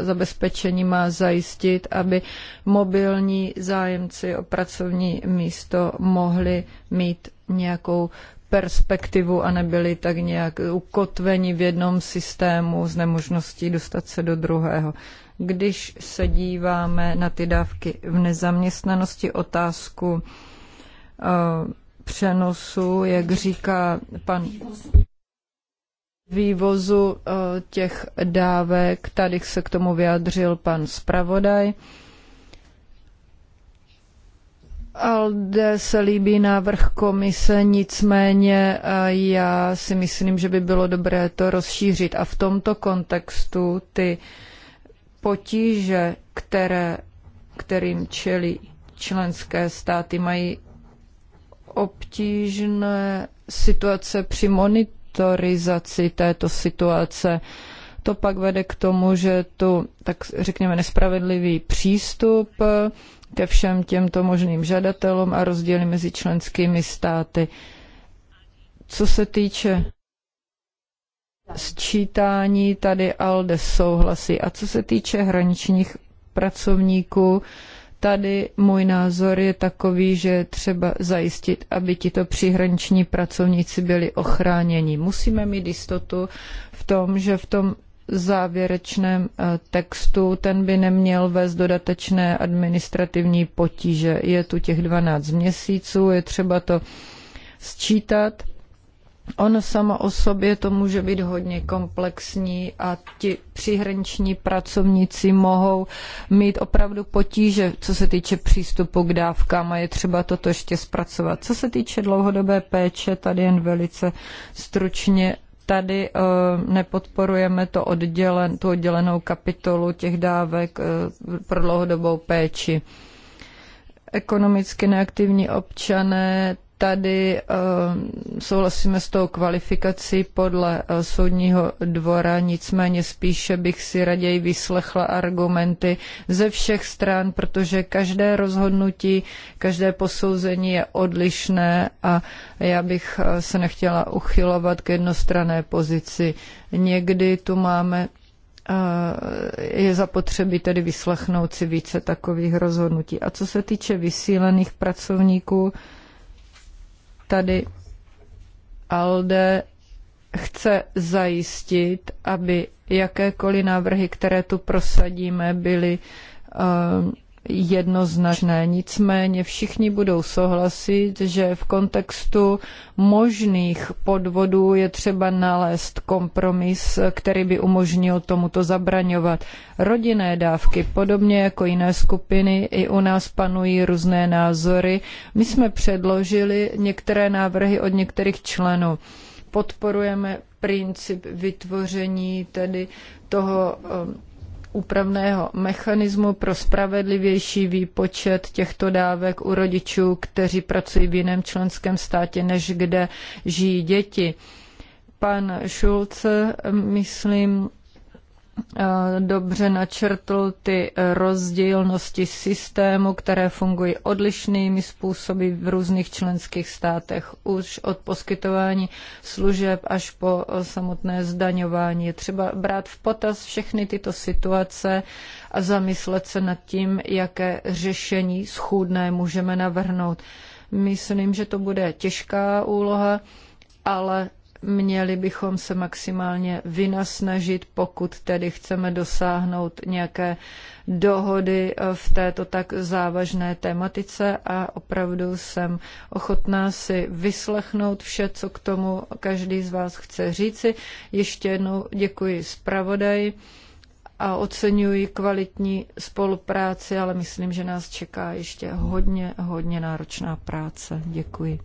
[SPEAKER 1] zabezpečení má zajistit, aby mobilní zájemci o pracovní místo mohli mít nějakou perspektivu a nebyli tak nějak ukotveni v jednom systému s nemožností dostat se do druhého. Když se díváme na ty dávky v nezaměstnanosti, otázku uh, přenosu, jak říká pan vývozu eh, těch dávek. Tady se k tomu vyjadřil pan zpravodaj. Alde se líbí návrh komise, nicméně eh, já si myslím, že by bylo dobré to rozšířit. A v tomto kontextu ty potíže, které, kterým čelí členské státy, mají obtížné situace při monitorizaci této situace. To pak vede k tomu, že tu, tak řekněme, nespravedlivý přístup ke všem těmto možným žadatelům a rozdíly mezi členskými státy. Co se týče sčítání, tady ALDE souhlasí. A co se týče hraničních pracovníků, Tady můj názor je takový, že třeba zajistit, aby tito příhraniční pracovníci byli ochráněni. Musíme mít jistotu v tom, že v tom závěrečném eh, textu, ten by neměl vést dodatečné administrativní potíže. Je tu těch 12 měsíců, je třeba to sčítat Ono sama o sobě to může být hodně komplexní a ti přihraniční pracovníci mohou mít opravdu potíže, co se týče přístupu k dávkám a je třeba toto ještě zpracovat. Co se týče dlouhodobé péče, tady jen velice stručně tady eh, nepodporujeme to oddělen, tu oddělenou kapitolu těch dávek eh, pro dlouhodobou péči. Ekonomicky neaktivní občané, tady eh, souhlasíme s tou kvalifikací podle eh, soudního dvora, nicméně spíše bych si raději vyslechla argumenty ze všech stran, protože každé rozhodnutí, každé posouzení je odlišné a já bych eh, se nechtěla uchylovat k jednostranné pozici. Někdy tu máme je zapotřebí tedy vyslechnout si více takových rozhodnutí. A co se týče vysílených pracovníků, Tady ALDE chce zajistit, aby jakékoliv návrhy, které tu prosadíme, byly ehm, jednoznačné. Nicméně všichni budou souhlasit, že v kontextu možných podvodů je třeba nalézt kompromis, který by umožnil tomuto zabraňovat. Rodinné dávky, podobně jako jiné skupiny, i u nás panují různé názory. My jsme předložili některé návrhy od některých členů. Podporujeme princip vytvoření tedy toho eh, úpravného mechanismu pro spravedlivější výpočet těchto dávek u rodičů, kteří pracují v jiném členském státě, než kde žijí děti. Pan Schulz, myslím, Eh, dobře načrtl ty eh, rozdílnosti systému, které fungují odlišnými způsoby v různých členských státech. Už od poskytování služeb až po eh, samotné zdaňování. Je třeba brát v potaz všechny tyto situace a zamyslet se nad tím, jaké řešení schůdné můžeme navrhnout. Myslím, že to bude těžká úloha, ale Měli bychom se maximálně vynasnažit, pokud tedy chceme dosáhnout nějaké dohody eh, v této tak závažné tematice a opravdu jsem ochotná si vyslechnout vše, co k tomu každý z vás chce říci. Ještě jednou děkuji zpravodaji a oceňuji kvalitní spolupráci, ale myslím, že nás čeká ještě hodně, hodně náročná práce. Děkuji.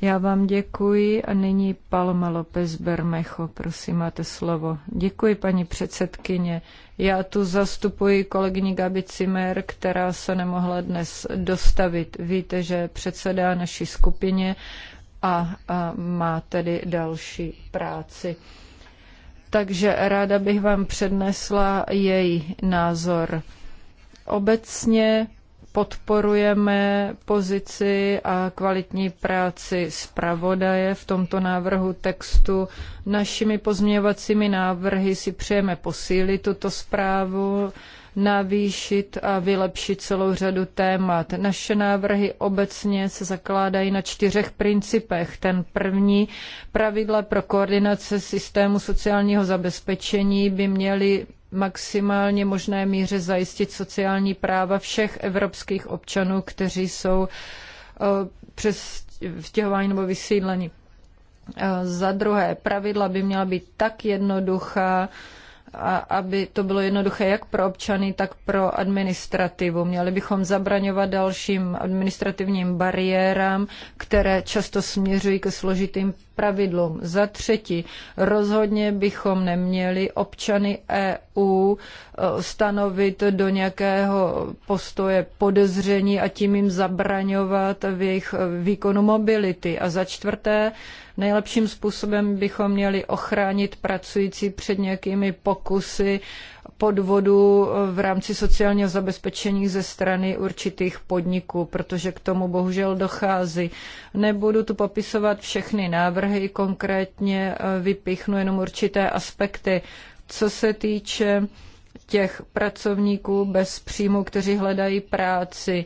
[SPEAKER 1] Já vám děkuji a nyní Palma López Bermecho, prosím, máte slovo. Děkuji, paní předsedkyně. Já tu zastupuji kolegyni Gabi Cimer, která se nemohla dnes dostavit. Víte, že předsedá naší skupině a, a má tedy další práci. Takže ráda bych vám přednesla její názor. Obecně podporujeme pozici a kvalitní práci zpravodaje v tomto návrhu textu. Našimi pozměňovacími návrhy si přejeme posílit tuto zprávu, navýšit a vylepšit celou řadu témat. Naše návrhy obecně se zakládají na čtyřech principech. Ten první, pravidla pro koordinace systému sociálního zabezpečení by měly maximálně možné míře zajistit sociální práva všech evropských občanů, kteří jsou eh, přes vtěhování nebo vysídlení. Eh, za druhé, pravidla by měla být tak jednoduchá, a aby to bylo jednoduché jak pro občany, tak pro administrativu. Měli bychom zabraňovat dalším administrativním bariérám, které často směřují ke složitým pravidlům. Za třetí, rozhodně bychom neměli občany EU eh, stanovit do nějakého postoje podezření a tím jim zabraňovat v jejich eh, výkonu mobility. A za čtvrté, nejlepším způsobem bychom měli ochránit pracující před nějakými pokusy uh, podvodu eh, v rámci sociálního zabezpečení ze strany určitých podniků, protože k tomu bohužel dochází. Nebudu tu popisovat všechny návrhy, konkrétně eh, vypíchnu jenom určité aspekty. Co se týče těch pracovníků bez příjmu, kteří hledají práci,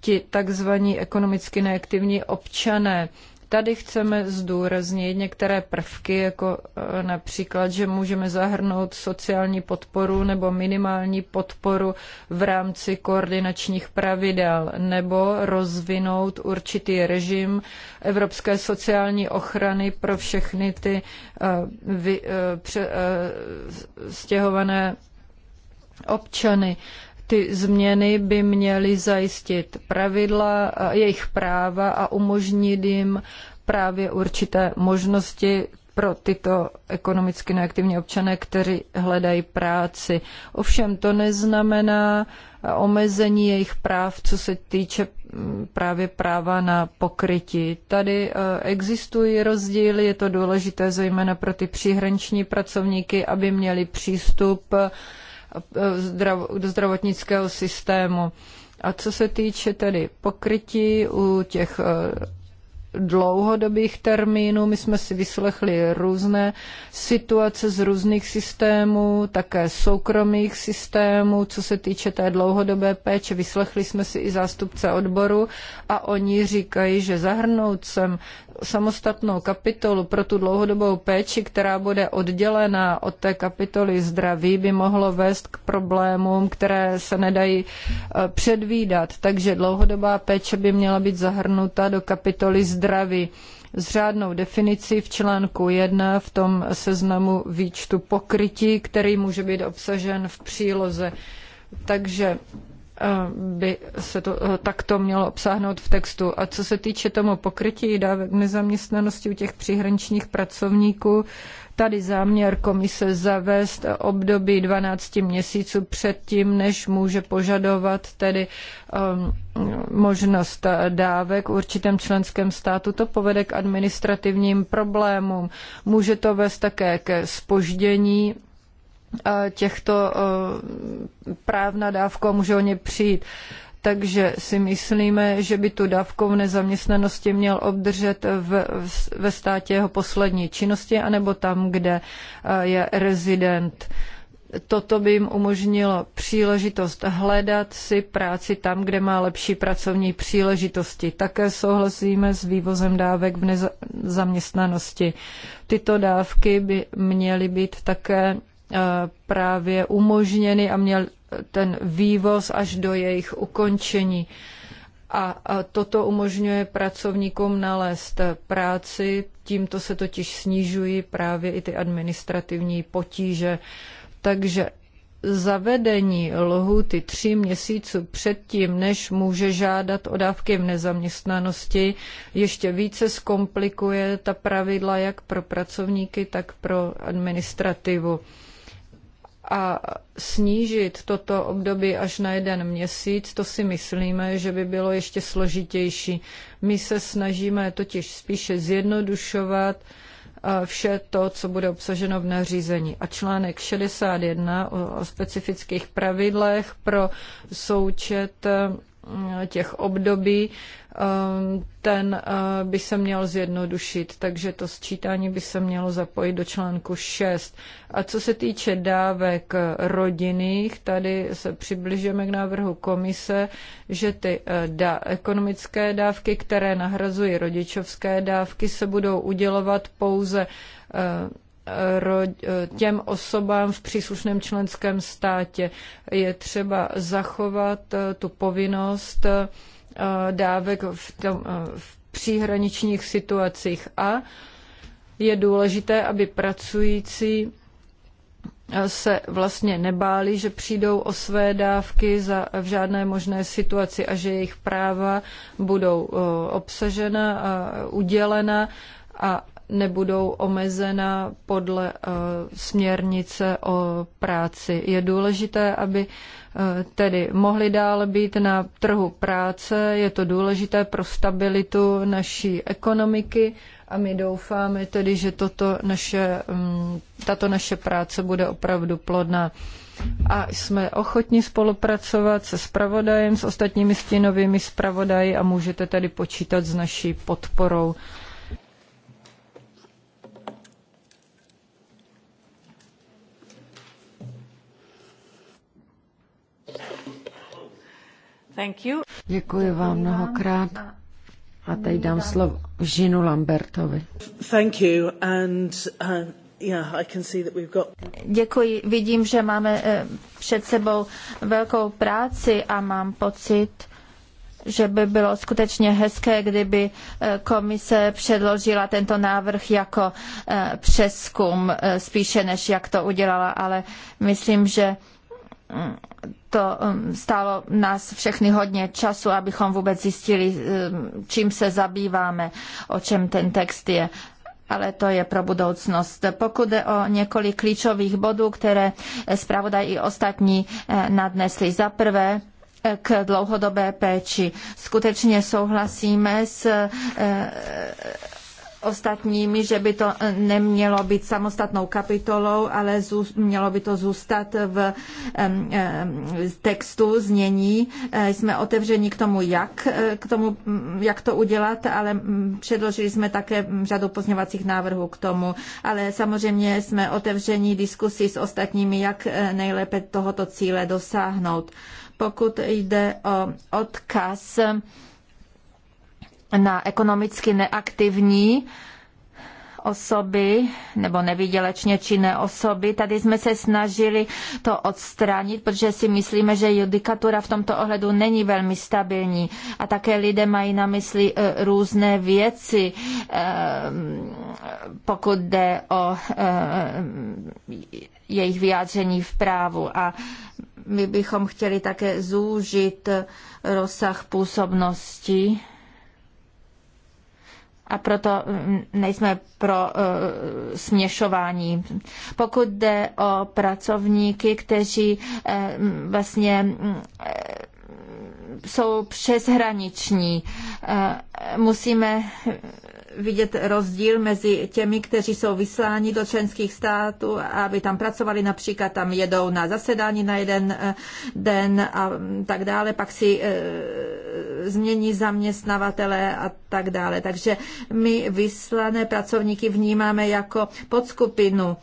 [SPEAKER 1] ti takzvaní ekonomicky neaktivní občané, Tady chceme zdůraznit některé prvky, jako e, například, že můžeme zahrnout sociální podporu nebo minimální podporu v rámci koordinačních pravidel, nebo rozvinout určitý režim evropské sociální ochrany pro všechny ty e, e, stěhované občany. Ty změny by měly zajistit pravidla, jejich práva a umožnit jim právě určité možnosti pro tyto ekonomicky neaktivní občany, kteří hledají práci. Ovšem to neznamená omezení jejich práv, co se týče mm, právě práva na pokrytí. Tady e, existují rozdíly, je to důležité zejména pro ty příhraniční pracovníky, aby měli přístup e, do zdravotnického systému. A co se týče tedy pokrytí u těch eh, dlouhodobých termínů. My jsme si vyslechli různé situace z různých systémů, také soukromých systémů, co se týče té dlouhodobé péče. Vyslechli jsme si i zástupce odboru a oni říkají, že zahrnout sem samostatnou kapitolu pro tu dlouhodobou péči, která bude oddělená od té kapitoly zdraví, by mohlo vést k problémům, které se nedají eh, předvídat. Takže dlouhodobá péče by měla být zahrnuta do kapitoly zdraví zdraví s řádnou definicí v článku 1 v tom seznamu výčtu pokrytí, který může být obsažen v příloze. Takže eh, by se to eh, takto mělo obsáhnout v textu. A co se týče tomu pokrytí dávek nezaměstnanosti u těch příhraničních pracovníků, tady záměr komise zavést období 12 měsíců předtím, než může požadovat tedy um, možnost dávek v určitém členském státu. To povede k administrativním problémům. Může to vést také ke spoždění eh, těchto eh, práv na dávku a může o ně přijít takže si myslíme, že by tu dávku v nezaměstnanosti měl obdržet v, v, ve státě jeho poslední činnosti, anebo tam, kde eh, je rezident. Toto by jim umožnilo příležitost hledat si práci tam, kde má lepší pracovní příležitosti. Také souhlasíme s vývozem dávek v nezaměstnanosti. Tyto dávky by měly být také eh, právě umožněny a měl, ten vývoz až do jejich ukončení. A toto umožňuje pracovníkům nalézt práci, tímto se totiž snižují právě i ty administrativní potíže. Takže zavedení lhuty tři měsíců předtím, než může žádat o dávky v nezaměstnanosti, ještě více zkomplikuje ta pravidla jak pro pracovníky, tak pro administrativu a snížit toto období až na jeden měsíc, to si myslíme, že by bylo ještě složitější. My se snažíme totiž spíše zjednodušovat eh, vše to, co bude obsaženo v nařízení. A článek 61 o specifických pravidlech pro součet eh, těch období, ehm, ten eh, by se měl zjednodušit, takže to sčítání by se mělo zapojit do článku 6. A co se týče dávek rodinných, tady se přibližujeme k návrhu komise, že ty eh, da- ekonomické dávky, které nahrazují rodičovské dávky, se budou udělovat pouze eh, těm osobám v příslušném členském státě. Je třeba zachovat eh, tu povinnost eh, dávek v, tom, eh, v příhraničních situacích a je důležité, aby pracující se vlastně nebáli, že přijdou o své dávky za, v žádné možné situaci a že jejich práva budou obsažena a udělena a nebudou omezena podle eh, směrnice o práci. Je důležité, aby eh, tedy mohli dále být na trhu práce. Je to důležité pro stabilitu naší ekonomiky a my doufáme tedy, že toto naše, mm, tato naše práce bude opravdu plodná a jsme ochotni spolupracovat se spravodajem, s ostatními stínovými spravodaji a můžete tedy počítat s naší podporou.
[SPEAKER 3] Děkuji vám mnohokrát.
[SPEAKER 5] A teď dám slovo Žinu Lambertovi.
[SPEAKER 4] Děkuji. Vidím, že máme eh, před sebou velkou práci a mám pocit, že by bylo skutečně hezké, kdyby eh, komise předložila tento návrh jako eh, přeskum spíše, než jak to udělala, ale myslím, že to um, stálo nás všechny hodně času, abychom vůbec zjistili, um, čím se zabýváme, o čem ten text je ale to je pro budoucnost. Pokud je o několik klíčových bodů, které zpravodaj i ostatní eh, nadnesli. Za prvé, eh, k dlouhodobé péči. Skutečně souhlasíme s eh, ostatními, že by to eh, nemělo být samostatnou kapitolou, ale mělo by to zůstat v textu znění. Eh, jsme otevřeni k tomu, jak, eh, k tomu, mm, jak to udělat, ale mm, předložili jsme také mm, řadu pozněvacích návrhů k tomu. Ale samozřejmě jsme otevřeni diskusi s ostatními, jak nejlépe tohoto cíle dosáhnout. Pokud jde o odkaz, na ekonomicky neaktivní osoby nebo nevýdělečně činné osoby. Tady jsme se snažili to odstranit, protože si myslíme, že judikatura v tomto ohledu není velmi stabilní. A také lidé mají na mysli e, různé věci, e, pokud jde o e, jejich vyjádření v právu. A my bychom chtěli také zúžit rozsah působnosti a proto mm, nejsme pro uh, směšování. Pokud jde o pracovníky, kteří uh, vlastně uh, jsou přeshraniční, uh, musíme vidět rozdíl mezi těmi, kteří jsou vysláni do členských států, aby tam pracovali, například tam jedou na zasedání na jeden eh, den a tak dále, pak si eh, změní zaměstnavatele a tak dále. Takže my vyslané pracovníky vnímáme jako podskupinu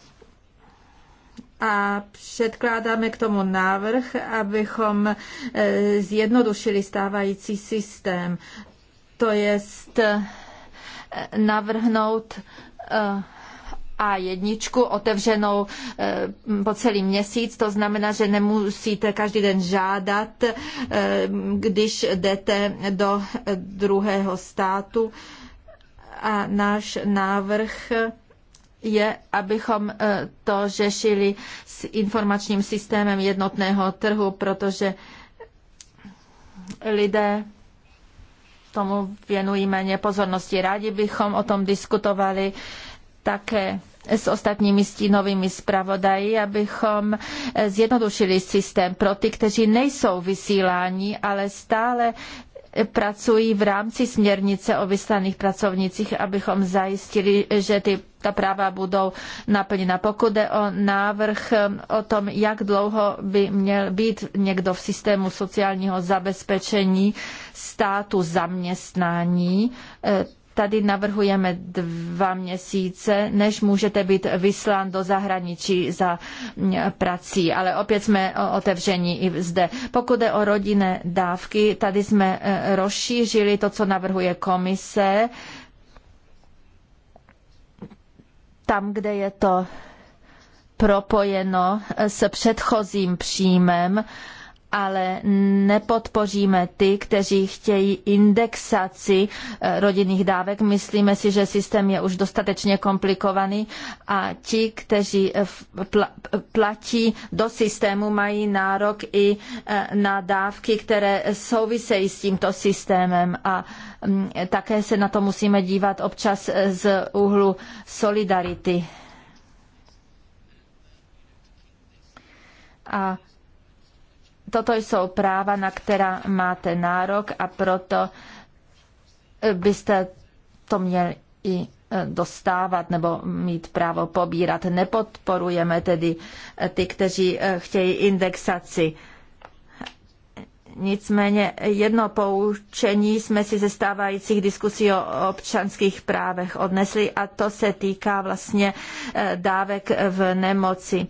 [SPEAKER 4] a předkládáme k tomu návrh, abychom eh, zjednodušili stávající systém. To jest navrhnout eh, a jedničku otevřenou eh, po celý měsíc, to znamená, že nemusíte každý den žádat, eh, když jdete do druhého státu. A náš návrh je, abychom to řešili s informačním systémem jednotného trhu, protože lidé tomu věnují méně pozornosti. Rádi bychom o tom diskutovali také s ostatními stínovými zpravodaji, abychom zjednodušili systém pro ty, kteří nejsou vysíláni, ale stále pracují v rámci směrnice o vyslaných pracovnicích, abychom zajistili, že ty ta práva budou naplněna. Pokud jde o návrh o tom, jak dlouho by měl být někdo v systému sociálního zabezpečení státu zaměstnání, eh, Tady navrhujeme dva měsíce, než můžete být vyslán do zahraničí za mm, prací, ale opět jsme otevření i zde. Pokud je o rodinné dávky, tady jsme e, rozšířili to, co navrhuje komise, tam, kde je to propojeno s předchozím příjmem, ale nepodpoříme ty, kteří chtějí indexaci eh, rodinných dávek. Myslíme si, že systém je už dostatečně komplikovaný a ti, kteří eh, eh, platí do systému, mají nárok i na dávky, které souvisejí s tímto systémem a mm, také se na to musíme dívat občas z úhlu solidarity. A toto jsou práva, na která máte nárok a proto eh, byste to měli i eh, dostávat nebo mít právo pobírat. Nepodporujeme tedy eh, ty, kteří chtějí indexaci. Nicméně jedno poučení jsme si ze stávajících diskusí o občanských právech odnesli a to se týká vlastně dávek v nemoci.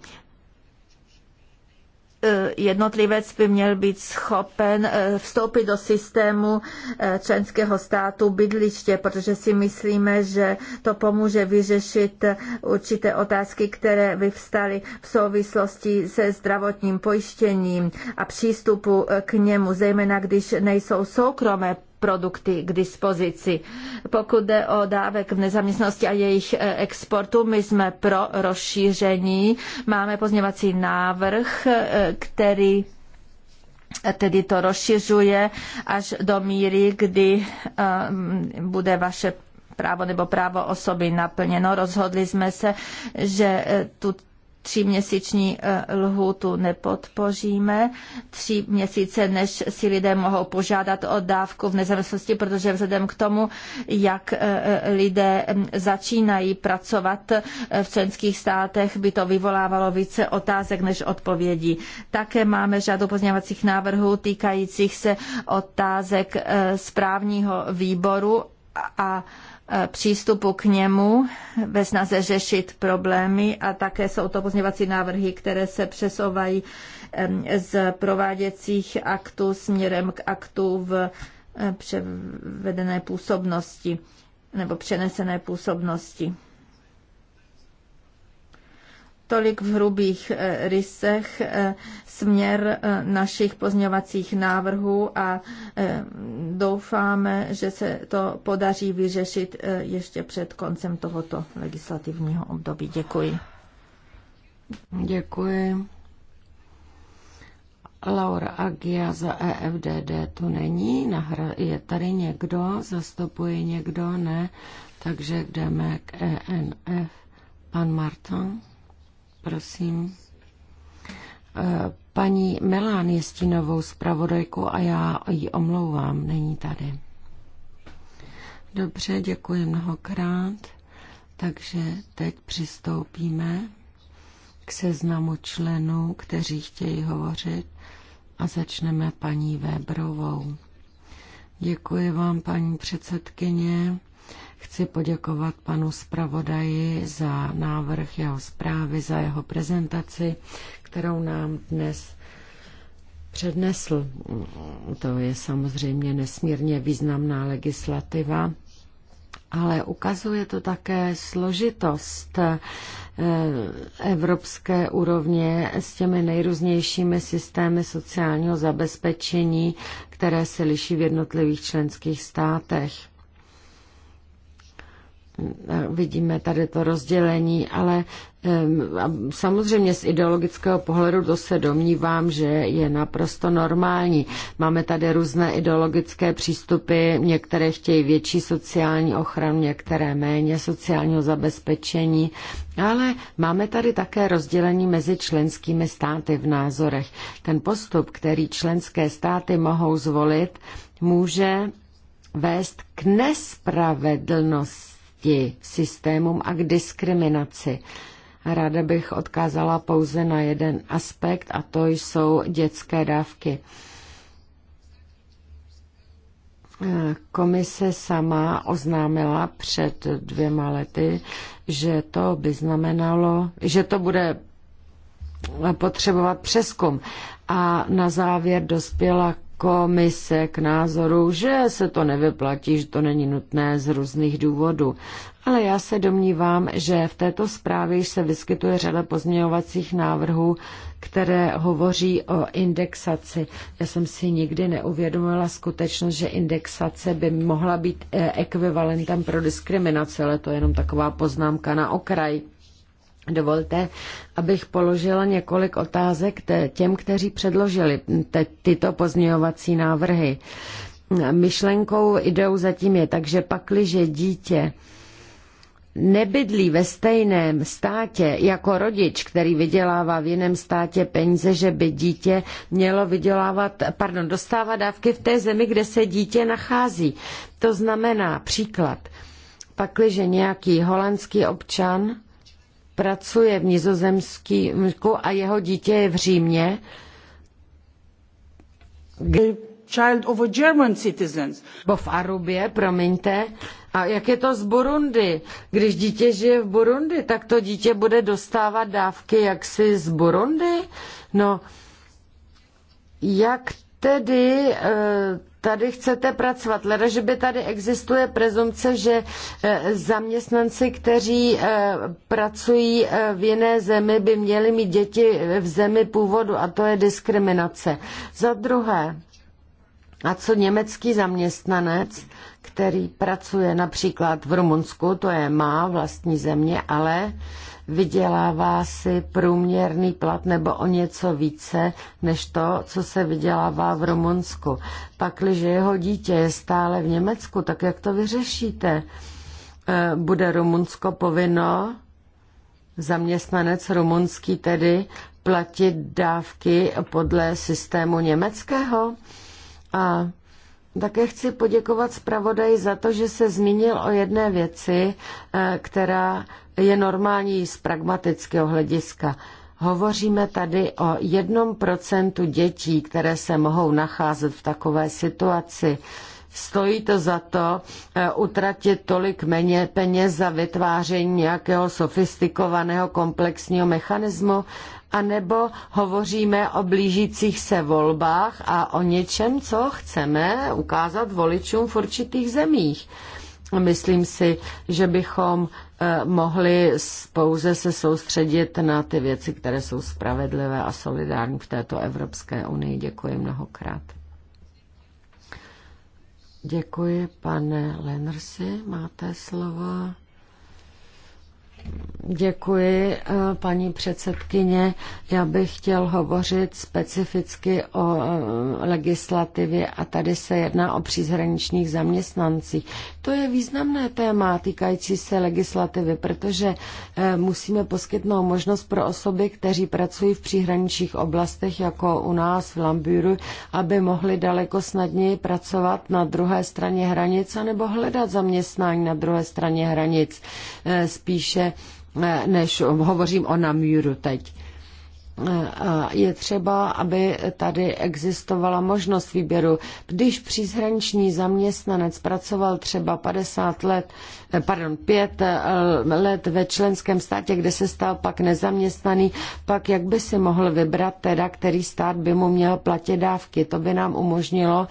[SPEAKER 4] Eh, jednotlivec by měl být schopen eh, vstoupit do systému eh, členského státu bydliště, protože si myslíme, že to pomůže vyřešit určité otázky, které vyvstaly v souvislosti se zdravotním pojištěním a přístupu k němu, zejména když nejsou soukromé produkty k dispozici. Pokud jde o dávek v nezaměstnosti a jejich eh, exportu, my jsme pro rozšíření. Máme pozněvací návrh, eh, který eh, tedy to rozšiřuje až do míry, kdy bude vaše právo nebo právo osoby naplněno. Rozhodli jsme se, že tu tříměsíční eh, lhůtu nepodpoříme. Tři měsíce, než si lidé mohou požádat o dávku v nezávislosti, protože vzhledem k tomu, jak eh, eh, lidé mm, začínají pracovat v členských státech, by to vyvolávalo více otázek než odpovědí. Také máme řadu pozměňovacích návrhů týkajících se otázek správního výboru a Eh, přístupu k němu ve snaze řešit problémy a také jsou to pozměvací návrhy, které se přesouvají z prováděcích aktů směrem k aktu v eh, převedené působnosti nebo přenesené působnosti. Tolik v hrubých eh, rysech eh, směr eh, našich pozňovacích návrhů a doufáme, že se to podaří vyřešit ještě před koncem tohoto legislativního období. Děkuji.
[SPEAKER 5] Děkuji. Laura Agia za EFDD tu není, je tady někdo, zastupuje někdo, ne, takže jdeme k ENF. Pan Martin. Prosím. Eh, paní Melán je stínovou zpravodajku a já ji omlouvám, není tady. Dobře, děkuji mnohokrát. Takže teď přistoupíme k seznamu členů, kteří chtějí hovořit a začneme paní Vébrovou. Děkuji vám, paní předsedkyně. Chci poděkovat panu zpravodaji za návrh jeho zprávy, za jeho prezentaci, kterou nám dnes přednesl. To je samozřejmě nesmírně významná legislativa, ale ukazuje to také složitost eh, evropské úrovně s těmi nejrůznějšími systémy sociálního zabezpečení, které se liší v jednotlivých členských státech vidíme tady to rozdělení, ale samozřejmě z ideologického pohledu to se domnívám, že je naprosto normální. Máme tady různé ideologické přístupy, některé chtějí větší sociální ochranu, některé méně sociálního zabezpečení, ale máme tady také rozdělení mezi členskými státy v názorech. Ten postup, který členské státy mohou zvolit, může vést k nespravedlnosti proti systémům a k diskriminaci. Ráda bych odkázala pouze na jeden aspekt a to jsou dětské dávky. Komise sama oznámila před dvěma lety, že to by znamenalo, že to bude potřebovat přeskum. A na závěr dospěla komise k názoru, že se to nevyplatí, že to není nutné z různých důvodů. Ale já se domnívám, že v této zprávě se vyskytuje řada pozměňovacích návrhů, které hovoří o indexaci. Já jsem si nikdy neuvědomila skutečnost, že indexace by mohla být eh, ekvivalentem pro diskriminaci, ale to je jenom taková poznámka na okraj. Dovolte, abych položila několik otázek těm, kteří předložili tyto pozměňovací návrhy. Myšlenkou, ideou zatím je, takže pakliže dítě nebydlí ve stejném státě jako rodič, který vydělává v jiném státě peníze, že by dítě mělo vydělávat, pardon, dostávat dávky v té zemi, kde se dítě nachází. To znamená příklad, pakliže nějaký holandský občan pracuje v nizozemský a jeho dítě je v Římě. Child of a German citizens. Bo v Arubě, promiňte. A jak je to z Burundi? Když dítě žije v Burundi, tak to dítě bude dostávat dávky jaksi z Burundi? No, jak Tedy eh, tady chcete pracovat. Leda, že by tady existuje prezumce, že eh, zaměstnanci, kteří eh, pracují v jiné zemi, by měli mít děti v zemi původu a to je diskriminace. Za druhé, a co německý zaměstnanec, který pracuje například v Rumunsku, to je má vlastní země, ale uh, vydělává si průměrný plat nebo o něco více než to, co se vydělává v Rumunsku. Pakliže jeho dítě je stále v Německu, tak jak to vyřešíte? E, bude Rumunsko povinno, zaměstnanec rumunský tedy, platit dávky podle systému německého? A také chci poděkovat zpravodaji za to, že se zmínil o jedné věci, eh, která je normální z pragmatického hlediska. Hovoříme tady o jednom procentu dětí, které se mohou nacházet v takové situaci. Stojí to za to eh, utratit tolik méně peněz za vytváření nějakého sofistikovaného komplexního mechanismu, anebo hovoříme o blížících se volbách a o něčem, co chceme ukázat voličům v určitých zemích. Myslím si, že bychom eh, mohli pouze se soustředit na ty věci, které jsou spravedlivé a solidární v této Evropské unii. Děkuji mnohokrát. Děkuji, pane Lenersi, máte slovo. Děkuji, eh, paní předsedkyně. Já bych chtěl hovořit specificky o eh, legislativě a tady se jedná o přízhraničních zaměstnancích. To je významné téma týkající se legislativy, protože eh, musíme poskytnout možnost pro osoby, kteří pracují v příhraničních oblastech, jako u nás v Lambíru, aby mohli daleko snadněji pracovat na druhé straně hranic anebo hledat zaměstnání na druhé straně hranic spíše než hovořím o Namíru teď. Je třeba, aby tady existovala možnost výběru. Když příshraniční zaměstnanec pracoval třeba 50 let, eh, pardon, 5 eh, let ve členském státě, kde se stal pak nezaměstnaný, pak jak by si mohl vybrat teda, který stát by mu měl platit dávky. To by nám umožnilo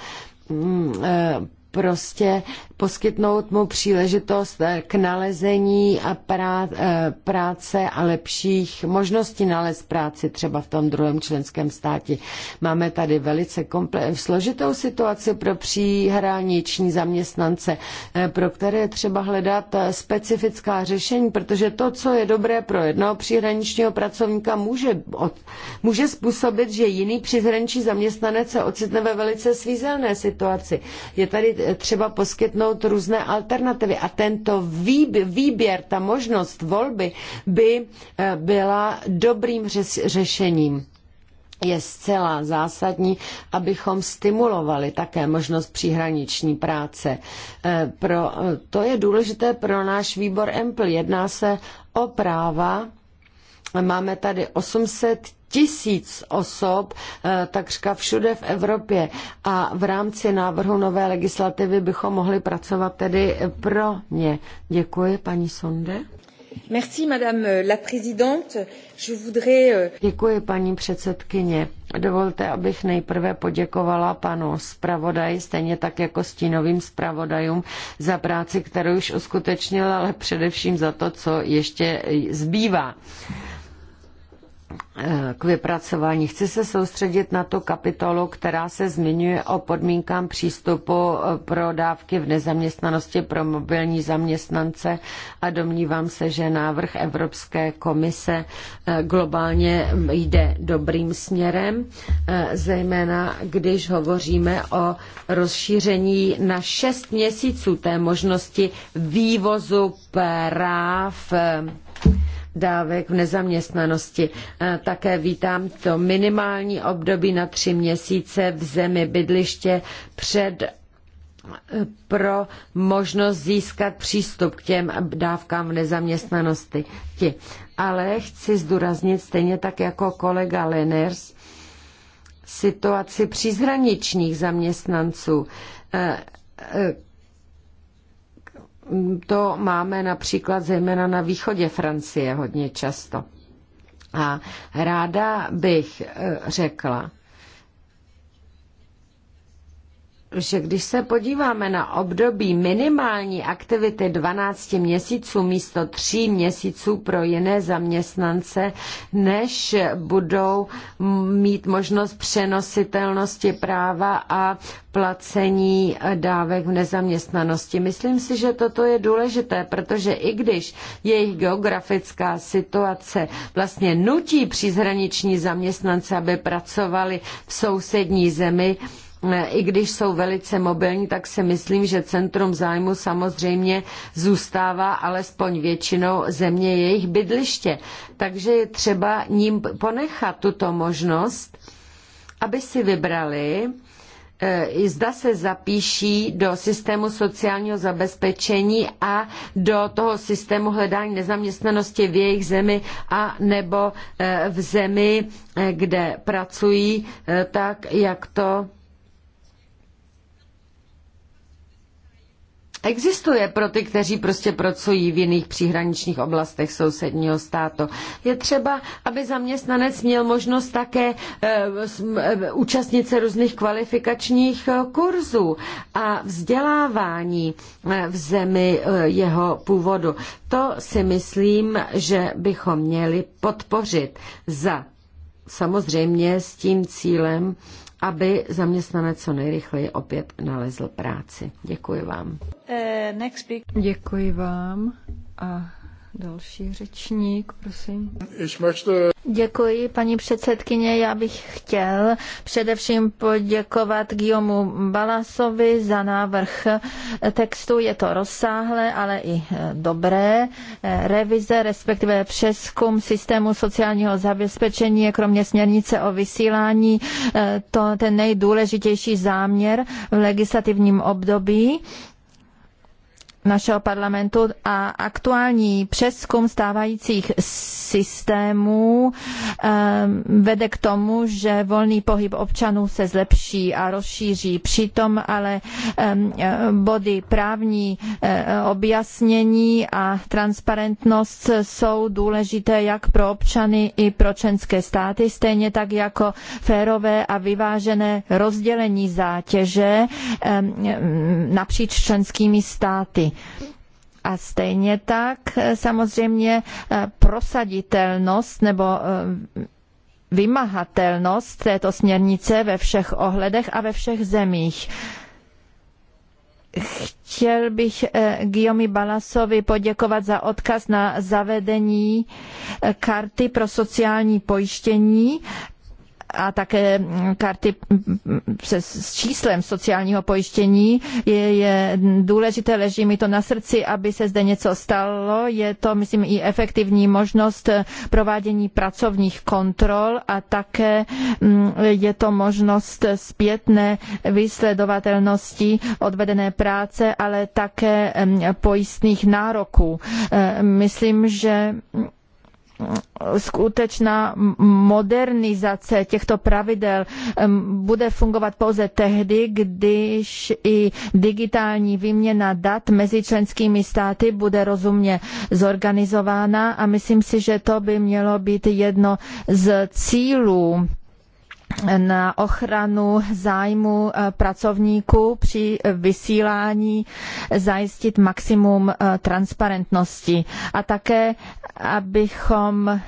[SPEAKER 5] mm, eh, prostě poskytnout mu příležitost eh, k nalezení a prá, eh, práce a lepších možností nalez práci třeba v tom druhém členském státě. Máme tady velice komple- složitou situaci pro příhraniční zaměstnance, eh, pro které je třeba hledat specifická řešení, protože to, co je dobré pro jednoho příhraničního pracovníka, může, od, může způsobit, že jiný příhraniční zaměstnanec se ocitne ve velice svízelné situaci. Je tady třeba poskytnout nabídnout různé alternativy a tento výběr, ta možnost volby by eh, byla dobrým řešením je zcela zásadní, abychom stimulovali také možnost příhraniční práce. Eh, pro, eh, to je důležité pro náš výbor EMPL. Jedná se o práva. Máme tady 800 tisíc osob eh, takřka všude v Evropě a v rámci návrhu nové legislativy bychom mohli pracovat tedy pro ně. Děkuji, paní Sonde. Merci, madame la présidente. Je voudrais... Euh, Děkuji, paní předsedkyně. Dovolte, abych nejprve poděkovala panu zpravodaji, stejně tak jako stínovým zpravodajům, za práci, kterou už uskutečnila, ale především za to, co ještě zbývá k vypracování. Chci se soustředit na tu kapitolu, která se zmiňuje o podmínkám přístupu pro dávky v nezaměstnanosti pro mobilní zaměstnance a domnívám se, že návrh Evropské komise eh, globálně jde dobrým směrem, eh, zejména když hovoříme o rozšíření na šest měsíců té možnosti vývozu práv eh, dávek v nezaměstnanosti. E, také vítám to minimální období na tři měsíce v zemi bydliště před e, pro možnost získat přístup k těm dávkám v nezaměstnanosti. Ti. Ale chci zdůraznit, stejně tak jako kolega Leners, situaci přízhraničních zaměstnanců e, to máme například zejména na východě Francie hodně často. A ráda bych eh, řekla, že když se podíváme na období minimální aktivity 12 měsíců místo 3 měsíců pro jiné zaměstnance, než budou mít možnost přenositelnosti práva a placení dávek v nezaměstnanosti. Myslím si, že toto je důležité, protože i když jejich geografická situace vlastně nutí přízhraniční zaměstnance, aby pracovali v sousední zemi, i když jsou velice mobilní, tak si myslím, že centrum zájmu samozřejmě zůstává alespoň většinou země jejich bydliště. Takže je třeba ním ponechat tuto možnost, aby si vybrali, e, zda se zapíší do systému sociálního zabezpečení a do toho systému hledání nezaměstnanosti v jejich zemi a nebo e, v zemi, e, kde pracují, tak jak to existuje pro ty, kteří prostě pracují v jiných příhraničních oblastech sousedního státu. Je třeba, aby zaměstnanec měl možnost také eh, eh, účastnit se různých kvalifikačních eh, kurzů a vzdělávání v zemi jeho původu. To si myslím, že bychom měli podpořit za samozřejmě s tím cílem, aby zaměstnanec co nejrychleji opět nalezl práci. Děkuji vám.
[SPEAKER 1] Eh,
[SPEAKER 4] Děkuji vám a Další řečník, prosím. Děkuji, paní předsedkyně. Já bych chtěl především poděkovat Guillaume Balasovi za návrh textu. Je to rozsáhlé, ale i dobré. Revize, respektive přeskum systému sociálního zabezpečení je kromě směrnice o vysílání eh, to ten nejdůležitější záměr v legislativním období našeho parlamentu a aktuální přeskum stávajících systémů ehm, vede k tomu, že volný pohyb občanů se zlepší a rozšíří. Přitom ale ehm, body právní eh, objasnění a transparentnost jsou důležité jak pro občany i pro členské státy, stejně tak jako férové a vyvážené rozdělení zátěže ehm, napříč členskými státy. A stejně tak eh, samozřejmě eh, prosaditelnost nebo eh, vymahatelnost této směrnice ve všech ohledech a ve všech zemích. Chtěl bych Guillaume Balasovi poděkovat za odkaz na zavedení karty pro sociální pojištění a také karty se, s číslem sociálního pojištění. Je, je důležité, leží mi to na srdci, aby se zde něco stalo. Je to, myslím, i efektivní možnost provádění pracovních kontrol a také mm, je to možnost zpětné vysledovatelnosti odvedené práce, ale také mm, pojistných nároků. E, myslím, že skutečná modernizace těchto pravidel bude fungovat pouze tehdy, když i digitální výměna dat mezi členskými státy bude rozumně zorganizována a myslím si, že to by mělo být jedno z cílů na ochranu zájmu eh, pracovníků při vysílání zajistit maximum eh, transparentnosti a také, abychom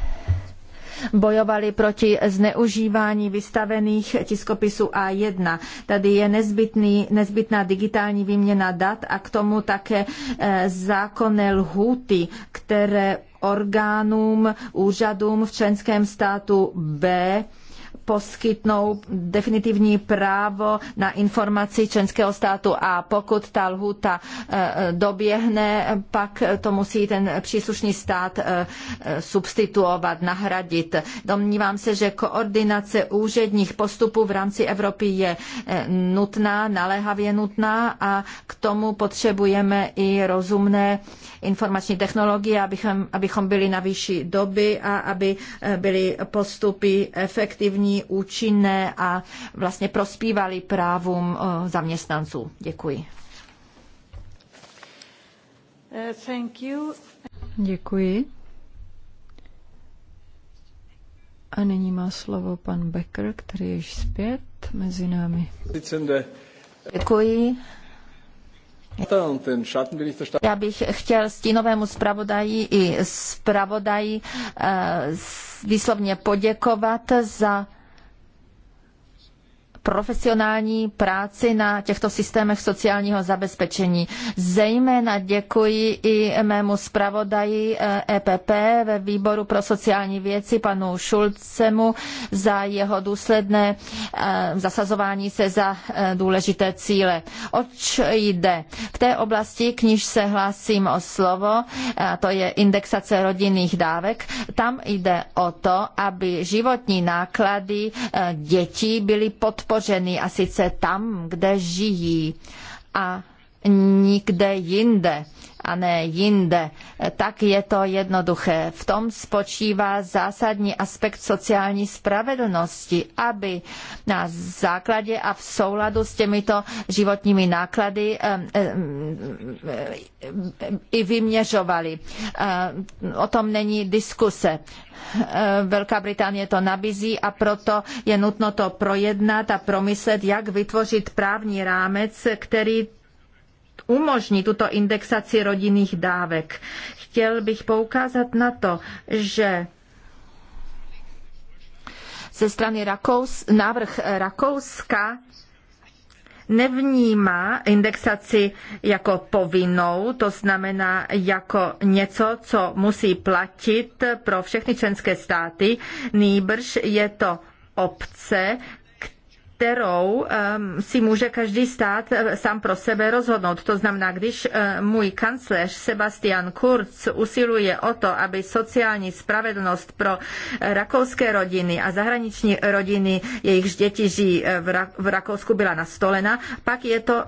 [SPEAKER 4] bojovali proti zneužívání vystavených tiskopisů A1. Tady je nezbytný, nezbytná digitální výměna dat a k tomu také eh, zákonné lhůty, které orgánům, úřadům v členském státu B poskytnou definitivní právo na informaci členského státu a pokud ta lhuta e, doběhne, pak to musí ten příslušný stát e, substituovat, nahradit. Domnívám se, že koordinace úředních postupů v rámci Evropy je e, nutná, naléhavě nutná a k tomu potřebujeme i rozumné informační technologie, abychom, abychom byli na výši doby a aby byly postupy efektivní účinné a vlastně prospívaly právům eh, zaměstnanců. Děkuji.
[SPEAKER 3] Eh, thank you.
[SPEAKER 4] Děkuji.
[SPEAKER 1] A nyní má slovo pan Becker, který je již zpět mezi námi.
[SPEAKER 4] Děkuji. Já bych chtěl stínovému zpravodaji i zpravodaji eh, výslovně poděkovat za profesionální práci na těchto systémech sociálního zabezpečení. Zejména děkuji i mému zpravodaji EPP eh, e ve výboru pro sociální věci panu Šulcemu za jeho důsledné eh, zasazování se za eh, důležité cíle. Oč jde? V té oblasti, k níž se hlásím o slovo, to je indexace rodinných dávek, tam jde o to, aby životní náklady dětí byly podporovány zakořený a sice tam, kde žijí a nikde jinde a ne jinde. Tak je to jednoduché. V tom spočívá zásadní aspekt sociální spravedlnosti, aby na základě a v souladu s těmito životními náklady eh, eh, i vyměřovali. Eh, o tom není diskuse. Velká Británie to nabízí a proto je nutno to projednat a promyslet, jak vytvořit právní rámec, který umožní tuto indexaci rodinných dávek. Chtěl bych poukázat na to, že ze strany Rakous, návrh Rakouska nevnímá indexaci jako povinnou, to znamená jako něco, co musí platit pro všechny členské státy. Nýbrž je to obce, kterou eh, si může každý stát eh, sám pro sebe rozhodnout. To znamená, když eh, můj kancléř Sebastian Kurz usiluje o to, aby sociální spravedlnost pro rakouské rodiny a zahraniční rodiny, jejichž děti žijí v Rakousku, byla nastolena, pak je to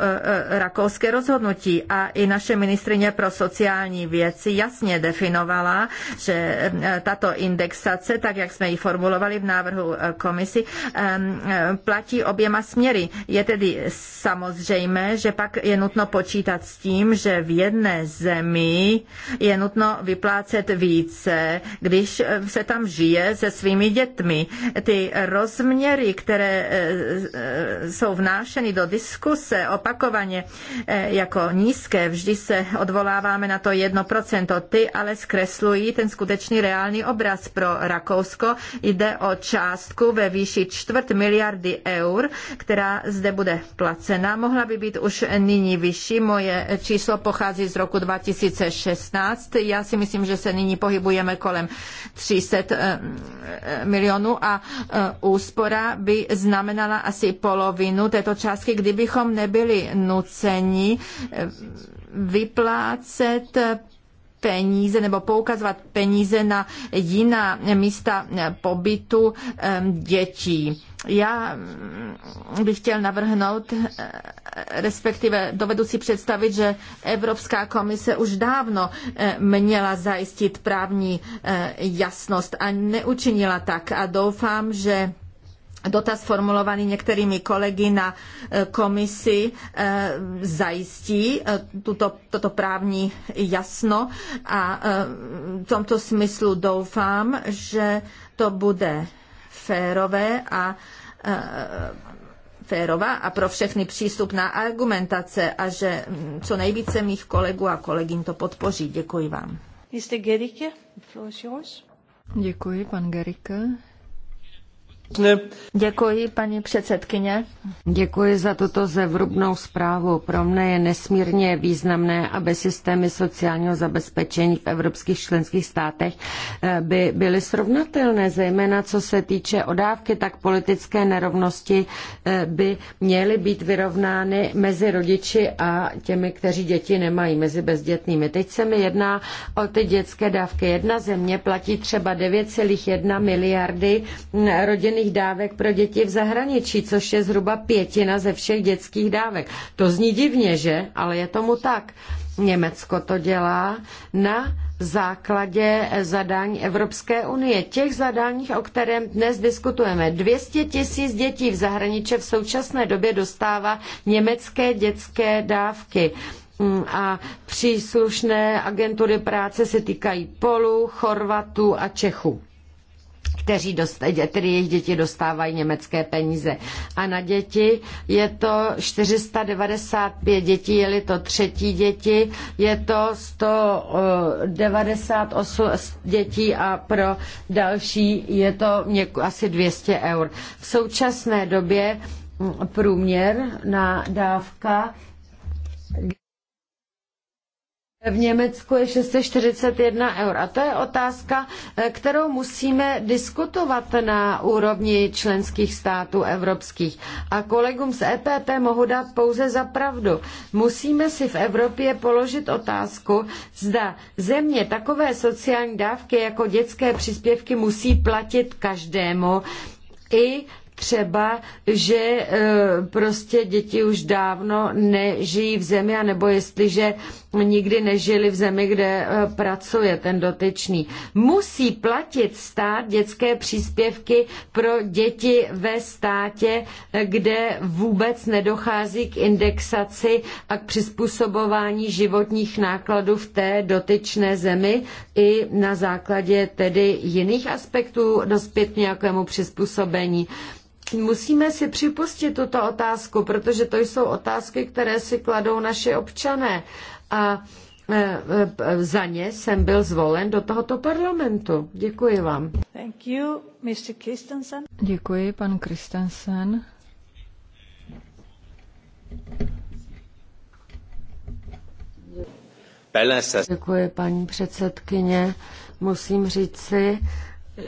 [SPEAKER 4] rakouské rozhodnutí a i naše ministrině pro sociální věci jasně definovala, že tato indexace, tak jak jsme ji formulovali v návrhu komisi, platí oběma směry. Je tedy samozřejmé, že pak je nutno počítat s tím, že v jedné zemi je nutno vyplácet více, když se tam žije se svými dětmi. Ty rozměry, které e, e, jsou vnášeny do diskuse opakovaně e, jako nízké, vždy se odvoláváme na to jedno procento. Ty ale zkreslují ten skutečný reálný obraz pro Rakousko. Jde o částku ve výši čtvrt miliardy eur eur, která zde bude placena. Mohla by být už nyní vyšší. Moje číslo pochází z roku 2016. Já si myslím, že se nyní pohybujeme kolem 300 eh, milionů a eh, úspora by znamenala asi polovinu této částky, kdybychom nebyli nuceni eh, vyplácet peníze nebo poukazovat peníze na jiná místa pobytu dětí. Já bych chtěl navrhnout, eh, respektive dovedu si představit, že Evropská komise už dávno eh, měla zajistit právní eh, jasnost a neučinila tak. A doufám, že dotaz formulovaný některými kolegy na e, komisi e, zajistí e, tuto, toto právní jasno a v tomto smyslu doufám, že to bude férové a férová a pro všechny přístupná argumentace a že mm, co nejvíce mých kolegů a kolegyň to podpoří. Děkuji vám. Děkuji, pan Gerike.
[SPEAKER 5] Ne. Děkuji, paní předsedkyně. Děkuji za tuto zevrubnou zprávu. Pro mne je nesmírně významné, aby systémy sociálního zabezpečení v evropských členských státech eh, by byly srovnatelné, zejména co se týče odávky, tak politické nerovnosti eh, by měly být vyrovnány mezi rodiči a těmi, kteří děti nemají, mezi bezdětnými. Teď se mi jedná o ty dětské dávky. Jedna země platí třeba 9,1 miliardy rodin rodinných dávek pro děti v zahraničí, což je zhruba pětina ze všech dětských dávek. To zní divně, že? Ale je tomu tak. Německo to dělá na základě zadání Evropské unie. Těch zadáních, o kterém dnes diskutujeme, 200 tisíc dětí v zahraničí v současné době dostává německé dětské dávky a příslušné agentury práce se týkají Polů, Chorvatů a Čechů kteří dostaj, tedy jejich děti dostávají německé peníze. A na děti je to 495 dětí, je to třetí děti, je to 198 eh, dětí a pro další je to asi 200 eur. V současné době hm, průměr na dávka v Německu je 641 eur. A to je otázka, eh, kterou musíme diskutovat na úrovni členských států evropských. A kolegům z EPP mohu dát pouze za pravdu. Musíme si v Evropě položit otázku, zda země takové sociální dávky jako dětské příspěvky musí platit každému, i třeba, že e, prostě děti už dávno nežijí v zemi, anebo jestliže nikdy nežili v zemi, kde e, pracuje ten dotyčný. Musí platit stát dětské příspěvky pro děti ve státě, kde vůbec nedochází k indexaci a k přizpůsobování životních nákladů v té dotyčné zemi i na základě tedy jiných aspektů dospět nějakému přizpůsobení. Musíme si připustit tuto otázku, protože to jsou otázky, které si kladou naše občané. A e, e, za ně jsem byl zvolen do tohoto parlamentu. Děkuji vám.
[SPEAKER 3] Thank you, Mr. Christensen.
[SPEAKER 5] Děkuji,
[SPEAKER 1] pan Christensen.
[SPEAKER 5] Děkuji, paní předsedkyně. Musím říci,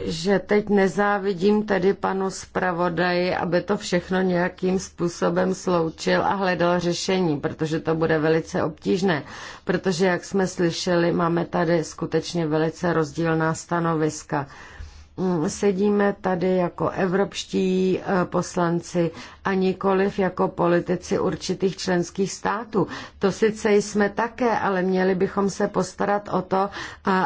[SPEAKER 5] že teď nezávidím tedy panu zpravodaji, aby to všechno nějakým způsobem sloučil a hledal řešení, protože to bude velice obtížné. Protože, jak jsme slyšeli, máme tady skutečně velice rozdílná stanoviska. Mm, sedíme tady jako evropští eh, poslanci a nikoliv jako politici určitých členských států. To sice jsme také, ale měli bychom se postarat o to,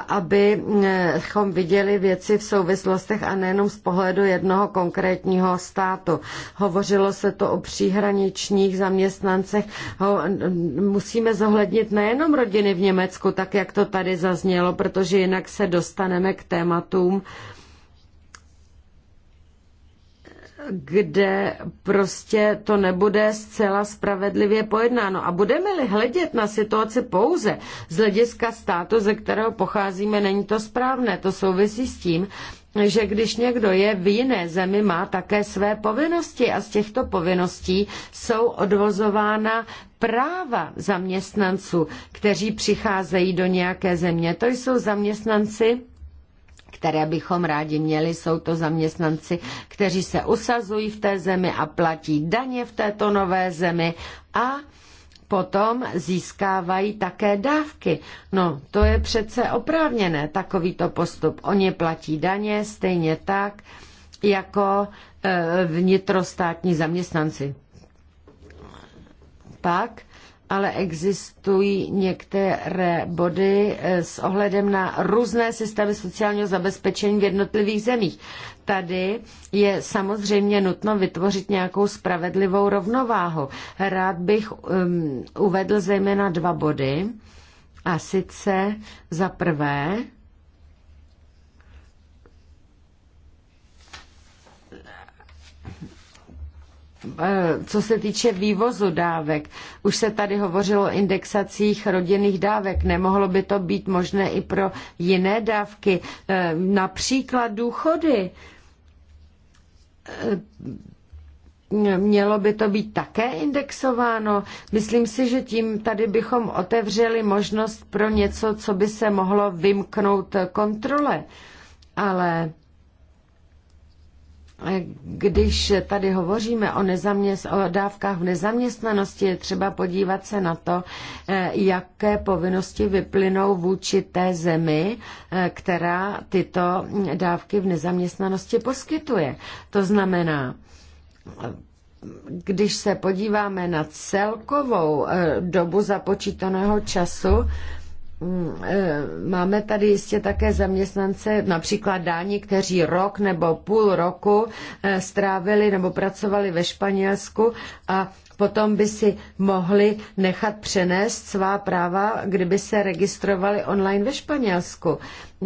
[SPEAKER 5] abychom eh, viděli věci v souvislostech a nejenom z pohledu jednoho konkrétního státu. Hovořilo se to o příhraničních zaměstnancech. Mm, musíme zohlednit nejenom rodiny v Německu, tak jak to tady zaznělo, protože jinak se dostaneme k tématům, kde prostě to nebude zcela spravedlivě pojednáno. A budeme-li hledět na situaci pouze z hlediska státu, ze kterého pocházíme, není to správné. To souvisí s tím, že když někdo je v jiné zemi, má také své povinnosti a z těchto povinností jsou odvozována práva zaměstnanců, kteří přicházejí do nějaké země. To jsou zaměstnanci, které bychom rádi měli, jsou to zaměstnanci, kteří se usazují v té zemi a platí daně v této nové zemi a potom získávají také dávky. No, to je přece oprávněné, takovýto postup. Oni platí daně stejně tak, jako e, vnitrostátní zaměstnanci. Pak ale existují některé body eh, s ohledem na různé systémy sociálního zabezpečení v jednotlivých zemích. Tady je samozřejmě nutno vytvořit nějakou spravedlivou rovnováhu. Rád bych um, uvedl zejména dva body. A sice za prvé, Eh, co se týče vývozu dávek, už se tady hovořilo o indexacích rodinných dávek. Nemohlo by to být možné i pro jiné dávky, eh, například důchody. Eh, mělo by to být také indexováno. Myslím si, že tím tady bychom otevřeli možnost pro něco, co by se mohlo vymknout kontrole. Ale když tady hovoříme o, nezaměst- o dávkách v nezaměstnanosti, je třeba podívat se na to, eh, jaké povinnosti vyplynou vůči té zemi, eh, která tyto dávky v nezaměstnanosti poskytuje. To znamená, když se podíváme na celkovou eh, dobu započítaného času, Mm, e, máme tady jistě také zaměstnance, například dáni, kteří rok nebo půl roku e, strávili nebo pracovali ve Španělsku a potom by si mohli nechat přenést svá práva, kdyby se registrovali online ve Španělsku.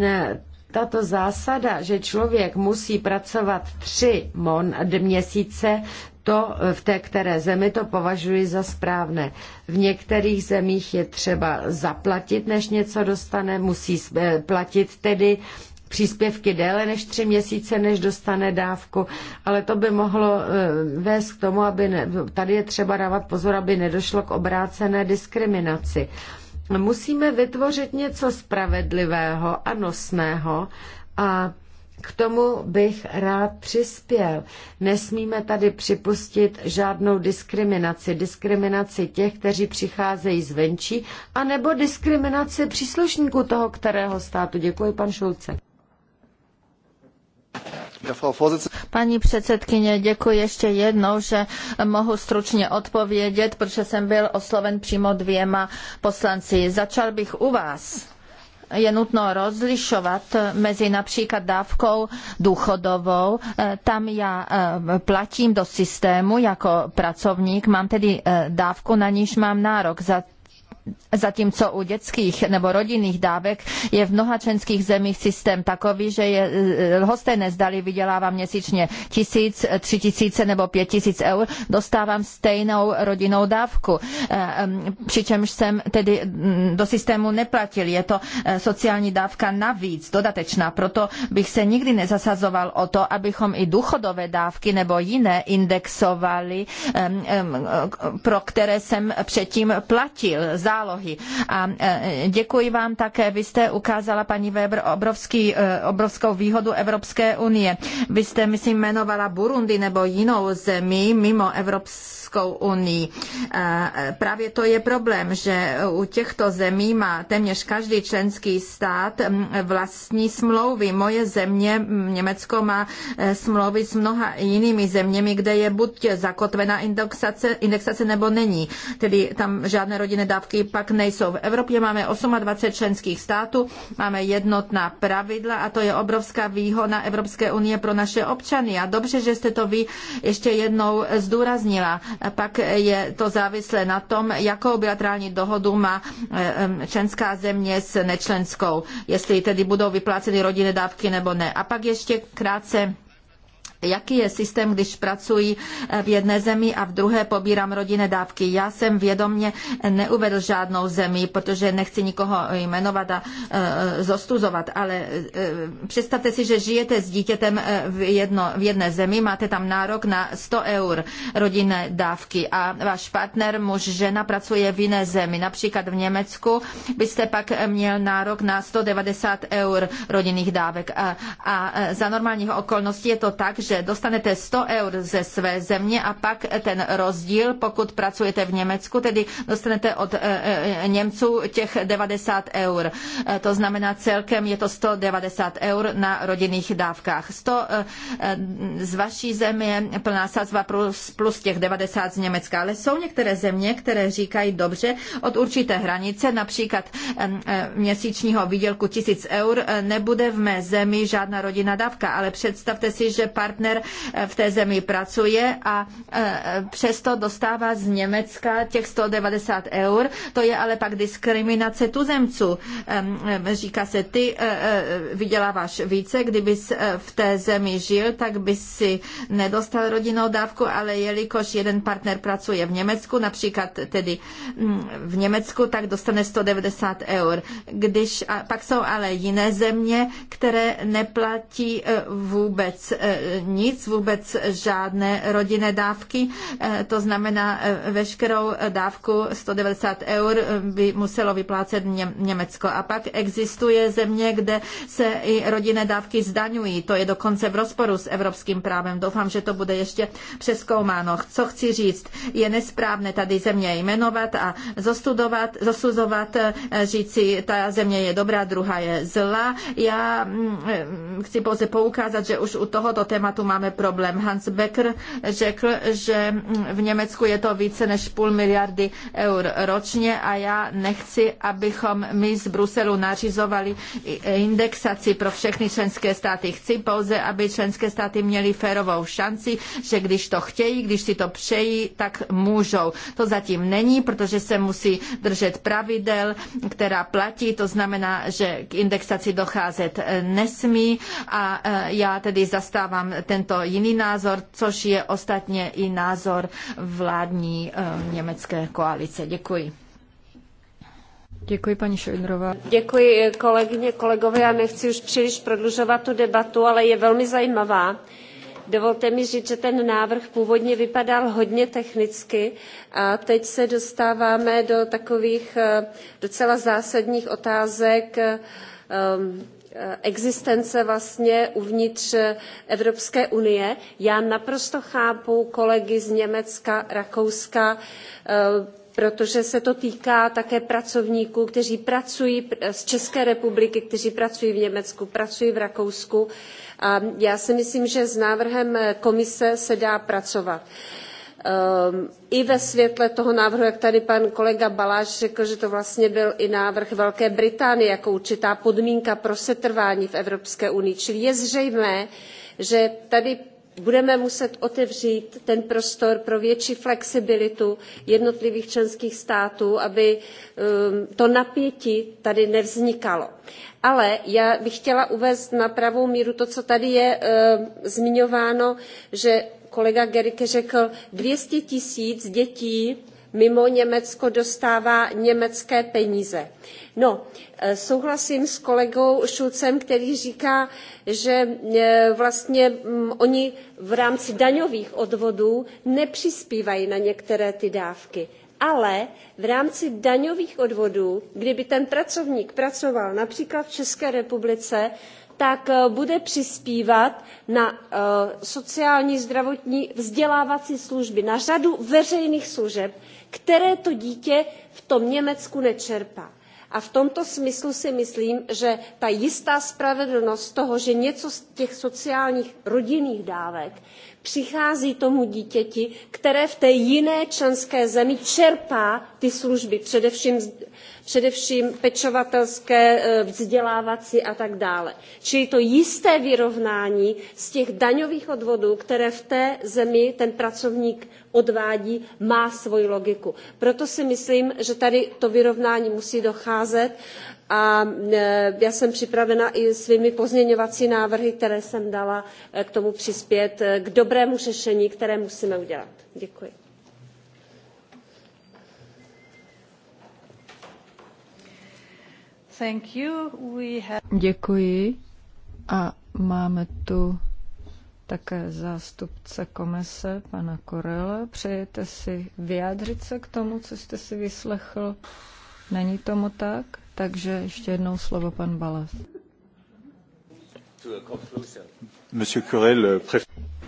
[SPEAKER 5] E, tato zásada, že člověk musí pracovat tři mon měsíce, to v té které zemi to považuji za správné. V některých zemích je třeba zaplatit, než něco dostane, musí eh, platit tedy příspěvky déle než tři měsíce, než dostane dávku, ale to by mohlo eh, vést k tomu, aby ne, tady je třeba dávat pozor, aby nedošlo k obrácené diskriminaci. Musíme vytvořit něco spravedlivého a nosného a k tomu bych rád přispěl. Nesmíme tady připustit žádnou diskriminaci. Diskriminaci těch, kteří přicházejí zvenčí, anebo diskriminaci příslušníků toho, kterého státu. Děkuji, pan Šulce.
[SPEAKER 4] Paní předsedkyně, děkuji ještě jednou, že mohu stručně odpovědět, protože jsem byl osloven přímo dvěma poslanci. Začal bych u vás je nutno rozlišovat mezi například dávkou důchodovou. Eh, tam já eh, platím do systému jako pracovník, mám tedy eh, dávku, na níž mám nárok. Za Zatímco u dětských nebo rodinných dávek je v mnoha členských zemích systém takový, že je eh, hosté zdali vydělávám měsíčně tisíc, tři tisíce nebo pět tisíc eur, dostávám stejnou rodinnou dávku. Eh, přičemž jsem tedy mm, do systému neplatil. Je to eh, sociální dávka navíc, dodatečná. Proto bych se nikdy nezasazoval o to, abychom i důchodové dávky nebo jiné indexovali, pro které jsem předtím platil. Za zálohy. A e, děkuji vám také, vy jste ukázala, paní Weber, obrovský, e, obrovskou výhodu Evropské unie. Vy jste, myslím, jmenovala Burundi nebo jinou zemi mimo Evropskou Evropskou unii. E, právě to je problém, že u těchto zemí má téměř každý členský stát vlastní smlouvy. Moje země, Německo, má e, smlouvy s mnoha jinými zeměmi, kde je buď zakotvena indexace, indexace nebo není. Tedy tam žádné rodinné dávky pak nejsou. V Evropě máme 28 členských států, máme jednotná pravidla a to je obrovská výhoda Evropské unie pro naše občany. A dobře, že jste to vy ještě jednou zdůraznila pak je to závislé na tom, jakou bilaterální dohodu má e, e, členská země s nečlenskou, jestli tedy budou vypláceny rodinné dávky nebo ne. A pak ještě krátce jaký je systém, když pracuji v jedné zemi a v druhé pobírám rodinné dávky. Já jsem vědomně neuvedl žádnou zemi, protože nechci nikoho jmenovat a e, zostuzovat, ale e, představte si, že žijete s dítětem e, v, jedno, v jedné zemi, máte tam nárok na 100 eur rodinné dávky a váš partner, muž, žena pracuje v jiné zemi, například v Německu, byste pak měl nárok na 190 eur rodinných dávek. A, a za normálních okolností je to tak, že dostanete 100 eur ze své země a pak ten rozdíl, pokud pracujete v Německu, tedy dostanete od eh, eh, Němců těch 90 eur. Eh, to znamená celkem je to 190 eur na rodinných dávkách. 100 z vaší země plná sazba plus, plus těch 90 z Německa. Ale jsou některé země, které říkají dobře, od určité hranice, například měsíčního výdělku 1000 eur, nebude v mé zemi žádná rodinná dávka, ale představte si, že pár partner eh, v té zemi pracuje a eh, přesto dostává z Německa těch 190 eur. To je ale pak diskriminace tuzemců. Říká se, ty eh, vyděláváš více, kdybys v té zemi žil, tak bys si nedostal rodinnou dávku, ale jelikož jeden partner pracuje v Německu, například tedy mm, v Německu, tak dostane 190 eur. Když, a pak jsou ale jiné země, které neplatí vůbec nic, vůbec žádné rodinné dávky. E, to znamená, e, veškerou dávku 190 eur by muselo vyplácet Německo. A pak existuje země, kde se i rodinné dávky zdaňují. To je dokonce v rozporu s evropským právem. Doufám, že to bude ještě přeskoumáno. Co chci říct, je nesprávné tady země jmenovat a zostudovat, zosuzovat, e, říci, ta země je dobrá, druhá je zlá. Já mm, chci pouze poukázat, že už u tohoto tématu tu máme problém. Hans Becker řekl, že v Německu je to více než půl miliardy eur ročně a já nechci, abychom my z Bruselu nařizovali indexaci pro všechny členské státy. Chci pouze, aby členské státy měly férovou šanci, že když to chtějí, když si to přejí, tak můžou. To zatím není, protože se musí držet pravidel, která platí, to znamená, že k indexaci docházet nesmí a e, já tedy zastávám tento jiný názor, což je ostatně i názor vládní eh, německé koalice. Děkuji. Děkuji, paní
[SPEAKER 1] Šojdrová.
[SPEAKER 6] Děkuji eh, kolegyně, kolegové. Já nechci už příliš prodlužovat tu debatu, ale je velmi zajímavá. Dovolte mi říct, že ten návrh původně vypadal hodně technicky a teď se dostáváme do takových eh, docela zásadních otázek Eh, existence vlastně uvnitř Evropské unie. Já naprosto chápu kolegy z Německa, Rakouska, eh, protože se to týká také pracovníků, kteří pracují z České republiky, kteří pracují v Německu, pracují v Rakousku. A já si myslím, že s návrhem komise se dá pracovat. Uh, Ehm, I ve světle toho návrhu, jak tady pan kolega Baláš řekl, že to vlastně byl i návrh Velké Británie jako určitá podmínka pro setrvání v Evropské unii. Čili je zřejmé, že tady budeme muset otevřít ten prostor pro větší flexibilitu jednotlivých členských států, aby ehm, to napětí tady nevznikalo. Ale já bych chtěla uvést na pravou míru to, co tady je e, zmiňováno, že kolega Gerike řekl, 200 tisíc dětí mimo Německo dostává německé peníze. No, eh, souhlasím s kolegou Šulcem, který říká, že eh, vlastně mm, oni v rámci daňových odvodů nepřispívají na některé ty dávky ale v rámci daňových odvodů, kdyby ten pracovník pracoval například v České republice, tak eh, bude přispívat na eh, sociální, zdravotní, vzdělávací služby, na řadu veřejných služeb, které to dítě v tom Německu nečerpá. A v tomto smyslu si myslím, že ta jistá spravedlnost toho, že něco z těch sociálních rodinných dávek přichází tomu dítěti, které v té jiné členské zemi čerpá ty služby, především především pečovatelské, eh, vzdělávací a tak dále. Čili to jisté vyrovnání z těch daňových odvodů, které v té zemi ten pracovník odvádí, má svoji logiku. Proto si myslím, že tady to vyrovnání musí docházet a eh, já jsem připravena i svými pozměňovací návrhy, které jsem dala, eh, k tomu přispět, k dobrému řešení, které musíme udělat. Děkuji.
[SPEAKER 3] Thank you. We have...
[SPEAKER 1] Děkuji. A máme tu také zástupce komise, pana Korela. Přejete si vyjádřit se k tomu, co jste si vyslechl? Není tomu tak? Takže ještě jednou slovo pan Balas.
[SPEAKER 2] Euh,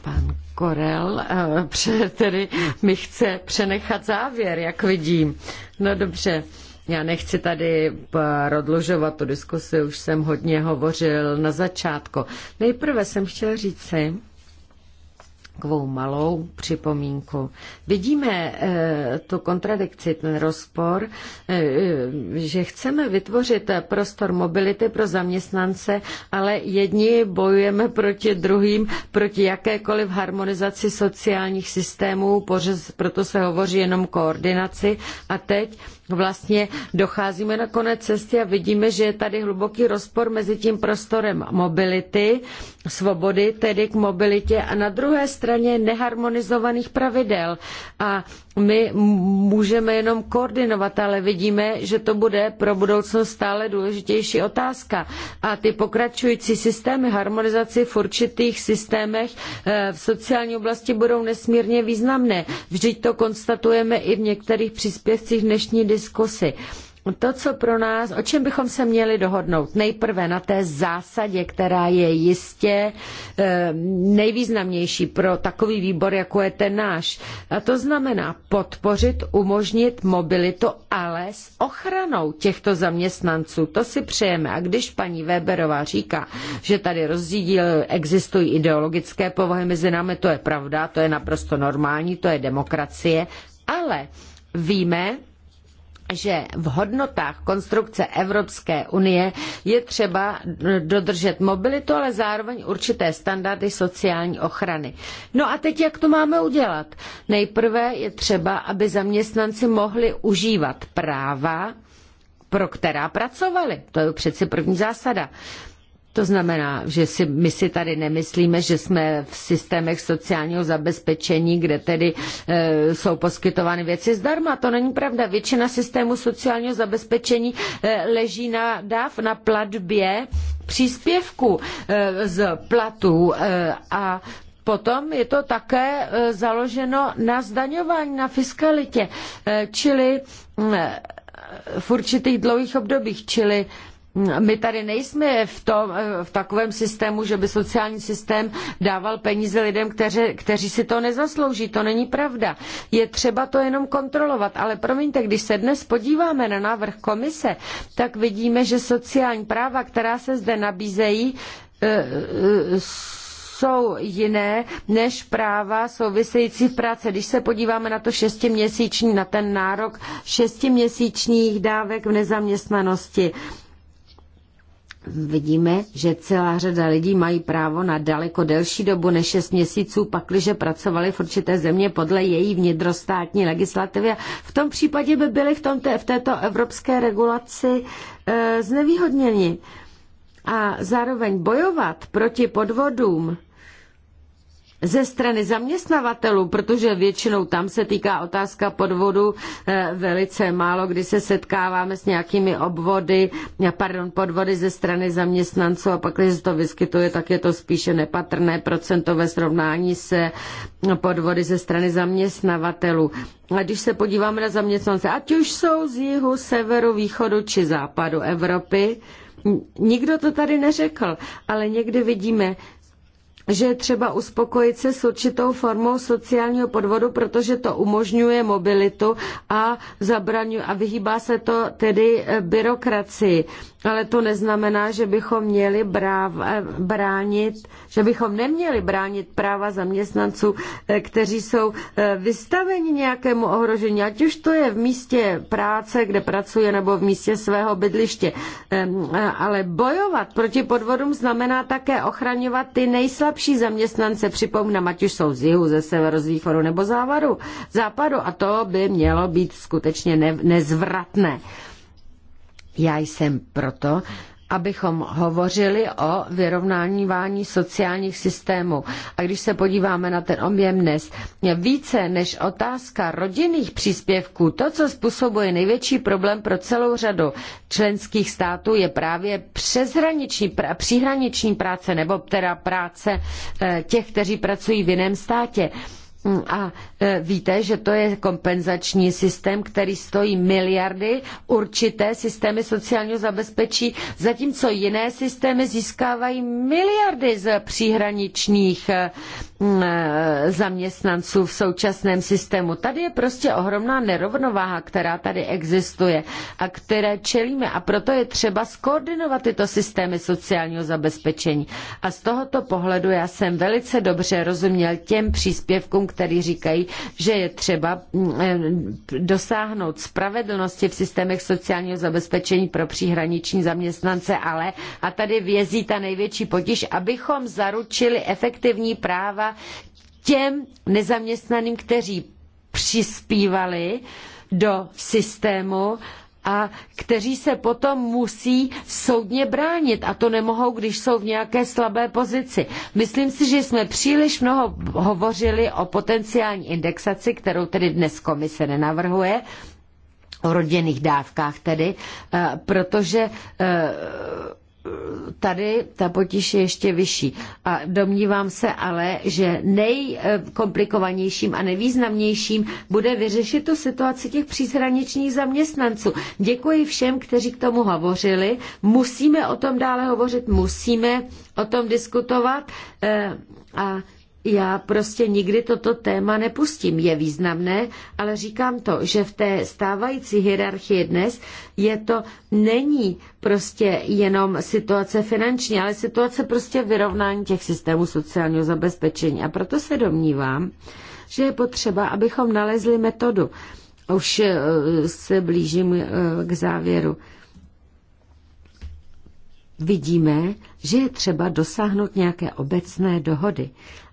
[SPEAKER 5] pan Korel euh, tedy mi chce přenechat závěr, jak vidím. No dobře. Já nechci tady eh, prodlužovat tu diskusi, už jsem hodně hovořil na začátku. Nejprve jsem chtěl si takovou malou připomínku. Vidíme e, tu kontradikci, ten rozpor, e, že chceme vytvořit prostor mobility pro zaměstnance, ale jedni bojujeme proti druhým, proti jakékoliv harmonizaci sociálních systémů, proto se hovoří jenom koordinaci a teď vlastně docházíme na konec cesty a vidíme, že je tady hluboký rozpor mezi tím prostorem mobility, svobody, tedy k mobilitě a na druhé straně neharmonizovaných pravidel. A my můžeme jenom koordinovat, ale vidíme, že to bude pro budoucnost stále důležitější otázka. A ty pokračující systémy harmonizace v určitých systémech eh, v sociální oblasti budou nesmírně významné. Vždyť to konstatujeme i v některých příspěvcích dnešní diskuse diskusi. To, co pro nás, o čem bychom se měli dohodnout, nejprve na té zásadě, která je jistě eh, nejvýznamnější pro takový výbor, jako je ten náš. A to znamená podpořit, umožnit mobilitu, ale s ochranou těchto zaměstnanců. To si přejeme. A když paní Weberová říká, že tady rozdíl existují ideologické povahy mezi námi, to je pravda, to je naprosto normální, to je demokracie, ale víme, že v hodnotách konstrukce Evropské unie je třeba dodržet mobilitu, ale zároveň určité standardy sociální ochrany. No a teď jak to máme udělat? Nejprve je třeba, aby zaměstnanci mohli užívat práva, pro která pracovali. To je přeci první zásada. To znamená, že si, my si tady nemyslíme, že jsme v systémech sociálního zabezpečení, kde tedy e, jsou poskytovány věci zdarma. To není pravda. Většina systému sociálního zabezpečení e, leží na dáv, na platbě příspěvku e, z platů e, a Potom je to také e, založeno na zdaňování, na fiskalitě, e, čili e, v určitých dlouhých obdobích, čili my tady nejsme v, tom, eh, v takovém systému, že by sociální systém dával peníze lidem, kteři, kteří si to nezaslouží. To není pravda. Je třeba to jenom kontrolovat. Ale promiňte, když se dnes podíváme na návrh komise, tak vidíme, že sociální práva, která se zde nabízejí, eh, eh, jsou jiné než práva související v práce. Když se podíváme na to šestiměsíční, na ten nárok šestiměsíčních dávek v nezaměstnanosti, vidíme, že celá řada lidí mají právo na daleko delší dobu než 6 měsíců, pakliže pracovali v určité země podle její vnitrostátní legislativy. V tom případě by byli v, tom, v této evropské regulaci e, znevýhodněni. A zároveň bojovat proti podvodům ze strany zaměstnavatelů, protože většinou tam se týká otázka podvodu eh, velice málo, kdy se setkáváme s nějakými obvody, eh, pardon, podvody ze strany zaměstnanců a pak, když se to vyskytuje, tak je to spíše nepatrné procento ve srovnání se eh, podvody ze strany zaměstnavatelů. A když se podíváme na zaměstnance, ať už jsou z jihu, severu, východu či západu Evropy, Nikdo to tady neřekl, ale někdy vidíme, že je třeba uspokojit se s určitou formou sociálního podvodu, protože to umožňuje mobilitu a zabraňuje a vyhýbá se to tedy byrokracii ale to neznamená, že bychom měli bráv, eh, bránit, že bychom neměli bránit práva zaměstnanců, eh, kteří jsou eh, vystaveni nějakému ohrožení, ať už to je v místě práce, kde pracuje, nebo v místě svého bydliště. Ehm, ale bojovat proti podvodům znamená také ochraňovat ty nejslabší zaměstnance, připomínám, ať už jsou z jihu, ze severu, z východu nebo závaru, západu. A to by mělo být skutečně nezvratné. Já jsem proto, abychom hovořili o vyrovnávání sociálních systémů. A když se podíváme na ten objem dnes, více než otázka rodinných příspěvků, to, co způsobuje největší problém pro celou řadu členských států, je právě přeshraniční, příhraniční práce nebo teda práce eh, těch, kteří pracují v jiném státě. A e, víte, že to je kompenzační systém, který stojí miliardy, určité systémy sociálního zabezpečí, zatímco jiné systémy získávají miliardy z příhraničních e, e, zaměstnanců v současném systému. Tady je prostě ohromná nerovnováha, která tady existuje a které čelíme a proto je třeba skoordinovat tyto systémy sociálního zabezpečení. A z tohoto pohledu já jsem velice dobře rozuměl těm příspěvkům, který říkají, že je třeba mm, eh, dosáhnout spravedlnosti v systémech sociálního zabezpečení pro příhraniční zaměstnance, ale a tady vězí ta největší potíž, abychom zaručili efektivní práva těm nezaměstnaným, kteří přispívali do systému a kteří se potom musí soudně bránit a to nemohou, když jsou v nějaké slabé pozici. Myslím si, že jsme příliš mnoho hovořili o potenciální indexaci, kterou tedy dnes komise nenavrhuje, o rodinných dávkách tedy, eh, protože eh, tady ta potíž je ještě vyšší. A domnívám se ale, že nejkomplikovanějším a nejvýznamnějším bude vyřešit tu situaci těch příshraničních zaměstnanců. Děkuji všem, kteří k tomu hovořili. Musíme o tom dále hovořit, musíme o tom diskutovat eh, a já prostě nikdy toto téma nepustím. Je významné, ale říkám to, že v té stávající hierarchii dnes je to, není prostě jenom situace finanční, ale situace prostě vyrovnání těch systémů sociálního zabezpečení. A proto se domnívám, že je potřeba, abychom nalezli metodu. Už eh, se blížím eh, k závěru. Vidíme, že je třeba dosáhnout nějaké obecné dohody.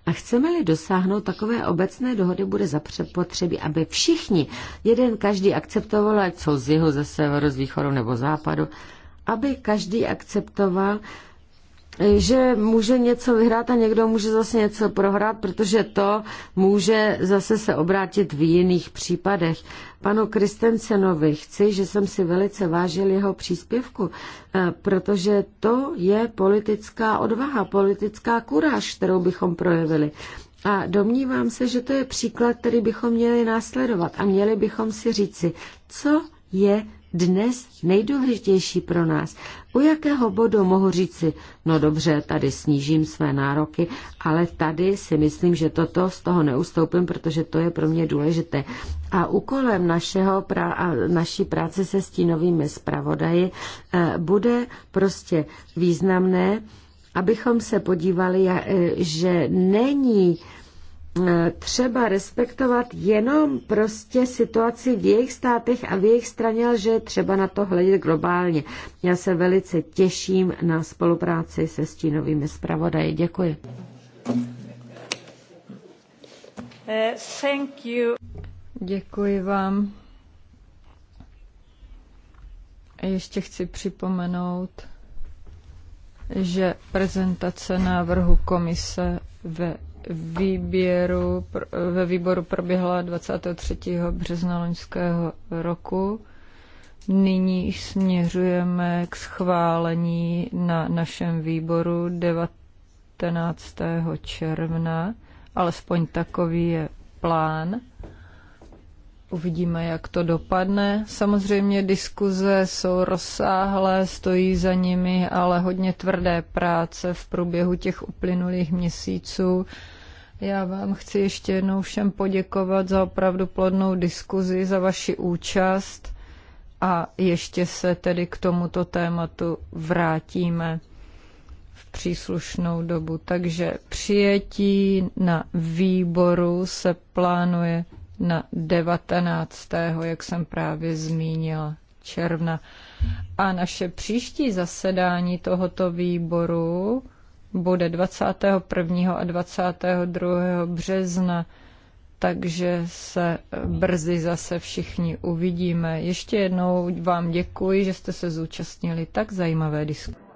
[SPEAKER 5] A chceme-li dosáhnout takové obecné dohody, bude zapotřebí, aby všichni, jeden každý akceptoval, co z jeho ze severu, z východu nebo západu, aby každý akceptoval, že může něco vyhrát a někdo může zase něco prohrát, protože to může zase se obrátit v jiných případech. Panu Kristensenovi chci, že jsem si velice vážil jeho příspěvku, eh, protože to je politická odvaha, politická kuráž, kterou bychom projevili. A domnívám se, že to je příklad, který bychom měli následovat a měli bychom si říci, co je dnes nejdůležitější pro nás. U jakého bodu mohu říci, no dobře, tady snížím své nároky, ale tady si myslím, že toto z toho neustoupím, protože to je pro mě důležité. A úkolem našeho, a naší práce se stínovými zpravodaji eh, bude prostě významné, abychom se podívali, eh, že není E, třeba respektovat jenom prostě situaci v jejich státech a v jejich straně, že třeba na to hledět globálně. Já se velice těším na spolupráci se stínovými zpravodaji. Děkuji.
[SPEAKER 3] E, thank you.
[SPEAKER 1] Děkuji vám. Ještě chci připomenout, že prezentace návrhu komise ve výběru, ve výboru proběhla 23. března loňského roku. Nyní směřujeme k schválení na našem výboru 19. června, alespoň takový je plán. Uvidíme, jak to dopadne. Samozřejmě diskuze jsou rozsáhlé, stojí za nimi, ale hodně tvrdé práce v průběhu těch uplynulých měsíců já vám chci ještě jednou všem poděkovat za opravdu plodnou diskuzi, za vaši účast a ještě se tedy k tomuto tématu vrátíme v příslušnou dobu. Takže přijetí na výboru se plánuje na 19. jak jsem právě zmínila června. A naše příští zasedání tohoto výboru bude 21. a 22. března, takže se brzy zase všichni uvidíme. Ještě jednou vám děkuji, že jste se zúčastnili tak zajímavé diskuse.